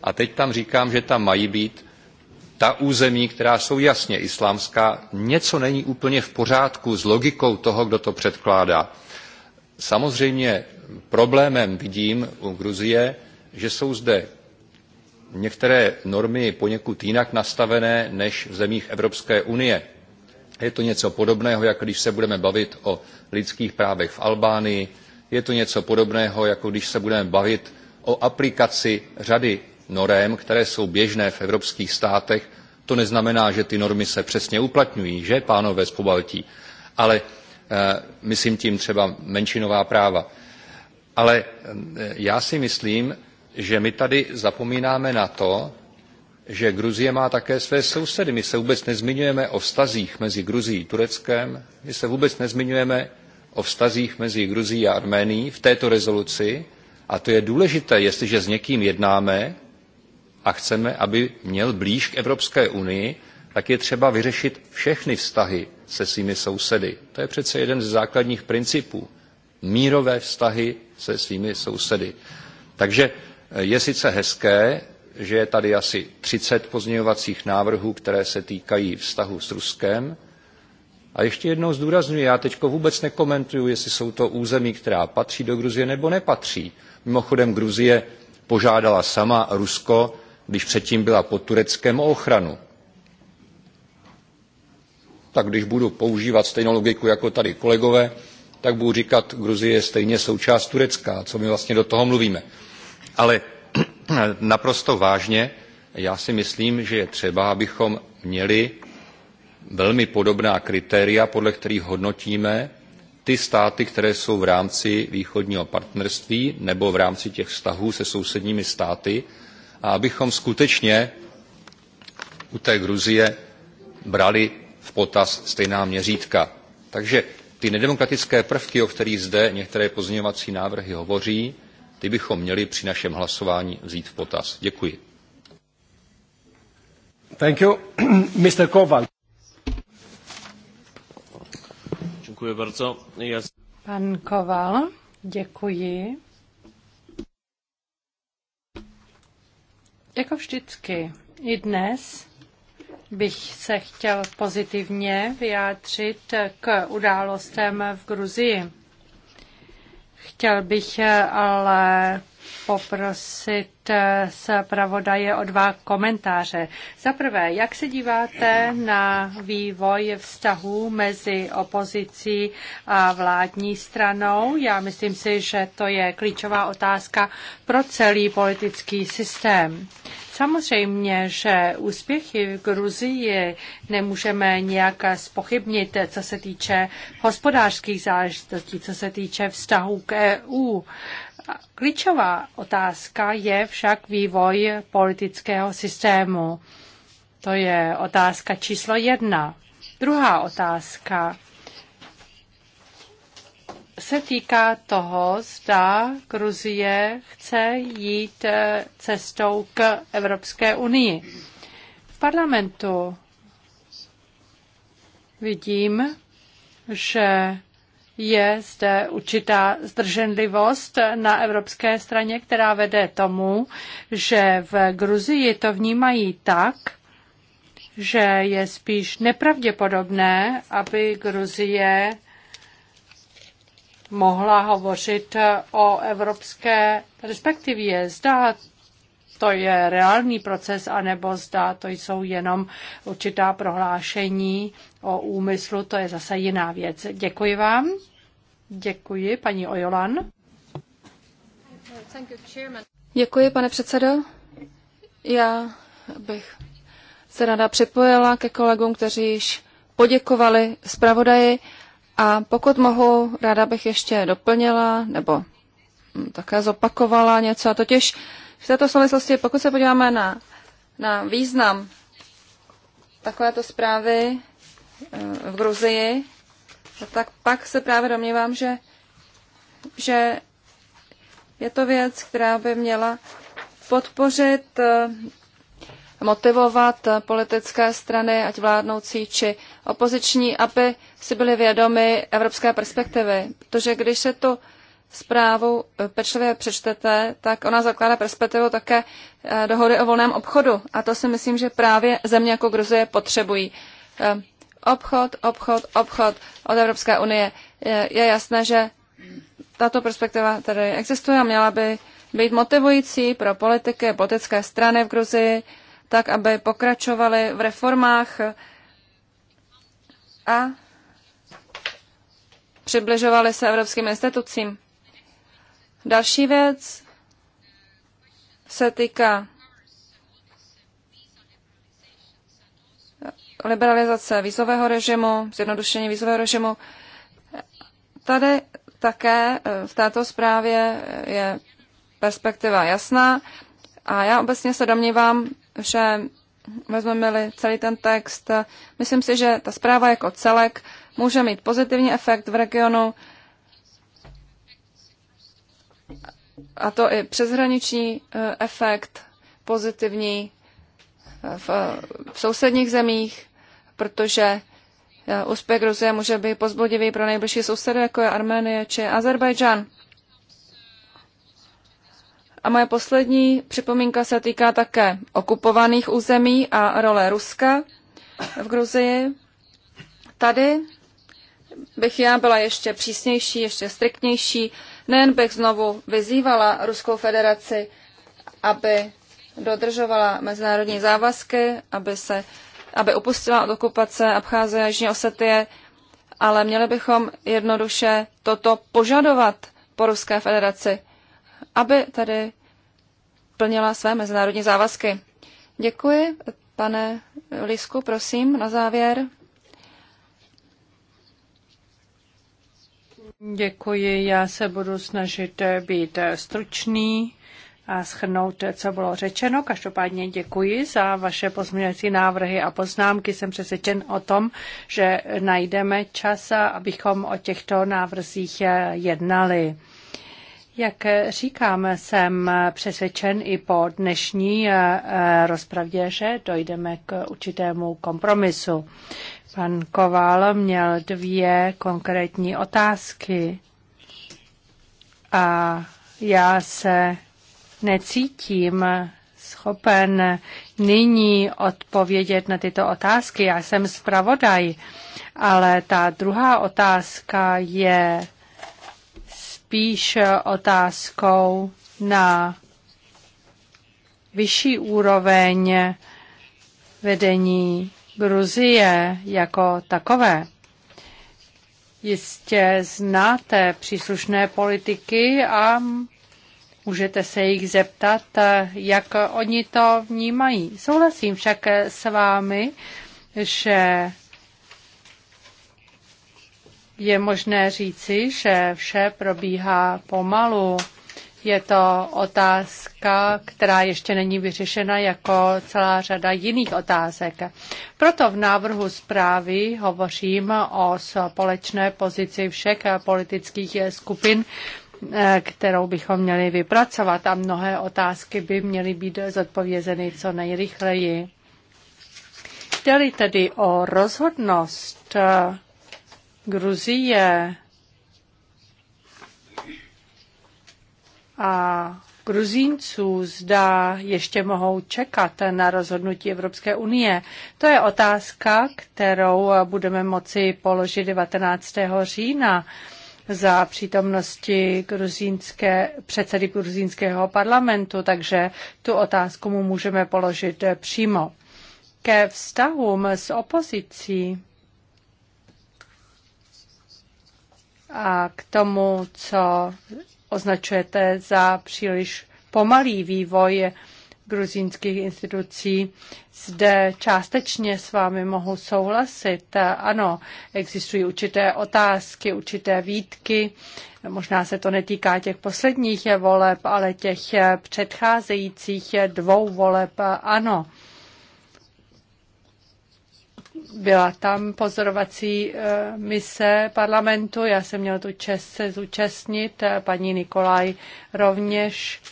a teď tam říkám, že tam mají být ta území, která jsou jasně islámská, něco není úplně v pořádku s logikou toho, kdo to předkládá. Samozřejmě problémem vidím u Gruzie, že jsou zde některé normy poněkud jinak nastavené než v zemích Evropské unie. Je to něco podobného, jako když se budeme bavit o lidských právech v Albánii. Je to něco podobného, jako když se budeme bavit o aplikaci řady norem, které jsou běžné v evropských státech. To neznamená, že ty normy se přesně uplatňují, že, pánové z Pobaltí? Ale e, myslím tím třeba menšinová práva. Ale eh, já si myslím, že my tady zapomínáme na to, že Gruzie má také své sousedy. My se vůbec nezmiňujeme o vztazích mezi Gruzií a Tureckem, my se vůbec nezmiňujeme o vztazích mezi Gruzií a Arménií v této rezoluci a to je důležité, jestliže s někým jednáme a chceme, aby měl blíž k Evropské unii, tak je třeba vyřešit všechny vztahy se svými sousedy. To je přece jeden ze základních principů. Mírové vztahy se svými sousedy. Takže eh, je sice hezké, že je tady asi 30 pozměňovacích návrhů, které se týkají vztahu s Ruskem. A ještě jednou zdůraznuju, já teď vůbec nekomentuju, jestli jsou to území, která patří do Gruzie nebo nepatří. Mimochodem Gruzie požádala sama Rusko, když předtím byla pod Tureckem o ochranu. Tak když budu používat stejnou logiku jako tady kolegové, tak budu říkat, Gruzie je stejně součást Turecka, co my vlastně do toho mluvíme. Ale naprosto vážně já si myslím že je třeba abychom měli velmi podobná kritéria podle kterých hodnotíme ty státy které jsou v rámci východního partnerství nebo v rámci těch vztahů se sousedními státy a abychom skutečně u té gruzie brali v potaz stejná měřítka. takže ty nedemokratické prvky o kterých zde některé pozměňovací návrhy hovoří ty bychom měli při našem hlasování vzít v potaz. Děkuji. Thank you. Mr. Kowal. Děkuji bardzo. Yes. Pan Koval, děkuji. Jako vždycky, i dnes bych se chtěl pozitivně vyjádřit k událostem v Gruzii. Chtěl bych eh, ale poprosit eh, pravodaje o dva komentáře. Za prvé, jak se díváte na vývoj vztahů mezi opozicí a vládní stranou? Já myslím si, že to je klíčová otázka pro celý politický systém. Samozřejmě, že úspěchy v Gruzii nemůžeme nějak spochybnit, co se týče hospodářských záležitostí, co se týče vztahu k EU. Klíčová otázka je však vývoj politického systému. To je otázka číslo jedna. Druhá otázka se týká toho, zda Gruzie chce jít eh, cestou k Evropské unii. V parlamentu vidím, že je zde určitá zdrženlivost na evropské straně, která vede tomu, že v Gruzii to vnímají tak, že je spíš nepravděpodobné, aby Gruzie mohla hovořit eh, o evropské perspektivě. Zdá, to je reálný proces, anebo zdá, to jsou jenom určitá prohlášení o úmyslu, to je zase jiná věc. Děkuji vám. Děkuji, paní Ojolan. Děkuji, pane předsedo. Já bych se ráda připojila ke kolegům, kteří již poděkovali zpravodaji. A pokud mohu, ráda bych ještě doplnila nebo mm, také zopakovala něco. A totiž v této souvislosti, pokud se podíváme na, na význam takovéto zprávy eh, v Gruzii, tak pak se právě domnívám, že, že je to věc, která by měla podpořit eh, motivovat politické strany, ať vládnoucí či opoziční, aby si byly vědomy evropské perspektivy. Protože když se tu zprávu pečlivě přečtete, tak ona zakládá perspektivu také eh, dohody o volném obchodu. A to si myslím, že právě země jako Gruzie potřebují. Eh, obchod, obchod, obchod od Evropské unie. Je jasné, že tato perspektiva tady existuje a měla by být motivující pro politiky, politické strany v Gruzii, tak aby pokračovali v reformách a přibližovali se evropským institucím. Další věc se týká liberalizace vízového režimu, zjednodušení vízového režimu. Tady také eh, v této zprávě je perspektiva jasná a já obecně se domnívám, že vezmeme-li celý ten text, myslím si, že ta zpráva jako celek může mít pozitivní efekt v regionu, a to i přeshraniční eh, efekt pozitivní eh, v, v sousedních zemích, protože eh, úspěch Gruzie může být pozbudivý pro nejbližší sousedy, jako je Arménie či Azerbajdžán. A moje poslední připomínka se týká také okupovaných území a role Ruska v Gruzii. Tady bych já byla ještě přísnější, ještě striktnější. Nejen bych znovu vyzývala Ruskou federaci, aby dodržovala mezinárodní závazky, aby, se, aby upustila od okupace Abcházie a Jižní Osetie, ale měli bychom jednoduše toto požadovat po Ruské federaci aby tedy plnila své mezinárodní závazky. Děkuji, pane Lisku, prosím, na závěr. Děkuji, já se budu snažit být stručný a schrnout, co bylo řečeno. Každopádně děkuji za vaše pozměňovací návrhy a poznámky. Jsem přesvědčen o tom, že najdeme čas, abychom o těchto návrzích jednali. Jak říkám, jsem přesvědčen i po dnešní eh, eh, rozpravě, že dojdeme k určitému kompromisu. Pan Koval měl dvě konkrétní otázky a já se necítím schopen nyní odpovědět na tyto otázky. Já jsem zpravodaj, ale ta druhá otázka je spíš otázkou na vyšší úroveň vedení Gruzie jako takové. Jistě znáte příslušné politiky a můžete se jich zeptat, jak oni to vnímají. Souhlasím však s vámi, že je možné říci, že vše probíhá pomalu. Je to otázka, která ještě není vyřešena jako celá řada jiných otázek. Proto v návrhu zprávy hovořím o společné pozici všech politických skupin, kterou bychom měli vypracovat a mnohé otázky by měly být zodpovězeny co nejrychleji. Jde-li tedy o rozhodnost Gruzie a Gruzínců zda ještě mohou čekat na rozhodnutí Evropské unie. To je otázka, kterou budeme moci položit 19. října za přítomnosti gruzínské, předsedy gruzínského parlamentu, takže tu otázku mu můžeme položit přímo. Ke vztahům s opozicí a k tomu, co označujete za příliš pomalý vývoj gruzínských institucí. Zde částečně s vámi mohu souhlasit. Ano, existují určité otázky, určité výtky. Možná se to netýká těch posledních voleb, ale těch předcházejících dvou voleb ano. Byla tam pozorovací e, mise parlamentu, já jsem měla tu čest se zúčastnit, e, paní Nikolaj rovněž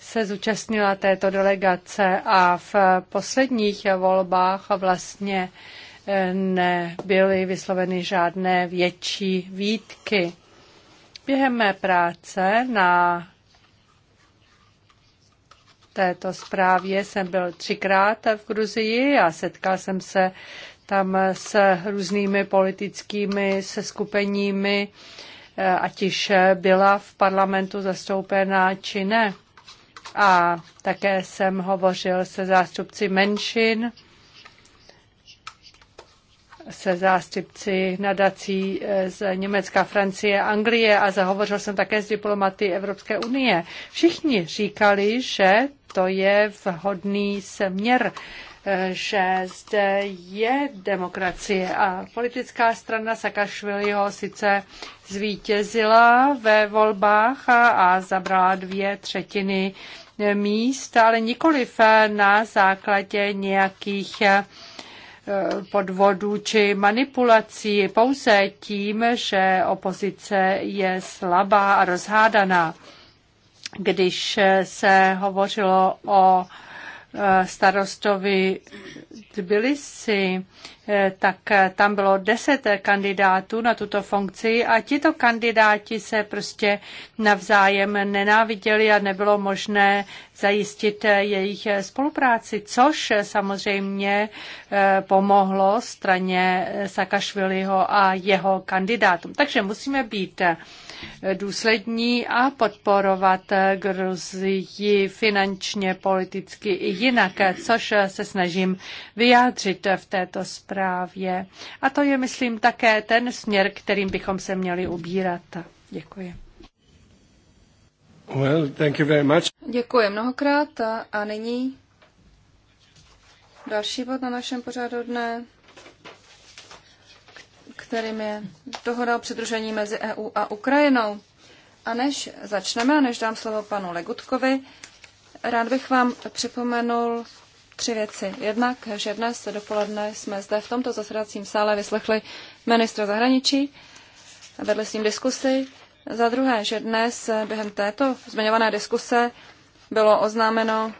se zúčastnila této delegace a v posledních volbách vlastně e, nebyly vysloveny žádné větší výtky. Během mé práce na této zprávě jsem byl třikrát v Gruzii a setkal jsem se tam s různými politickými seskupeními, eh, ať již byla v parlamentu zastoupená či ne. A také jsem hovořil se zástupci menšin, se zástupci nadací eh, z Německa, Francie, Anglie a zahovořil jsem také s diplomaty Evropské unie. Všichni říkali, že to je vhodný směr že zde je demokracie a politická strana Sakašviliho sice zvítězila ve volbách a zabrala dvě třetiny míst, ale nikoliv na základě nějakých eh, podvodů či manipulací, pouze tím, že opozice je slabá a rozhádaná. Když se hovořilo o Eh, starostovi Tbilisi, eh, tak tam bylo deset kandidátů na tuto funkci a tito kandidáti se prostě navzájem nenáviděli a nebylo možné zajistit eh, jejich spolupráci, což samozřejmě pomohlo straně Sakašviliho a jeho kandidátům. Takže musíme být důslední a podporovat Gruzii finančně, politicky i jinak, což se snažím vyjádřit v této zprávě. A to je, myslím, také ten směr, kterým bychom se měli ubírat. Děkuji. Well, thank you very much. Děkuji mnohokrát a, a nyní další bod na našem pořadu dne kterým je dohoda o přidružení mezi EU a Ukrajinou. A než začneme a než dám slovo panu Legutkovi, rád bych vám připomenul tři věci. Jednak, že dnes dopoledne jsme zde v tomto zasedacím sále vyslechli ministra zahraničí, vedli s ním diskusy. Za druhé, že dnes během této zmiňované diskuse bylo oznámeno,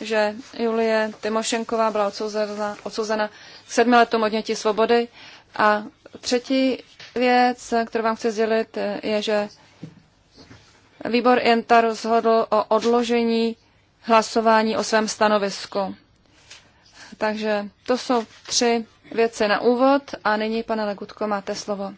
že Julie Timošenková byla odsouzena, odsouzena k sedmi letům odnětí svobody a Třetí věc, kterou vám chci sdělit, je, že výbor INTA rozhodl o odložení hlasování o svém stanovisku. Takže to jsou tři věci na úvod a nyní, pane Legutko, máte slovo.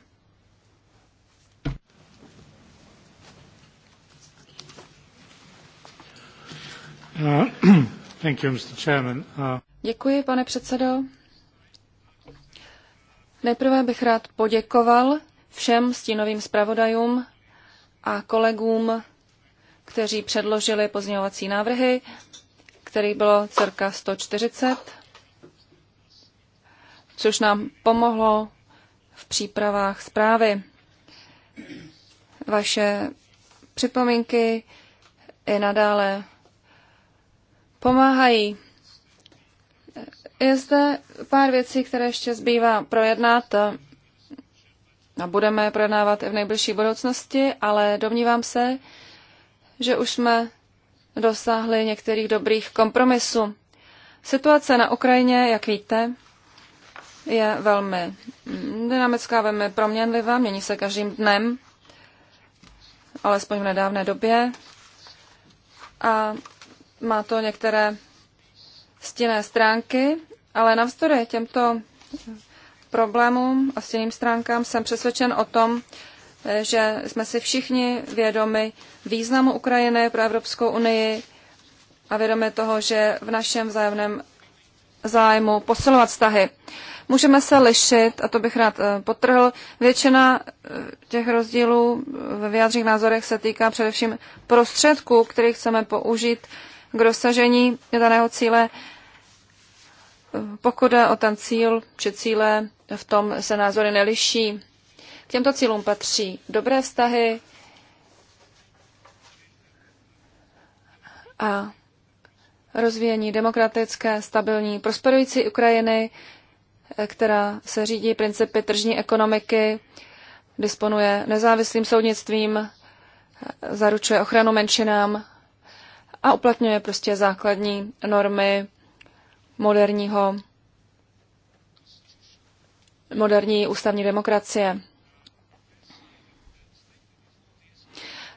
Uh, you, uh... Děkuji, pane předsedo. Nejprve bych rád poděkoval všem stínovým zpravodajům a kolegům, kteří předložili pozměňovací návrhy, kterých bylo cirka 140, což nám pomohlo v přípravách zprávy. Vaše připomínky i nadále pomáhají je zde pár věcí, které ještě zbývá projednat eh, a budeme je projednávat i v nejbližší budoucnosti, ale domnívám se, že už jsme dosáhli některých dobrých kompromisů. Situace na Ukrajině, jak víte, je velmi dynamická, velmi proměnlivá, mění se každým dnem, alespoň v nedávné době. A má to některé stěné stránky, ale navzdory těmto problémům a stěným stránkám jsem přesvědčen o tom, že jsme si všichni vědomi významu Ukrajiny pro Evropskou unii a vědomi toho, že v našem vzájemném zájmu posilovat vztahy. Můžeme se lišit, a to bych rád eh, potrhl, většina eh, těch rozdílů ve vyjádřených názorech se týká především prostředků, které chceme použít k dosažení daného cíle. Pokud jde o ten cíl či cíle, v tom se názory neliší. K těmto cílům patří dobré vztahy a rozvíjení demokratické, stabilní, prosperující Ukrajiny, která se řídí principy tržní ekonomiky, disponuje nezávislým soudnictvím, zaručuje ochranu menšinám a uplatňuje prostě základní normy moderního, moderní ústavní demokracie.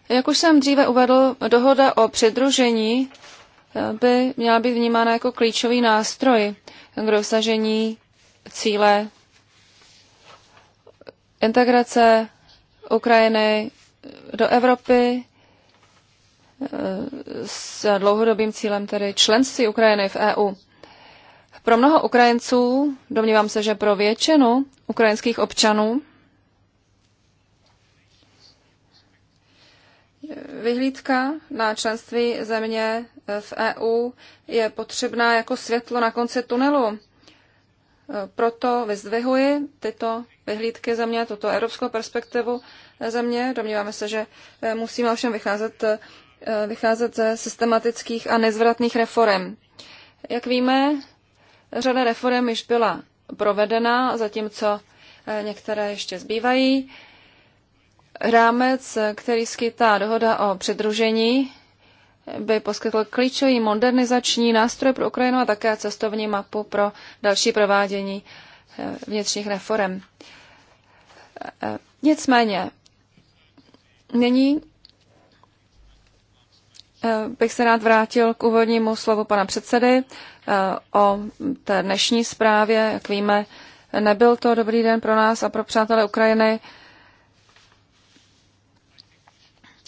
Jak už jsem dříve uvedl, dohoda o předružení eh, by měla být vnímána jako klíčový nástroj k dosažení cíle integrace Ukrajiny do Evropy eh, s dlouhodobým cílem tedy členství Ukrajiny v EU. Pro mnoho Ukrajinců, domnívám se, že pro většinu ukrajinských občanů, Vyhlídka na členství země v EU je potřebná jako světlo na konci tunelu. Proto vyzdvihuji tyto vyhlídky země, tuto evropskou perspektivu země. Domníváme se, že musíme ovšem vycházet, vycházet ze systematických a nezvratných reform. Jak víme, Řada reform již byla provedena, zatímco eh, některé ještě zbývají. Rámec, který skýtá dohoda o přidružení, by poskytl klíčový modernizační nástroj pro Ukrajinu a také cestovní mapu pro další provádění eh, vnitřních reform. Eh, nicméně, nyní Eh, bych se rád vrátil k úvodnímu slovu pana předsedy eh, o té dnešní zprávě. Jak víme, nebyl to dobrý den pro nás a pro přátelé Ukrajiny.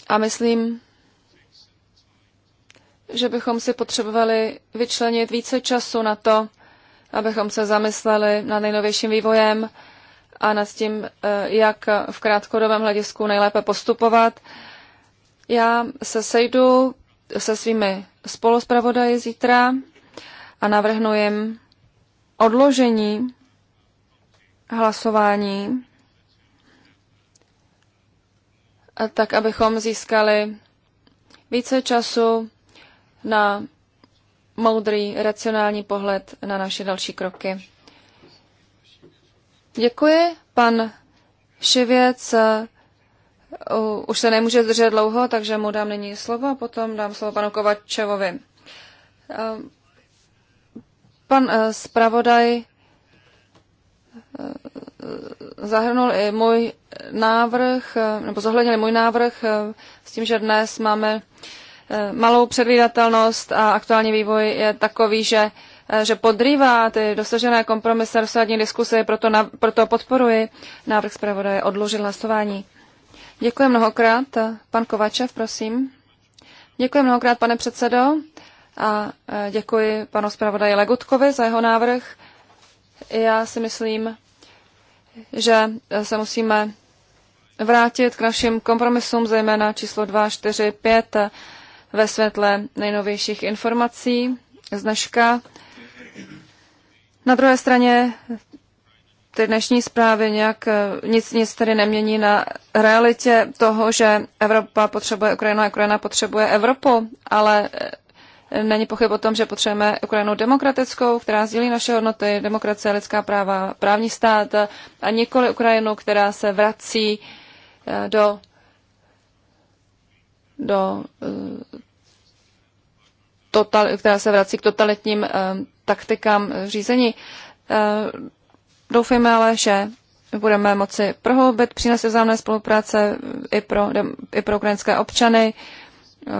A myslím, že bychom si potřebovali vyčlenit více času na to, abychom se zamysleli nad nejnovějším vývojem a nad tím, eh, jak v krátkodobém hledisku nejlépe postupovat. Já se sejdu se svými spoluspravodaji zítra a navrhnu jim odložení hlasování, tak abychom získali více času na moudrý, racionální pohled na naše další kroky. Děkuji. Pan Šivěc už se nemůže zdržet dlouho, takže mu dám nyní slovo a potom dám slovo panu Kovačevovi. E, pan e, zpravodaj e, zahrnul i můj návrh, nebo zohlednil můj návrh s tím, že dnes máme malou předvídatelnost a aktuální vývoj je takový, že že podrývá ty dosažené kompromisy a dosadní diskuse, proto, na, proto podporuji návrh zpravodaje odložit hlasování. Děkuji mnohokrát. Pan Kovačev, prosím. Děkuji mnohokrát, pane předsedo, a e, děkuji panu zpravodaji Legutkovi za jeho návrh. Já si myslím, že se musíme vrátit k našim kompromisům, zejména číslo 2, 4, 5 ve světle nejnovějších informací z dneška. Na druhé straně ty dnešní zprávy nějak eh, nic, nic tedy nemění na realitě toho, že Evropa potřebuje Ukrajinu a Ukrajina potřebuje Evropu, ale eh, není pochyb o tom, že potřebujeme Ukrajinu demokratickou, která sdílí naše hodnoty, demokracie, lidská práva, právní stát a nikoli Ukrajinu, která se vrací eh, do, do total, která se vrací k totalitním taktikám řízení Doufejme ale, že budeme moci prohloubit přínosy vzájemné spolupráce i pro, i pro ukrajinské občany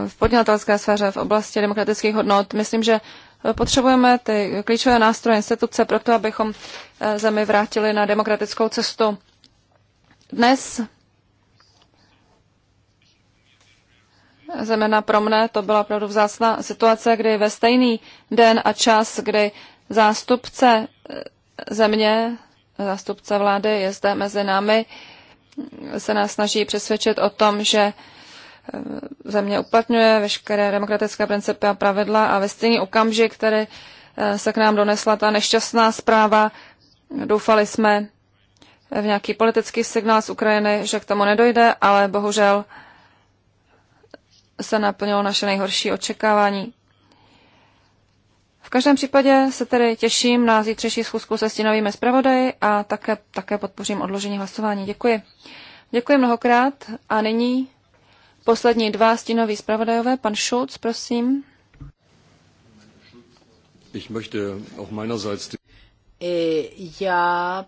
v podnikatelské sféře, v oblasti demokratických hodnot. Myslím, že potřebujeme ty klíčové nástroje instituce pro to, abychom eh, zemi vrátili na demokratickou cestu. Dnes, zejména pro mne, to byla opravdu vzácná situace, kdy ve stejný den a čas, kdy zástupce eh, země, zástupce vlády je zde mezi námi, se nás snaží přesvědčit o tom, že eh, země uplatňuje veškeré demokratické principy a pravidla a ve stejný okamžik, který eh, se k nám donesla ta nešťastná zpráva, doufali jsme v nějaký politický signál z Ukrajiny, že k tomu nedojde, ale bohužel se naplnilo naše nejhorší očekávání. V každém případě se tedy těším na zítřejší schůzku se stínovými zpravodaji a také, také podpořím odložení hlasování. Děkuji. Děkuji mnohokrát a nyní poslední dva stínoví zpravodajové. Pan Schulz, prosím. Ich möchte auch meinerseits já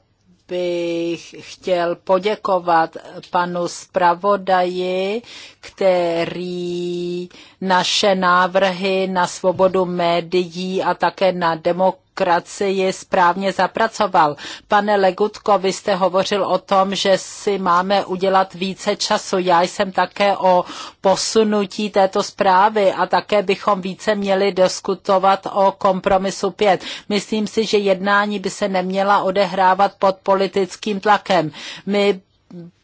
bych chtěl poděkovat panu zpravodaji, který naše návrhy na svobodu médií a také na demokracii demokracii správně zapracoval. Pane Legutko, vy jste hovořil o tom, že si máme udělat více času. Já jsem také o posunutí této zprávy a také bychom více měli diskutovat o kompromisu 5. Myslím si, že jednání by se neměla odehrávat pod politickým tlakem. My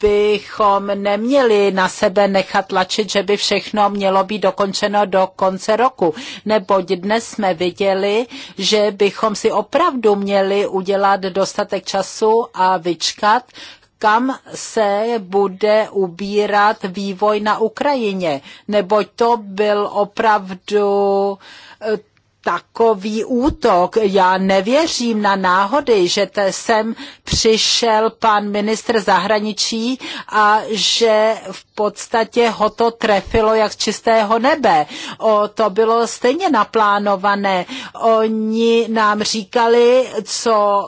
bychom neměli na sebe nechat tlačit, že by všechno mělo být dokončeno do konce roku. Neboť dnes jsme viděli, že bychom si opravdu měli udělat dostatek času a vyčkat, kam se bude ubírat vývoj na Ukrajině, neboť to byl opravdu eh, takový útok. Já nevěřím na náhody, že sem přišel pan ministr zahraničí a že v podstatě ho to trefilo jak z čistého nebe. O, to bylo stejně naplánované. Oni nám říkali, co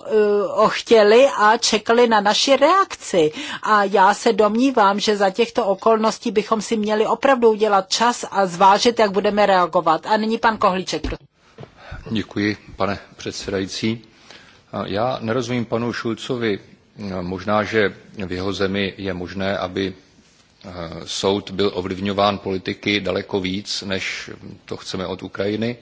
uh, chtěli a čekali na naši reakci. A já se domnívám, že za těchto okolností bychom si měli opravdu udělat čas a zvážit, jak budeme reagovat. A nyní pan Kohlíček. Prosím pane předsedající. Já nerozumím panu Šulcovi. No, možná, že v jeho zemi je možné, aby eh, soud byl ovlivňován politiky daleko víc, než to chceme od Ukrajiny.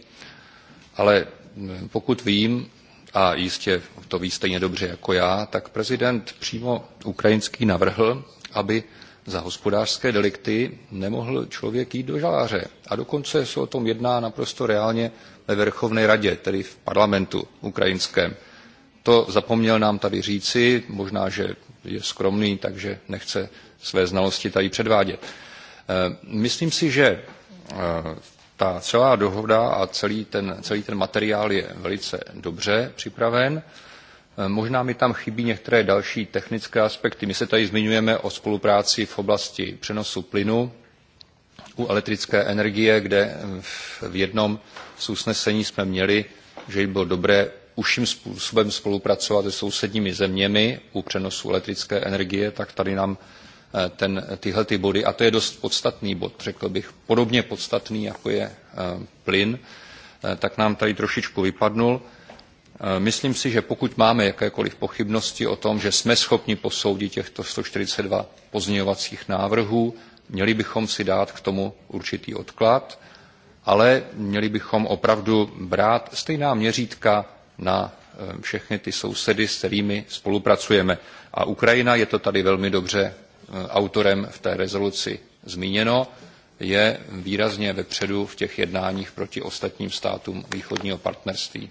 Ale eh, pokud vím, a jistě to ví stejně dobře jako já, tak prezident přímo ukrajinský navrhl, aby za hospodářské delikty nemohl člověk jít do žaláře. A dokonce se o tom jedná naprosto reálně ve Verchovné radě, tedy v parlamentu ukrajinském. To zapomněl nám tady říci, možná, že je skromný, takže nechce své znalosti tady předvádět. Eh, myslím si, že eh, ta celá dohoda a celý ten, celý ten materiál je velice dobře připraven. Eh, možná mi tam chybí některé další technické aspekty. My se tady zmiňujeme o spolupráci v oblasti přenosu plynu u elektrické energie, kde v jednom z usnesení jsme měli, že by bylo dobré užším způsobem spolupracovat se sousedními zeměmi u přenosu elektrické energie, tak tady nám eh, ten, tyhle ty body, a to je dost podstatný bod, řekl bych, podobně podstatný, jako je eh, plyn, eh, tak nám tady trošičku vypadnul. Myslím si, že pokud máme jakékoliv pochybnosti o tom, že jsme schopni posoudit těchto 142 pozměňovacích návrhů, měli bychom si dát k tomu určitý odklad ale měli bychom opravdu brát stejná měřítka na eh, všechny ty sousedy, s kterými spolupracujeme. A Ukrajina, je to tady velmi dobře eh, autorem v té rezoluci zmíněno, je výrazně vepředu v těch jednáních proti ostatním státům východního partnerství.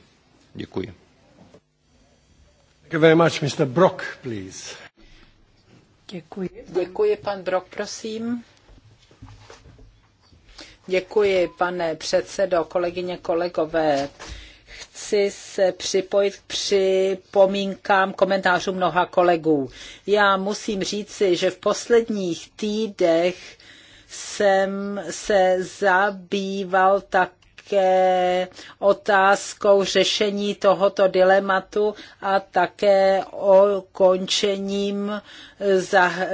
Děkuji. Thank you very much, Mr. Brock, please. Děkuji. Děkuji, pan Brock, prosím. Děkuji, pane předsedo, kolegyně, kolegové. Chci se připojit k připomínkám, komentářů mnoha kolegů. Já musím říci, že v posledních týdnech jsem se zabýval tak také otázkou řešení tohoto dilematu a také o končením za, eh,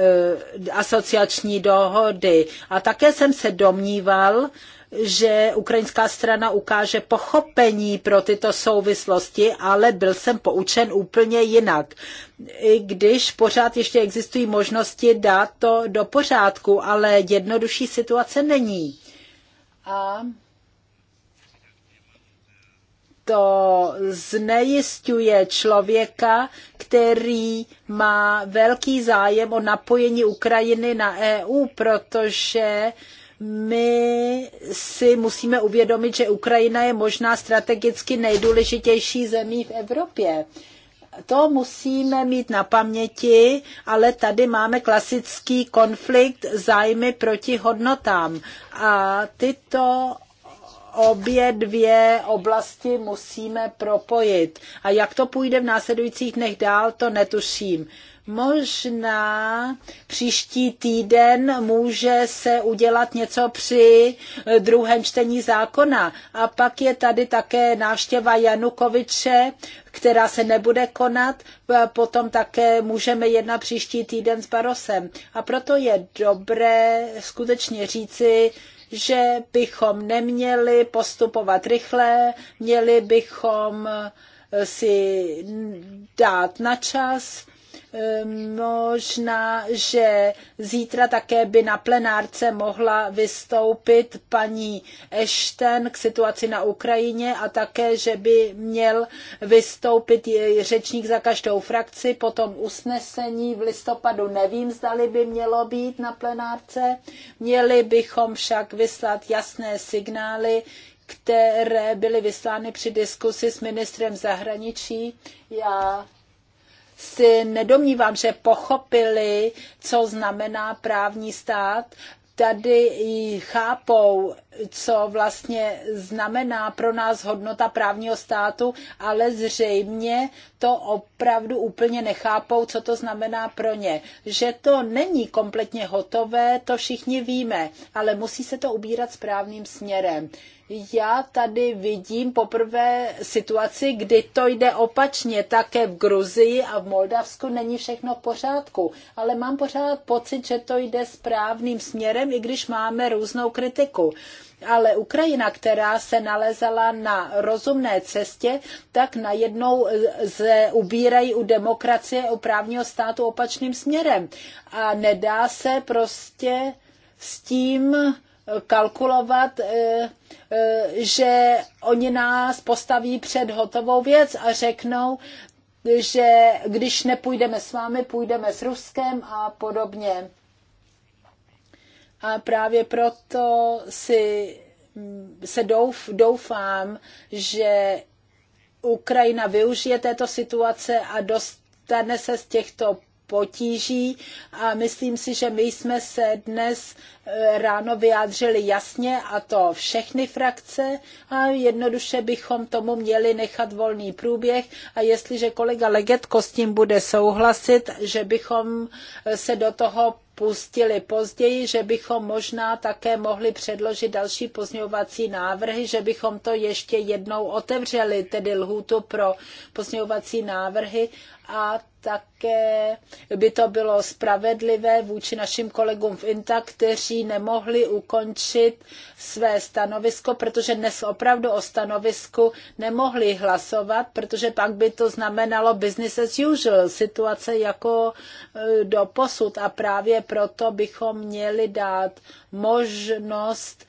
asociační dohody. A také jsem se domníval, že ukrajinská strana ukáže pochopení pro tyto souvislosti, ale byl jsem poučen úplně jinak. I když pořád ještě existují možnosti dát to do pořádku, ale jednodušší situace není. A to znejistuje člověka, který má velký zájem o napojení Ukrajiny na EU, protože my si musíme uvědomit, že Ukrajina je možná strategicky nejdůležitější zemí v Evropě. To musíme mít na paměti, ale tady máme klasický konflikt zájmy proti hodnotám. A tyto obě dvě oblasti musíme propojit. A jak to půjde v následujících dnech dál, to netuším. Možná příští týden může se udělat něco při druhém čtení zákona. A pak je tady také návštěva Janukoviče, která se nebude konat. Potom také můžeme jednat příští týden s Barosem. A proto je dobré skutečně říci, že bychom neměli postupovat rychle, měli bychom si dát na čas, Možná, že zítra také by na plenárce mohla vystoupit paní Ashton k situaci na Ukrajině a také, že by měl vystoupit řečník za každou frakci, potom usnesení v listopadu nevím, zdali by mělo být na plenárce. Měli bychom však vyslat jasné signály, které byly vyslány při diskusi s ministrem zahraničí. Já si nedomnívám, že pochopili, co znamená právní stát. Tady chápou co vlastně znamená pro nás hodnota právního státu, ale zřejmě to opravdu úplně nechápou, co to znamená pro ně. Že to není kompletně hotové, to všichni víme, ale musí se to ubírat správným směrem. Já tady vidím poprvé situaci, kdy to jde opačně. Také v Gruzii a v Moldavsku není všechno v pořádku, ale mám pořád pocit, že to jde správným směrem, i když máme různou kritiku ale Ukrajina, která se nalezala na rozumné cestě, tak najednou e, se ubírají u demokracie, u právního státu opačným směrem. A nedá se prostě s tím kalkulovat, e, e, že oni nás postaví před hotovou věc a řeknou, že když nepůjdeme s vámi, půjdeme s Ruskem a podobně. A právě proto si mm, se douf, doufám, že Ukrajina využije této situace a dostane se z těchto potíží a myslím si, že my jsme se dnes eh, ráno vyjádřili jasně a to všechny frakce a jednoduše bychom tomu měli nechat volný průběh a jestliže kolega Legetko s tím bude souhlasit, že bychom eh, se do toho pustili později, že bychom možná také mohli předložit další pozměňovací návrhy, že bychom to ještě jednou otevřeli, tedy lhůtu pro pozměňovací návrhy a také by to bylo spravedlivé vůči našim kolegům v INTA, kteří nemohli ukončit své stanovisko, protože dnes opravdu o stanovisku nemohli hlasovat, protože pak by to znamenalo business as usual, situace jako eh, do posud a právě proto bychom měli dát možnost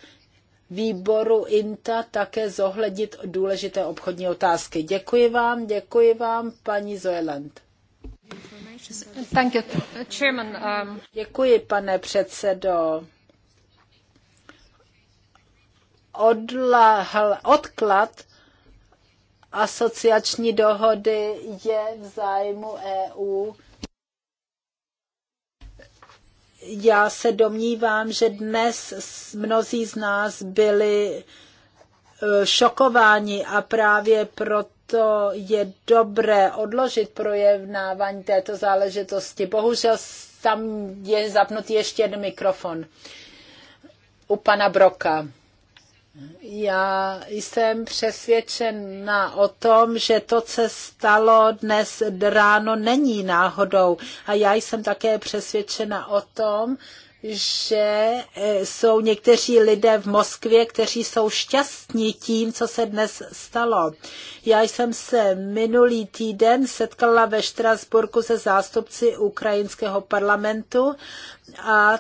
výboru INTA také zohlednit důležité obchodní otázky. Děkuji vám, děkuji vám, paní Zoeland. Um, děkuji, pane předsedo. Odlahl, odklad asociační dohody je v zájmu EU já se domnívám, že dnes mnozí z nás byli eh, šokováni a právě proto je dobré odložit projevnávání této záležitosti. Bohužel tam je zapnutý ještě jeden mikrofon u pana Broka. Já jsem přesvědčena o tom, že to, co stalo dnes ráno, není náhodou. A já jsem také přesvědčena o tom, že e, jsou někteří lidé v Moskvě, kteří jsou šťastní tím, co se dnes stalo. Já jsem se minulý týden setkala ve Štrasburku se zástupci ukrajinského parlamentu a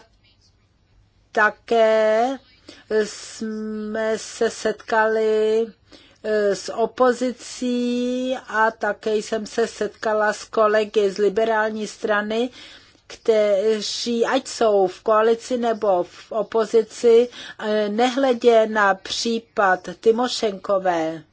také jsme se setkali eh, s opozicí a také jsem se setkala s kolegy z liberální strany, kteří, ať jsou v koalici nebo v opozici, eh, nehledě na případ Timošenkové,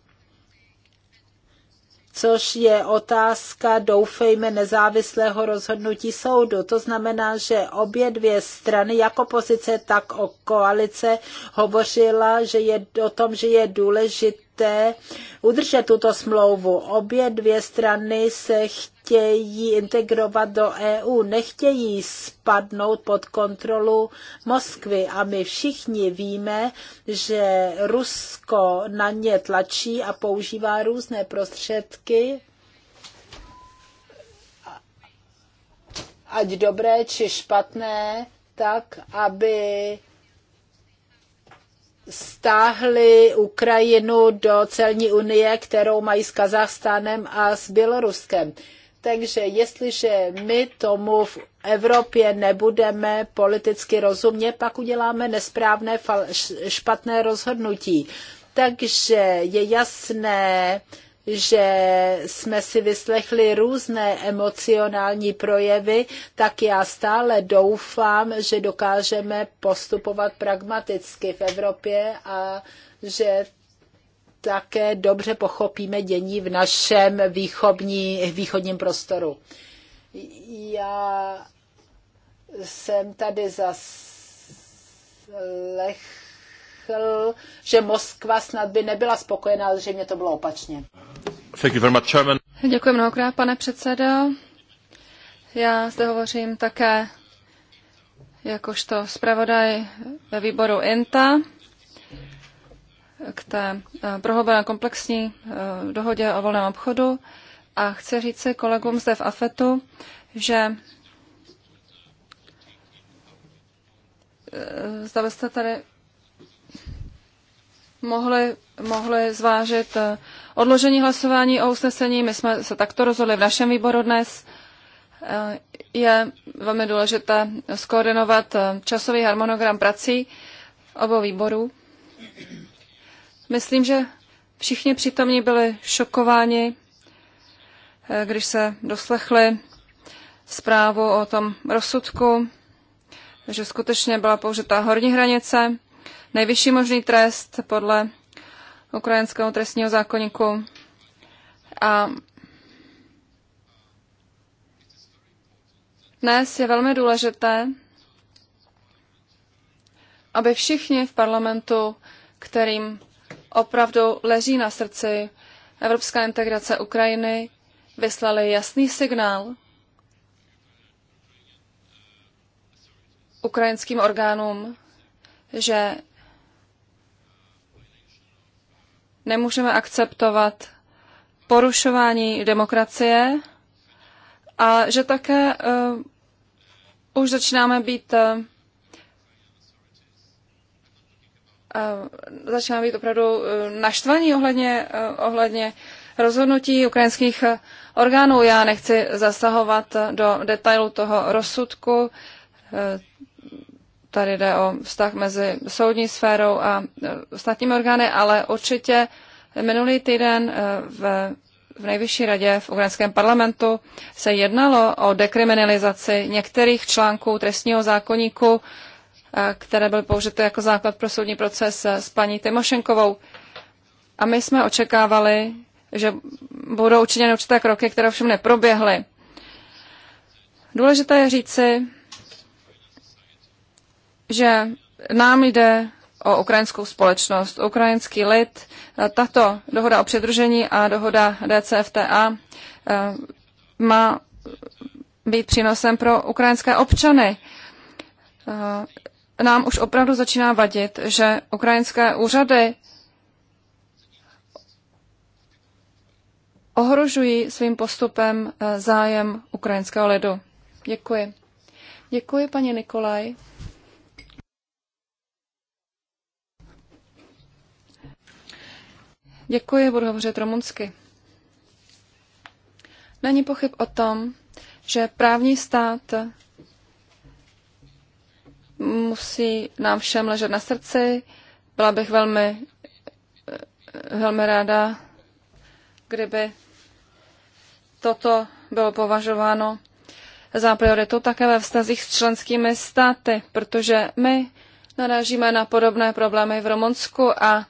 což je otázka, doufejme, nezávislého rozhodnutí soudu. To znamená, že obě dvě strany, jako pozice, tak o koalice, hovořila že je, o tom, že je důležité, chcete udržet tuto smlouvu. Obě dvě strany se chtějí integrovat do EU, nechtějí spadnout pod kontrolu Moskvy. A my všichni víme, že Rusko na ně tlačí a používá různé prostředky, ať dobré či špatné, tak, aby stáhli Ukrajinu do celní unie, kterou mají s Kazachstánem a s Běloruskem. Takže jestliže my tomu v Evropě nebudeme politicky rozumně, pak uděláme nesprávné, špatné rozhodnutí. Takže je jasné, že jsme si vyslechli různé emocionální projevy, tak já stále doufám, že dokážeme postupovat pragmaticky v Evropě a že také dobře pochopíme dění v našem východní, východním prostoru. Já jsem tady zaslechl, že Moskva snad by nebyla spokojená, ale že mě to bylo opačně. Děkuji mnohokrát, pane předsedo. Já zde hovořím také jakožto zpravodaj ve výboru INTA k té eh, prohloubené komplexní eh, dohodě o volném obchodu a chci říci kolegům zde v AFETu, že eh, zda byste tady mohli, mohli zvážit eh, odložení hlasování o usnesení. My jsme se takto rozhodli v našem výboru dnes. Eh, je velmi důležité skoordinovat eh, časový harmonogram prací obou výborů. Myslím, že všichni přítomní byli šokováni, když se doslechli zprávu o tom rozsudku, že skutečně byla použitá horní hranice nejvyšší možný trest podle ukrajinského trestního zákonníku. A dnes je velmi důležité, aby všichni v parlamentu, kterým opravdu leží na srdci evropská integrace Ukrajiny, vyslali jasný signál ukrajinským orgánům, že Nemůžeme akceptovat porušování demokracie a že také uh, už začínáme být uh, eh, eh, začíná být opravdu naštvaní ohledně, ohledně rozhodnutí ukrajinských orgánů. Já nechci zasahovat do detailu toho rozsudku tady jde o vztah mezi soudní sférou a e, státními orgány, ale určitě minulý týden e, v v nejvyšší radě v ukrajinském parlamentu se jednalo o dekriminalizaci některých článků trestního zákoníku, e, které byly použity jako základ pro soudní proces s paní Timošenkovou. A my jsme očekávali, že budou učiněny určité kroky, které ovšem neproběhly. Důležité je říci, že nám jde o ukrajinskou společnost, ukrajinský lid. Tato dohoda o předružení a dohoda DCFTA eh, má být přínosem pro ukrajinské občany. Eh, nám už opravdu začíná vadit, že ukrajinské úřady ohrožují svým postupem eh, zájem ukrajinského lidu. Děkuji. Děkuji, paní Nikolaj. Děkuji, budu hovořit rumunsky. Není pochyb o tom, že právní stát musí nám všem ležet na srdci. Byla bych velmi, eh, velmi ráda, kdyby toto bylo považováno za prioritu také ve vztazích s členskými státy, protože my narážíme na podobné problémy v Rumunsku a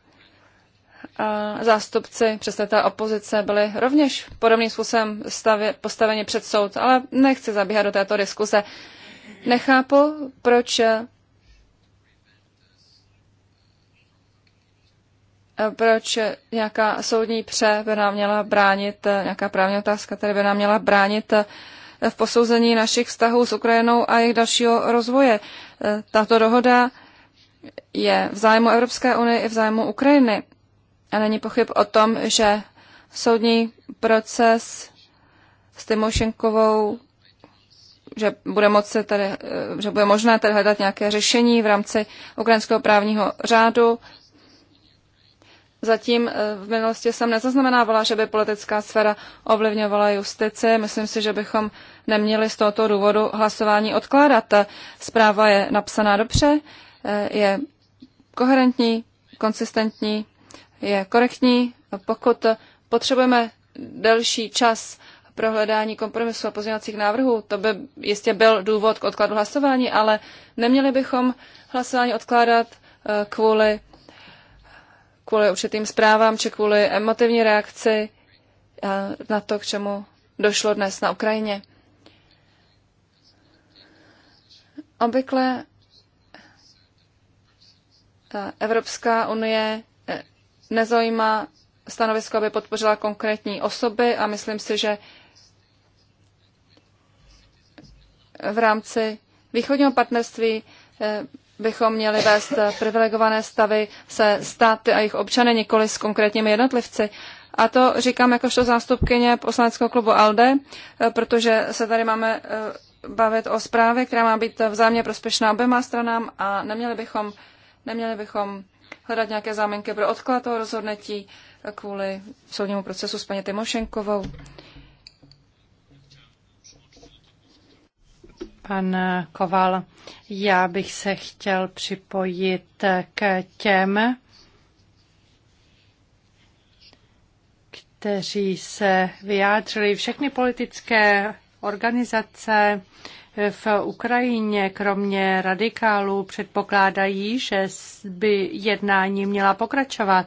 zástupci přesně té opozice byli rovněž podobným způsobem stavě, postaveni před soud, ale nechci zabíhat do této diskuse. Nechápu, proč eh, proč nějaká soudní pře by nám měla bránit, eh, nějaká právní otázka která by nám měla bránit eh, v posouzení našich vztahů s Ukrajinou a jejich dalšího rozvoje. Tato dohoda je v zájmu Evropské unie i v zájmu Ukrajiny. A není pochyb o tom, že soudní proces s Timošenkovou, že bude, moci tady, eh, že bude možné tady hledat nějaké řešení v rámci ukrajinského právního řádu. Zatím eh, v minulosti jsem nezaznamenávala, že by politická sféra ovlivňovala justici. Myslím si, že bychom neměli z tohoto důvodu hlasování odkládat. Zpráva je napsaná dobře, eh, je koherentní, konsistentní, je korektní. Pokud potřebujeme delší čas pro hledání kompromisu a pozměňovacích návrhů, to by jistě byl důvod k odkladu hlasování, ale neměli bychom hlasování odkládat eh, kvůli, kvůli určitým zprávám či kvůli emotivní reakci eh, na to, k čemu došlo dnes na Ukrajině. Obvykle Evropská unie nezaujímá stanovisko, aby podpořila konkrétní osoby a myslím si, že v rámci východního partnerství eh, bychom měli vést eh, privilegované stavy se státy a jejich občany, nikoli s konkrétními jednotlivci. A to říkám jakožto zástupkyně poslaneckého klubu ALDE, eh, protože se tady máme bavit o zprávě, která má být vzájemně prospěšná oběma stranám a neměli bychom, neměli bychom hledat nějaké záminky pro odklad toho rozhodnutí kvůli soudnímu procesu s paní Timošenkovou. Pan Koval, já bych se chtěl připojit k těm, kteří se vyjádřili, všechny politické organizace, v Ukrajině kromě radikálů předpokládají, že by jednání měla pokračovat.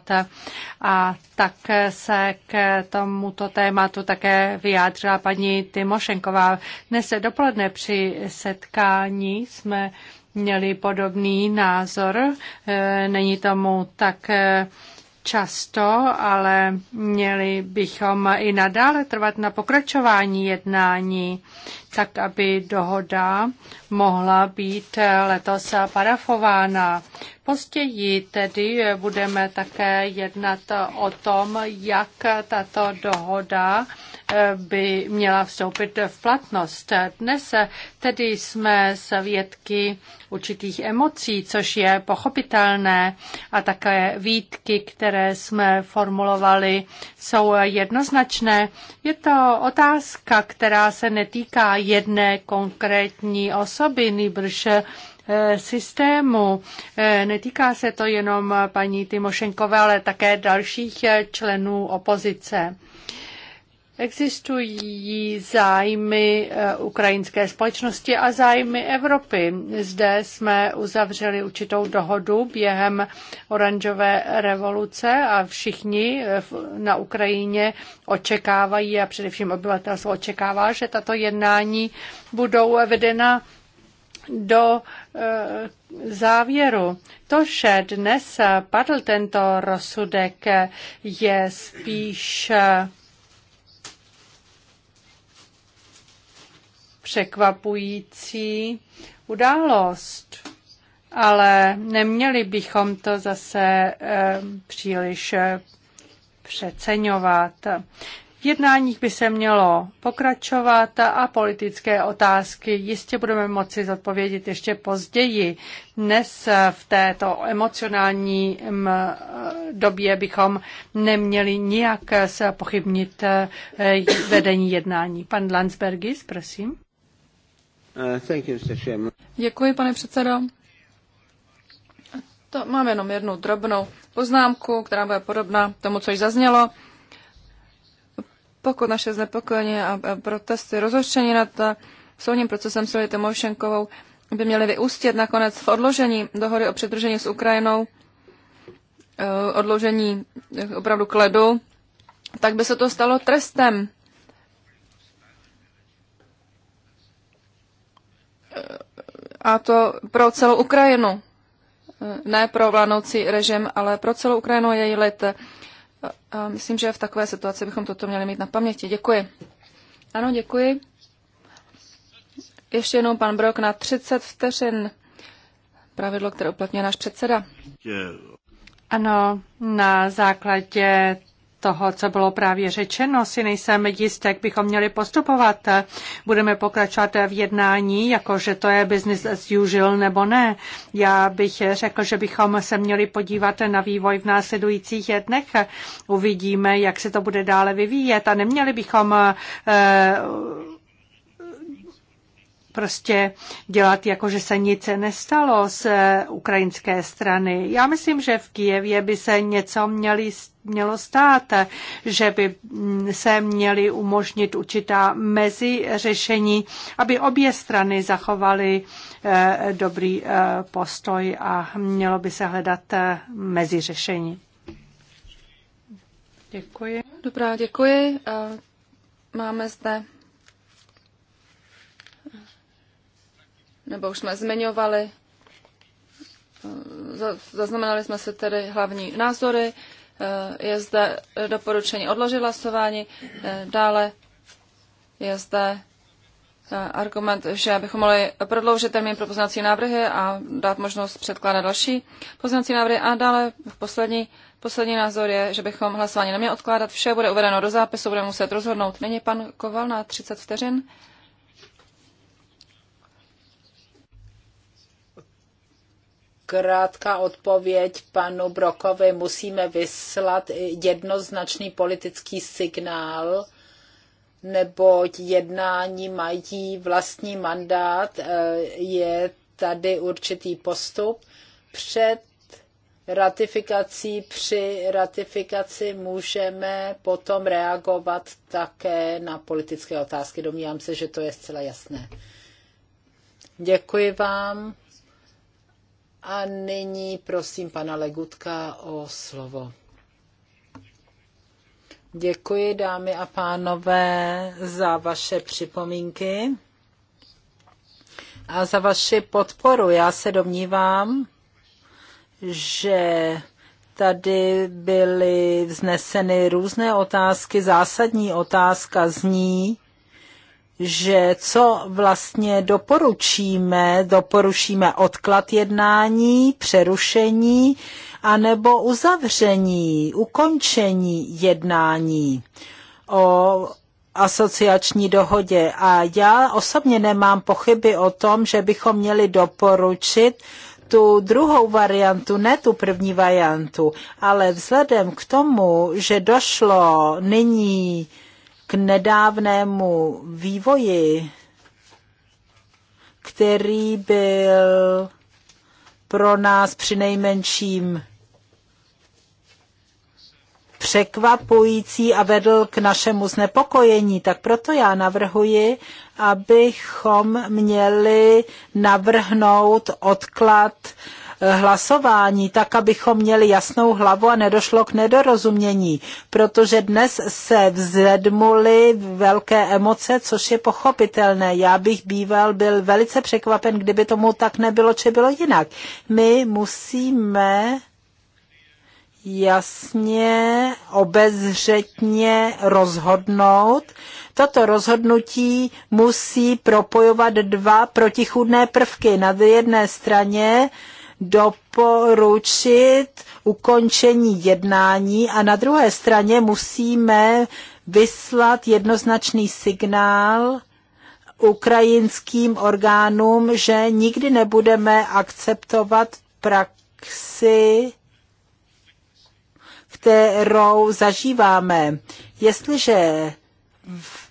A tak se k tomuto tématu také vyjádřila paní Tymošenková. Dnes dopoledne při setkání jsme měli podobný názor. E, není tomu tak e, často, ale měli bychom i nadále trvat na pokračování jednání, tak aby dohoda mohla být letos parafována. Později tedy budeme také jednat o tom, jak tato dohoda by měla vstoupit v platnost. Dnes tedy jsme svědky určitých emocí, což je pochopitelné a také výtky, které jsme formulovali, jsou jednoznačné. Je to otázka, která se netýká jedné konkrétní osoby, nýbrž eh, systému. Eh, netýká se to jenom paní Timošenkové, ale také dalších eh, členů opozice. Existují zájmy eh, ukrajinské společnosti a zájmy Evropy. Zde jsme uzavřeli určitou dohodu během oranžové revoluce a všichni eh, na Ukrajině očekávají a především obyvatelstvo očekává, že tato jednání budou vedena do eh, závěru. To, že dnes padl tento rozsudek, je spíš překvapující událost, ale neměli bychom to zase eh, příliš eh, přeceňovat. V jednáních by se mělo pokračovat a politické otázky jistě budeme moci zodpovědět ještě později. Dnes eh, v této emocionální mm, době bychom neměli nijak se pochybnit vedení jednání. Pan Landsbergis, prosím. Děkuji, pane předsedo. To mám jenom jednu drobnou poznámku, která bude podobná tomu, co již zaznělo. Pokud naše znepokojení a protesty rozhořčení nad soudním procesem Silvy Tymošenkovou by měly vyústit nakonec v odložení dohody o přidružení s Ukrajinou, e, odložení opravdu k ledu, tak by se to stalo trestem a to pro celou Ukrajinu. Ne pro vládnoucí režim, ale pro celou Ukrajinu její lid. A myslím, že v takové situaci bychom toto měli mít na paměti. Děkuji. Ano, děkuji. Ještě jednou pan Brok na 30 vteřin. Pravidlo, které uplatňuje náš předseda. Ano, na základě toho, co bylo právě řečeno, si nejsem jist, jak bychom měli postupovat. Budeme pokračovat v jednání, jakože to je business as usual nebo ne. Já bych řekl, že bychom se měli podívat na vývoj v následujících dnech. Uvidíme, jak se to bude dále vyvíjet a neměli bychom eh, prostě dělat jako, že se nic nestalo z eh, ukrajinské strany. Já myslím, že v Kijevě by se něco měli mělo stát, eh, že by mm, se měly umožnit určitá meziřešení, aby obě strany zachovaly eh, dobrý postoj a mělo by se hledat meziřešení. Děkuji. Dobrá, děkuji. Máme zde nebo už jsme zmiňovali. Eh, zaznamenali jsme se tedy hlavní názory. Eh, je zde doporučení odložit hlasování. Eh, dále je zde argument, že bychom mohli prodloužit termín pro poznací návrhy a dát možnost předkládat další poznací návrhy. A dále v poslední, poslední názor je, že bychom hlasování neměli odkládat. Vše bude uvedeno do zápisu, budeme muset rozhodnout. Není pan Koval na 30 vteřin? krátká odpověď panu Brokovi. Musíme vyslat jednoznačný politický signál, neboť jednání mají vlastní mandát, eh, je tady určitý postup. Před ratifikací při ratifikaci můžeme potom reagovat také na politické otázky. Domnívám se, že to je zcela jasné. Děkuji vám. A nyní prosím pana Legutka o slovo. Děkuji, dámy a pánové, za vaše připomínky a za vaši podporu. Já se domnívám, že tady byly vzneseny různé otázky. Zásadní otázka zní, že co vlastně doporučíme, doporučíme odklad jednání, přerušení anebo uzavření, ukončení jednání o asociační dohodě. A já osobně nemám pochyby o tom, že bychom měli doporučit tu druhou variantu, ne tu první variantu, ale vzhledem k tomu, že došlo nyní k nedávnému vývoji, který byl pro nás přinejmenším překvapující a vedl k našemu znepokojení. Tak proto já navrhuji, abychom měli navrhnout odklad uh, hlasování, tak abychom měli jasnou hlavu a nedošlo k nedorozumění, protože dnes se vzedmuly velké emoce, což je pochopitelné. Já bych býval byl velice překvapen, kdyby tomu tak nebylo, či bylo jinak. My musíme jasně, obezřetně rozhodnout. Toto rozhodnutí musí propojovat dva protichůdné prvky. Na jedné straně doporučit ukončení jednání a na druhé straně musíme vyslat jednoznačný signál ukrajinským orgánům, že nikdy nebudeme akceptovat praxi, kterou zažíváme. Jestliže v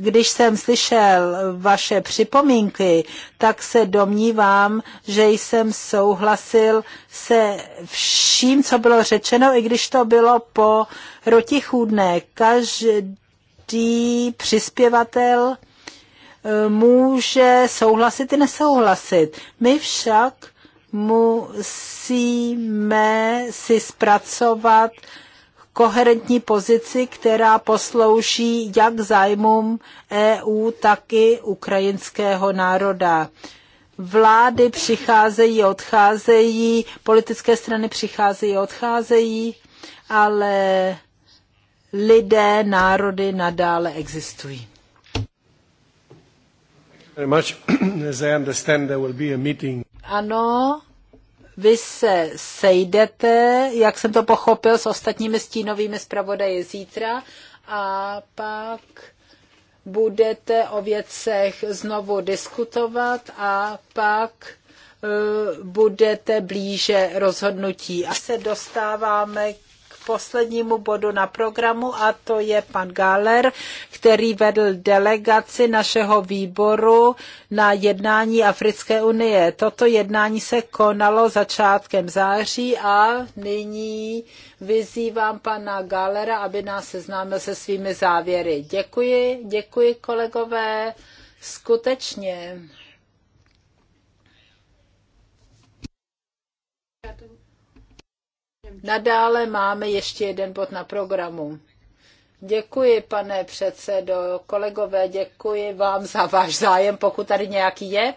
když jsem slyšel vaše připomínky, tak se domnívám, že jsem souhlasil se vším, co bylo řečeno, i když to bylo po rotichůdné. Každý přispěvatel eh, může souhlasit i nesouhlasit. My však musíme si zpracovat koherentní pozici, která poslouží jak zájmům EU, tak i ukrajinského národa. Vlády přicházejí, odcházejí, politické strany přicházejí, odcházejí, ale lidé, národy nadále existují. Ano, vy se sejdete, jak jsem to pochopil, s ostatními stínovými zpravodaji zítra a pak budete o věcech znovu diskutovat a pak eh, budete blíže rozhodnutí. A se dostáváme poslednímu bodu na programu a to je pan Galer, který vedl delegaci našeho výboru na jednání Africké unie. Toto jednání se konalo začátkem září a nyní vyzývám pana Galera, aby nás seznámil se svými závěry. Děkuji, děkuji kolegové, skutečně. Nadále máme ještě jeden bod na programu. Děkuji, pane předsedo. Kolegové, děkuji vám za váš zájem, pokud tady nějaký je.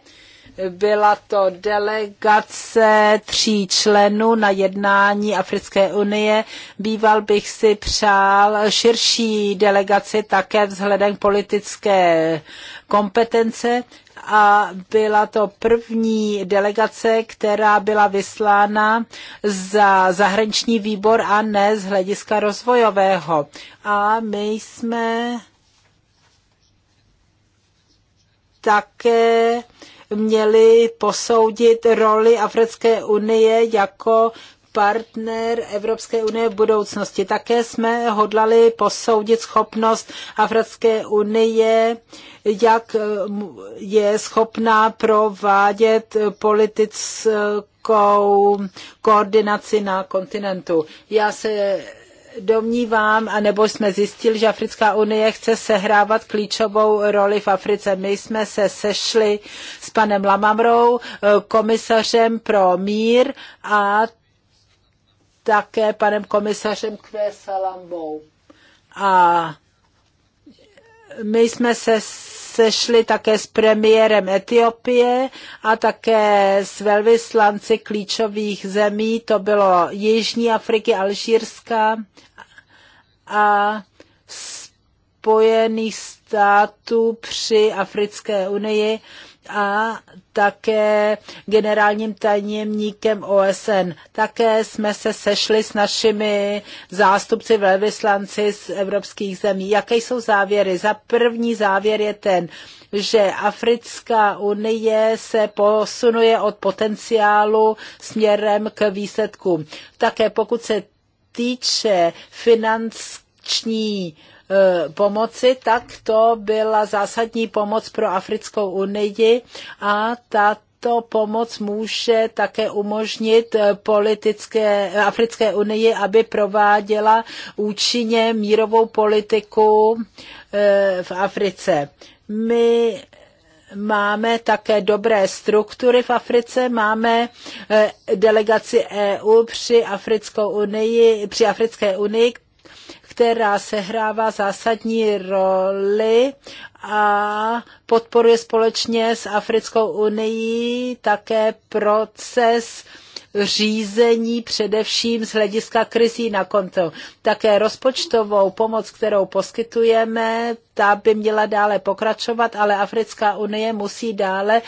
Byla to delegace tří členů na jednání Africké unie. Býval bych si přál širší delegaci také vzhledem politické kompetence, a byla to první delegace, která byla vyslána za zahraniční výbor a ne z hlediska rozvojového. A my jsme také měli posoudit roli Africké unie jako partner Evropské unie v budoucnosti. Také jsme hodlali posoudit schopnost Evropské unie, jak eh, je schopná provádět politickou koordinaci na kontinentu. Já se domnívám, anebo jsme zjistili, že Africká unie chce sehrávat klíčovou roli v Africe. My jsme se sešli s panem Lamamrou, eh, komisařem pro mír a také panem komisařem Kvesalambou A my jsme se sešli také s premiérem Etiopie a také s velvyslanci klíčových zemí, to bylo Jižní Afriky, Alžírska a Spojených států při Africké unii a také generálním tajemníkem OSN. Také jsme se sešli s našimi zástupci velvyslanci z evropských zemí. Jaké jsou závěry? Za první závěr je ten, že Africká unie se posunuje od potenciálu směrem k výsledku. Také pokud se týče finanční E, pomoci, tak to byla zásadní pomoc pro Africkou unii a ta tato pomoc může také umožnit e, politické, e, Africké unii, aby prováděla účinně mírovou politiku v Africe. My máme také dobré struktury v Africe, máme delegaci EU při, Africkou unii, při Africké unii, která sehrává zásadní roli a podporuje společně s Africkou unii také proces uh, řízení především z hlediska krizí na konto. Také rozpočtovou pomoc, kterou poskytujeme, ta by měla dále pokračovat, ale Africká unie musí dále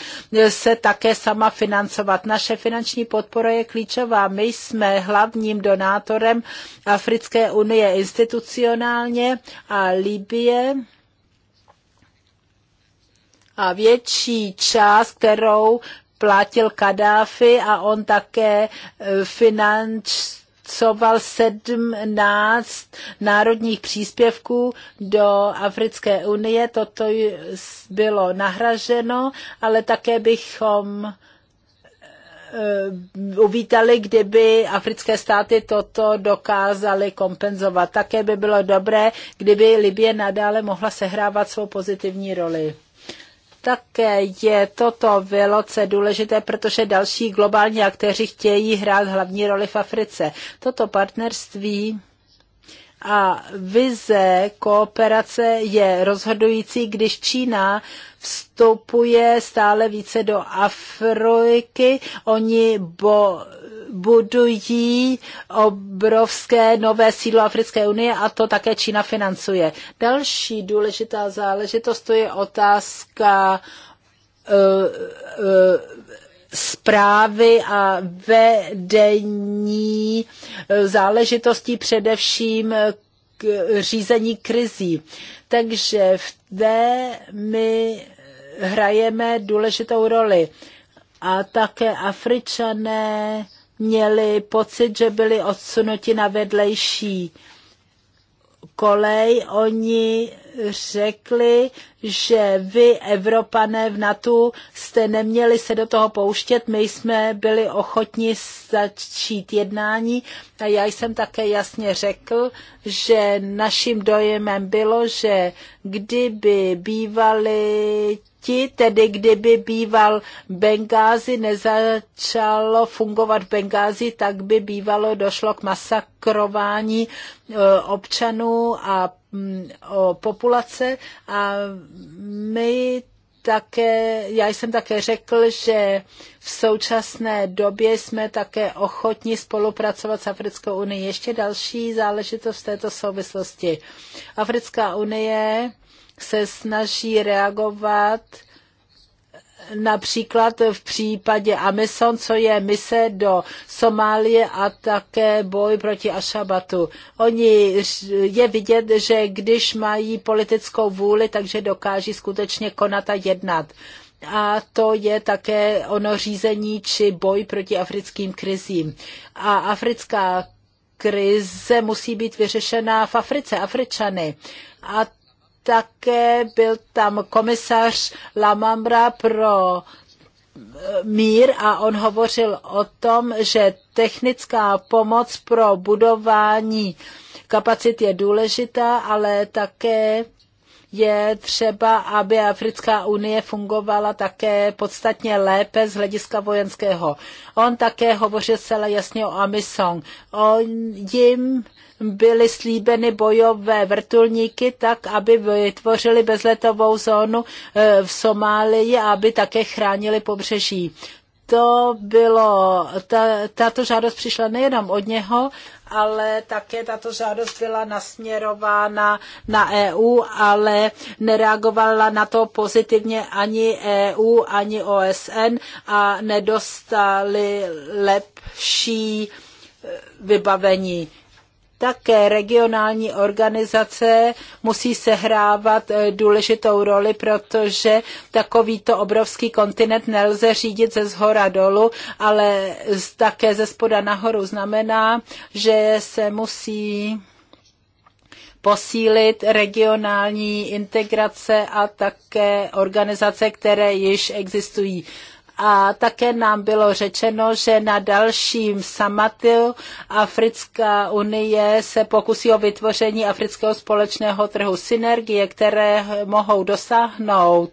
se také sama financovat. Naše finanční podpora je klíčová. My jsme hlavním donátorem Africké unie institucionálně a Libie a větší část, kterou platil Kadáfi a on také e, financoval 17 národních příspěvků do Africké unie. Toto bylo nahraženo, ale také bychom e, uvítali, kdyby africké státy toto dokázaly kompenzovat. Také by bylo dobré, kdyby Libie nadále mohla sehrávat svou pozitivní roli také je toto velice důležité, protože další globální aktéři chtějí hrát hlavní roli v Africe. Toto partnerství a vize kooperace je rozhodující, když Čína vstupuje stále více do Afriky. Oni bo budují obrovské nové sídlo Africké unie a to také Čína financuje. Další důležitá záležitost to je otázka eh, eh, zprávy a vedení eh, záležitostí především k řízení krizí. Takže v té my hrajeme důležitou roli. A také Afričané měli pocit, že byli odsunuti na vedlejší kolej. Oni řekli, že vy, Evropané v NATO, jste neměli se do toho pouštět, my jsme byli ochotni začít jednání a já jsem také jasně řekl, že naším dojemem bylo, že kdyby bývali ti, tedy kdyby býval Bengázi, nezačalo fungovat v Bengázi, tak by bývalo došlo k masakrování e, občanů a mm, populace a my také, já jsem také řekl, že v současné době jsme také ochotni spolupracovat s Africkou unii. Ještě další záležitost v této souvislosti. Africká unie se snaží reagovat například v případě Amison, co je mise do Somálie a také boj proti Ašabatu. Oni je vidět, že když mají politickou vůli, takže dokáží skutečně konat a jednat. A to je také ono řízení či boj proti africkým krizím. A africká krize musí být vyřešena v Africe, Afričany. A také byl tam komisař Lamambra pro eh, mír a on hovořil o tom, že technická pomoc pro budování kapacit je důležitá, ale také je třeba, aby Africká unie fungovala také podstatně lépe z hlediska vojenského. On také hovořil celé jasně o Amisong. On jim byly slíbeny bojové vrtulníky tak, aby vytvořili bezletovou zónu eh, v Somálii a aby také chránili pobřeží to bylo, ta, tato žádost přišla nejenom od něho, ale také tato žádost byla nasměrována na EU, ale nereagovala na to pozitivně ani EU, ani OSN a nedostali lepší eh, vybavení. Také regionální organizace musí sehrávat eh, důležitou roli, protože takovýto obrovský kontinent nelze řídit ze zhora dolu, ale také ze spoda nahoru znamená, že se musí posílit regionální integrace a také organizace, které již existují a také nám bylo řečeno, že na dalším summitu Africká unie se pokusí o vytvoření afrického společného trhu synergie, které mohou dosáhnout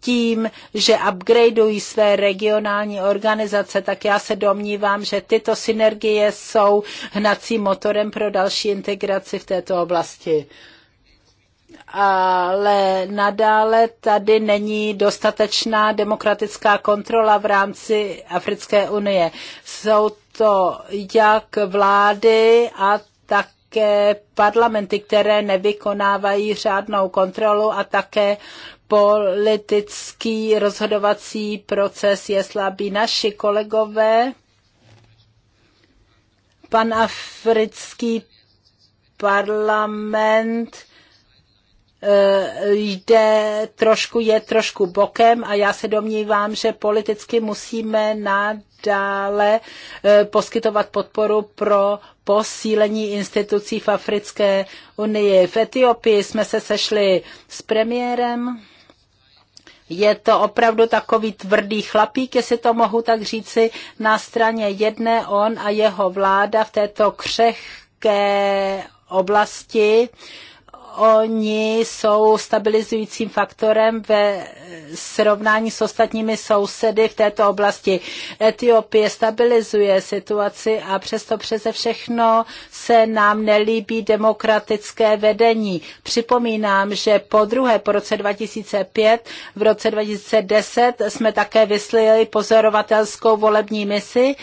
tím, že upgradeují své regionální organizace, tak já se domnívám, že tyto synergie jsou hnacím motorem pro další integraci v této oblasti ale nadále tady není dostatečná demokratická kontrola v rámci Africké unie. Jsou to jak vlády a také parlamenty, které nevykonávají řádnou kontrolu a také politický rozhodovací proces je slabý. Naši kolegové pan africký parlament Eh, jde trošku, je trošku bokem a já se domnívám, že politicky musíme nadále eh, poskytovat podporu pro posílení institucí v Africké unii. V Etiopii jsme se sešli s premiérem. Je to opravdu takový tvrdý chlapík, jestli to mohu tak říci. Na straně jedné on a jeho vláda v této křehké oblasti uh, oni jsou stabilizujícím faktorem ve srovnání s ostatními sousedy v této oblasti. Etiopie stabilizuje situaci a přesto přeze všechno se nám nelíbí demokratické vedení. Připomínám, že po druhé, po roce 2005, v roce 2010 jsme také vyslili pozorovatelskou volební misi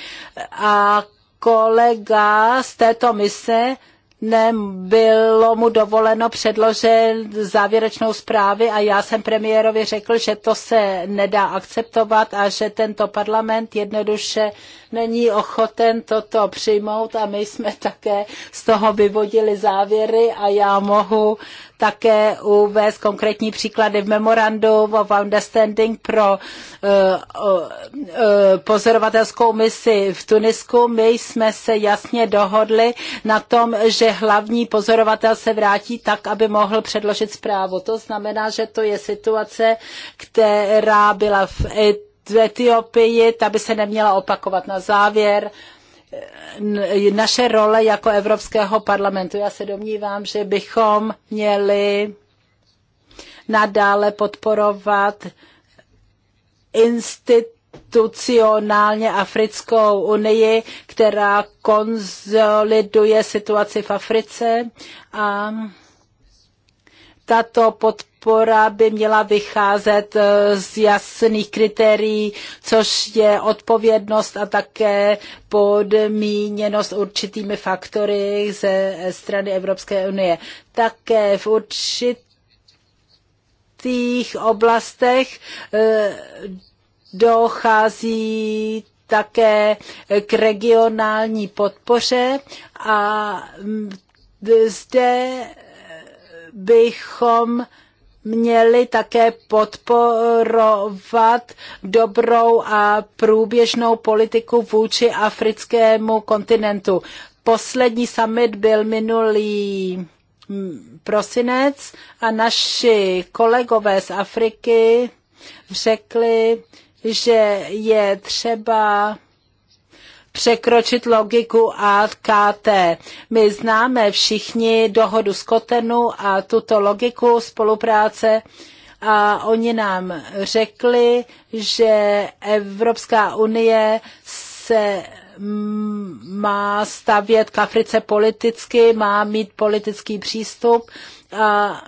a kolega z této mise nebylo mu dovoleno předložit závěrečnou zprávy a já jsem premiérovi řekl, že to se nedá akceptovat a že tento parlament jednoduše není ochoten toto přijmout a my jsme také z toho vyvodili závěry a já mohu také uvést konkrétní příklady v memorandu of understanding pro uh, uh, uh, pozorovatelskou misi v Tunisku. My jsme se jasně dohodli na tom, že hlavní pozorovatel se vrátí tak, aby mohl předložit zprávu. To znamená, že to je situace, která byla v v Etiopii, ta by se neměla opakovat na závěr naše role jako Evropského parlamentu. Já se domnívám, že bychom měli nadále podporovat institucionálně Africkou unii, která konzoliduje situaci v Africe a tato podpora podpora by měla vycházet eh, z jasných kritérií, což je odpovědnost a také podmíněnost určitými faktory ze strany Evropské unie. Také v určitých oblastech eh, dochází také k regionální podpoře a mm, zde bychom měli také podporovat dobrou a průběžnou politiku vůči africkému kontinentu. Poslední summit byl minulý prosinec a naši kolegové z Afriky řekli, že je třeba překročit logiku AKT. My známe všichni dohodu z Kotenu a tuto logiku spolupráce a oni nám řekli, že Evropská unie se má stavět k Africe politicky, má mít politický přístup a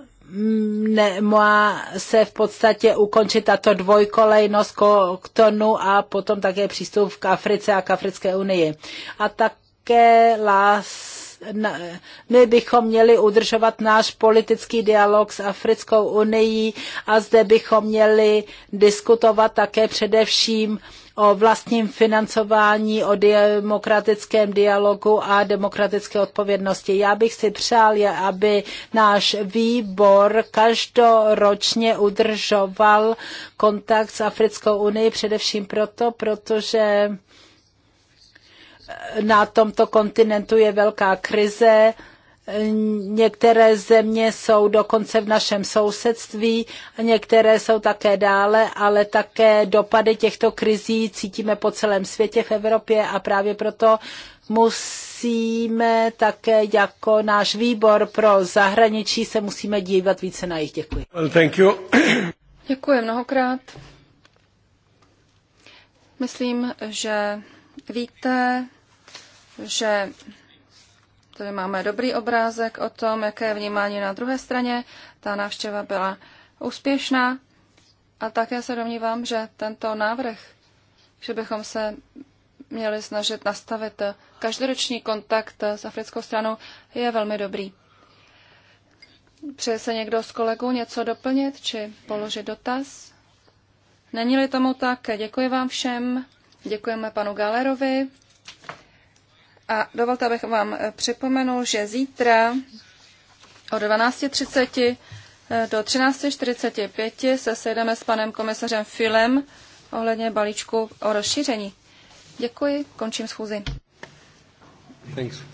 má se v podstatě ukončit tato dvojkolejnost tonu a potom také přístup k Africe a k Africké unii. A také lás my bychom měli udržovat náš politický dialog s Africkou unii a zde bychom měli diskutovat také především o vlastním financování, o demokratickém dialogu a demokratické odpovědnosti. Já bych si přál, aby náš výbor každoročně udržoval kontakt s Africkou unii, především proto, protože na tomto kontinentu je velká krize, Některé země jsou dokonce v našem sousedství, některé jsou také dále, ale také dopady těchto krizí cítíme po celém světě v Evropě a právě proto musíme také jako náš výbor pro zahraničí se musíme dívat více na jich. Děkuji. Well, thank you. Děkuji mnohokrát. Myslím, že víte, že Tady máme dobrý obrázek o tom, jaké je vnímání na druhé straně. Ta návštěva byla úspěšná a také se domnívám, že tento návrh, že bychom se měli snažit nastavit každoroční kontakt s africkou stranou, je velmi dobrý. Přeje se někdo z kolegů něco doplnit či položit dotaz? Není-li tomu tak, děkuji vám všem. Děkujeme panu Galerovi a dovolte, abych vám eh, připomenul, že zítra od 12.30 eh, do 13.45 se sejdeme s panem komisařem Filem ohledně balíčku o rozšíření. Děkuji, končím schůzi. Thanks.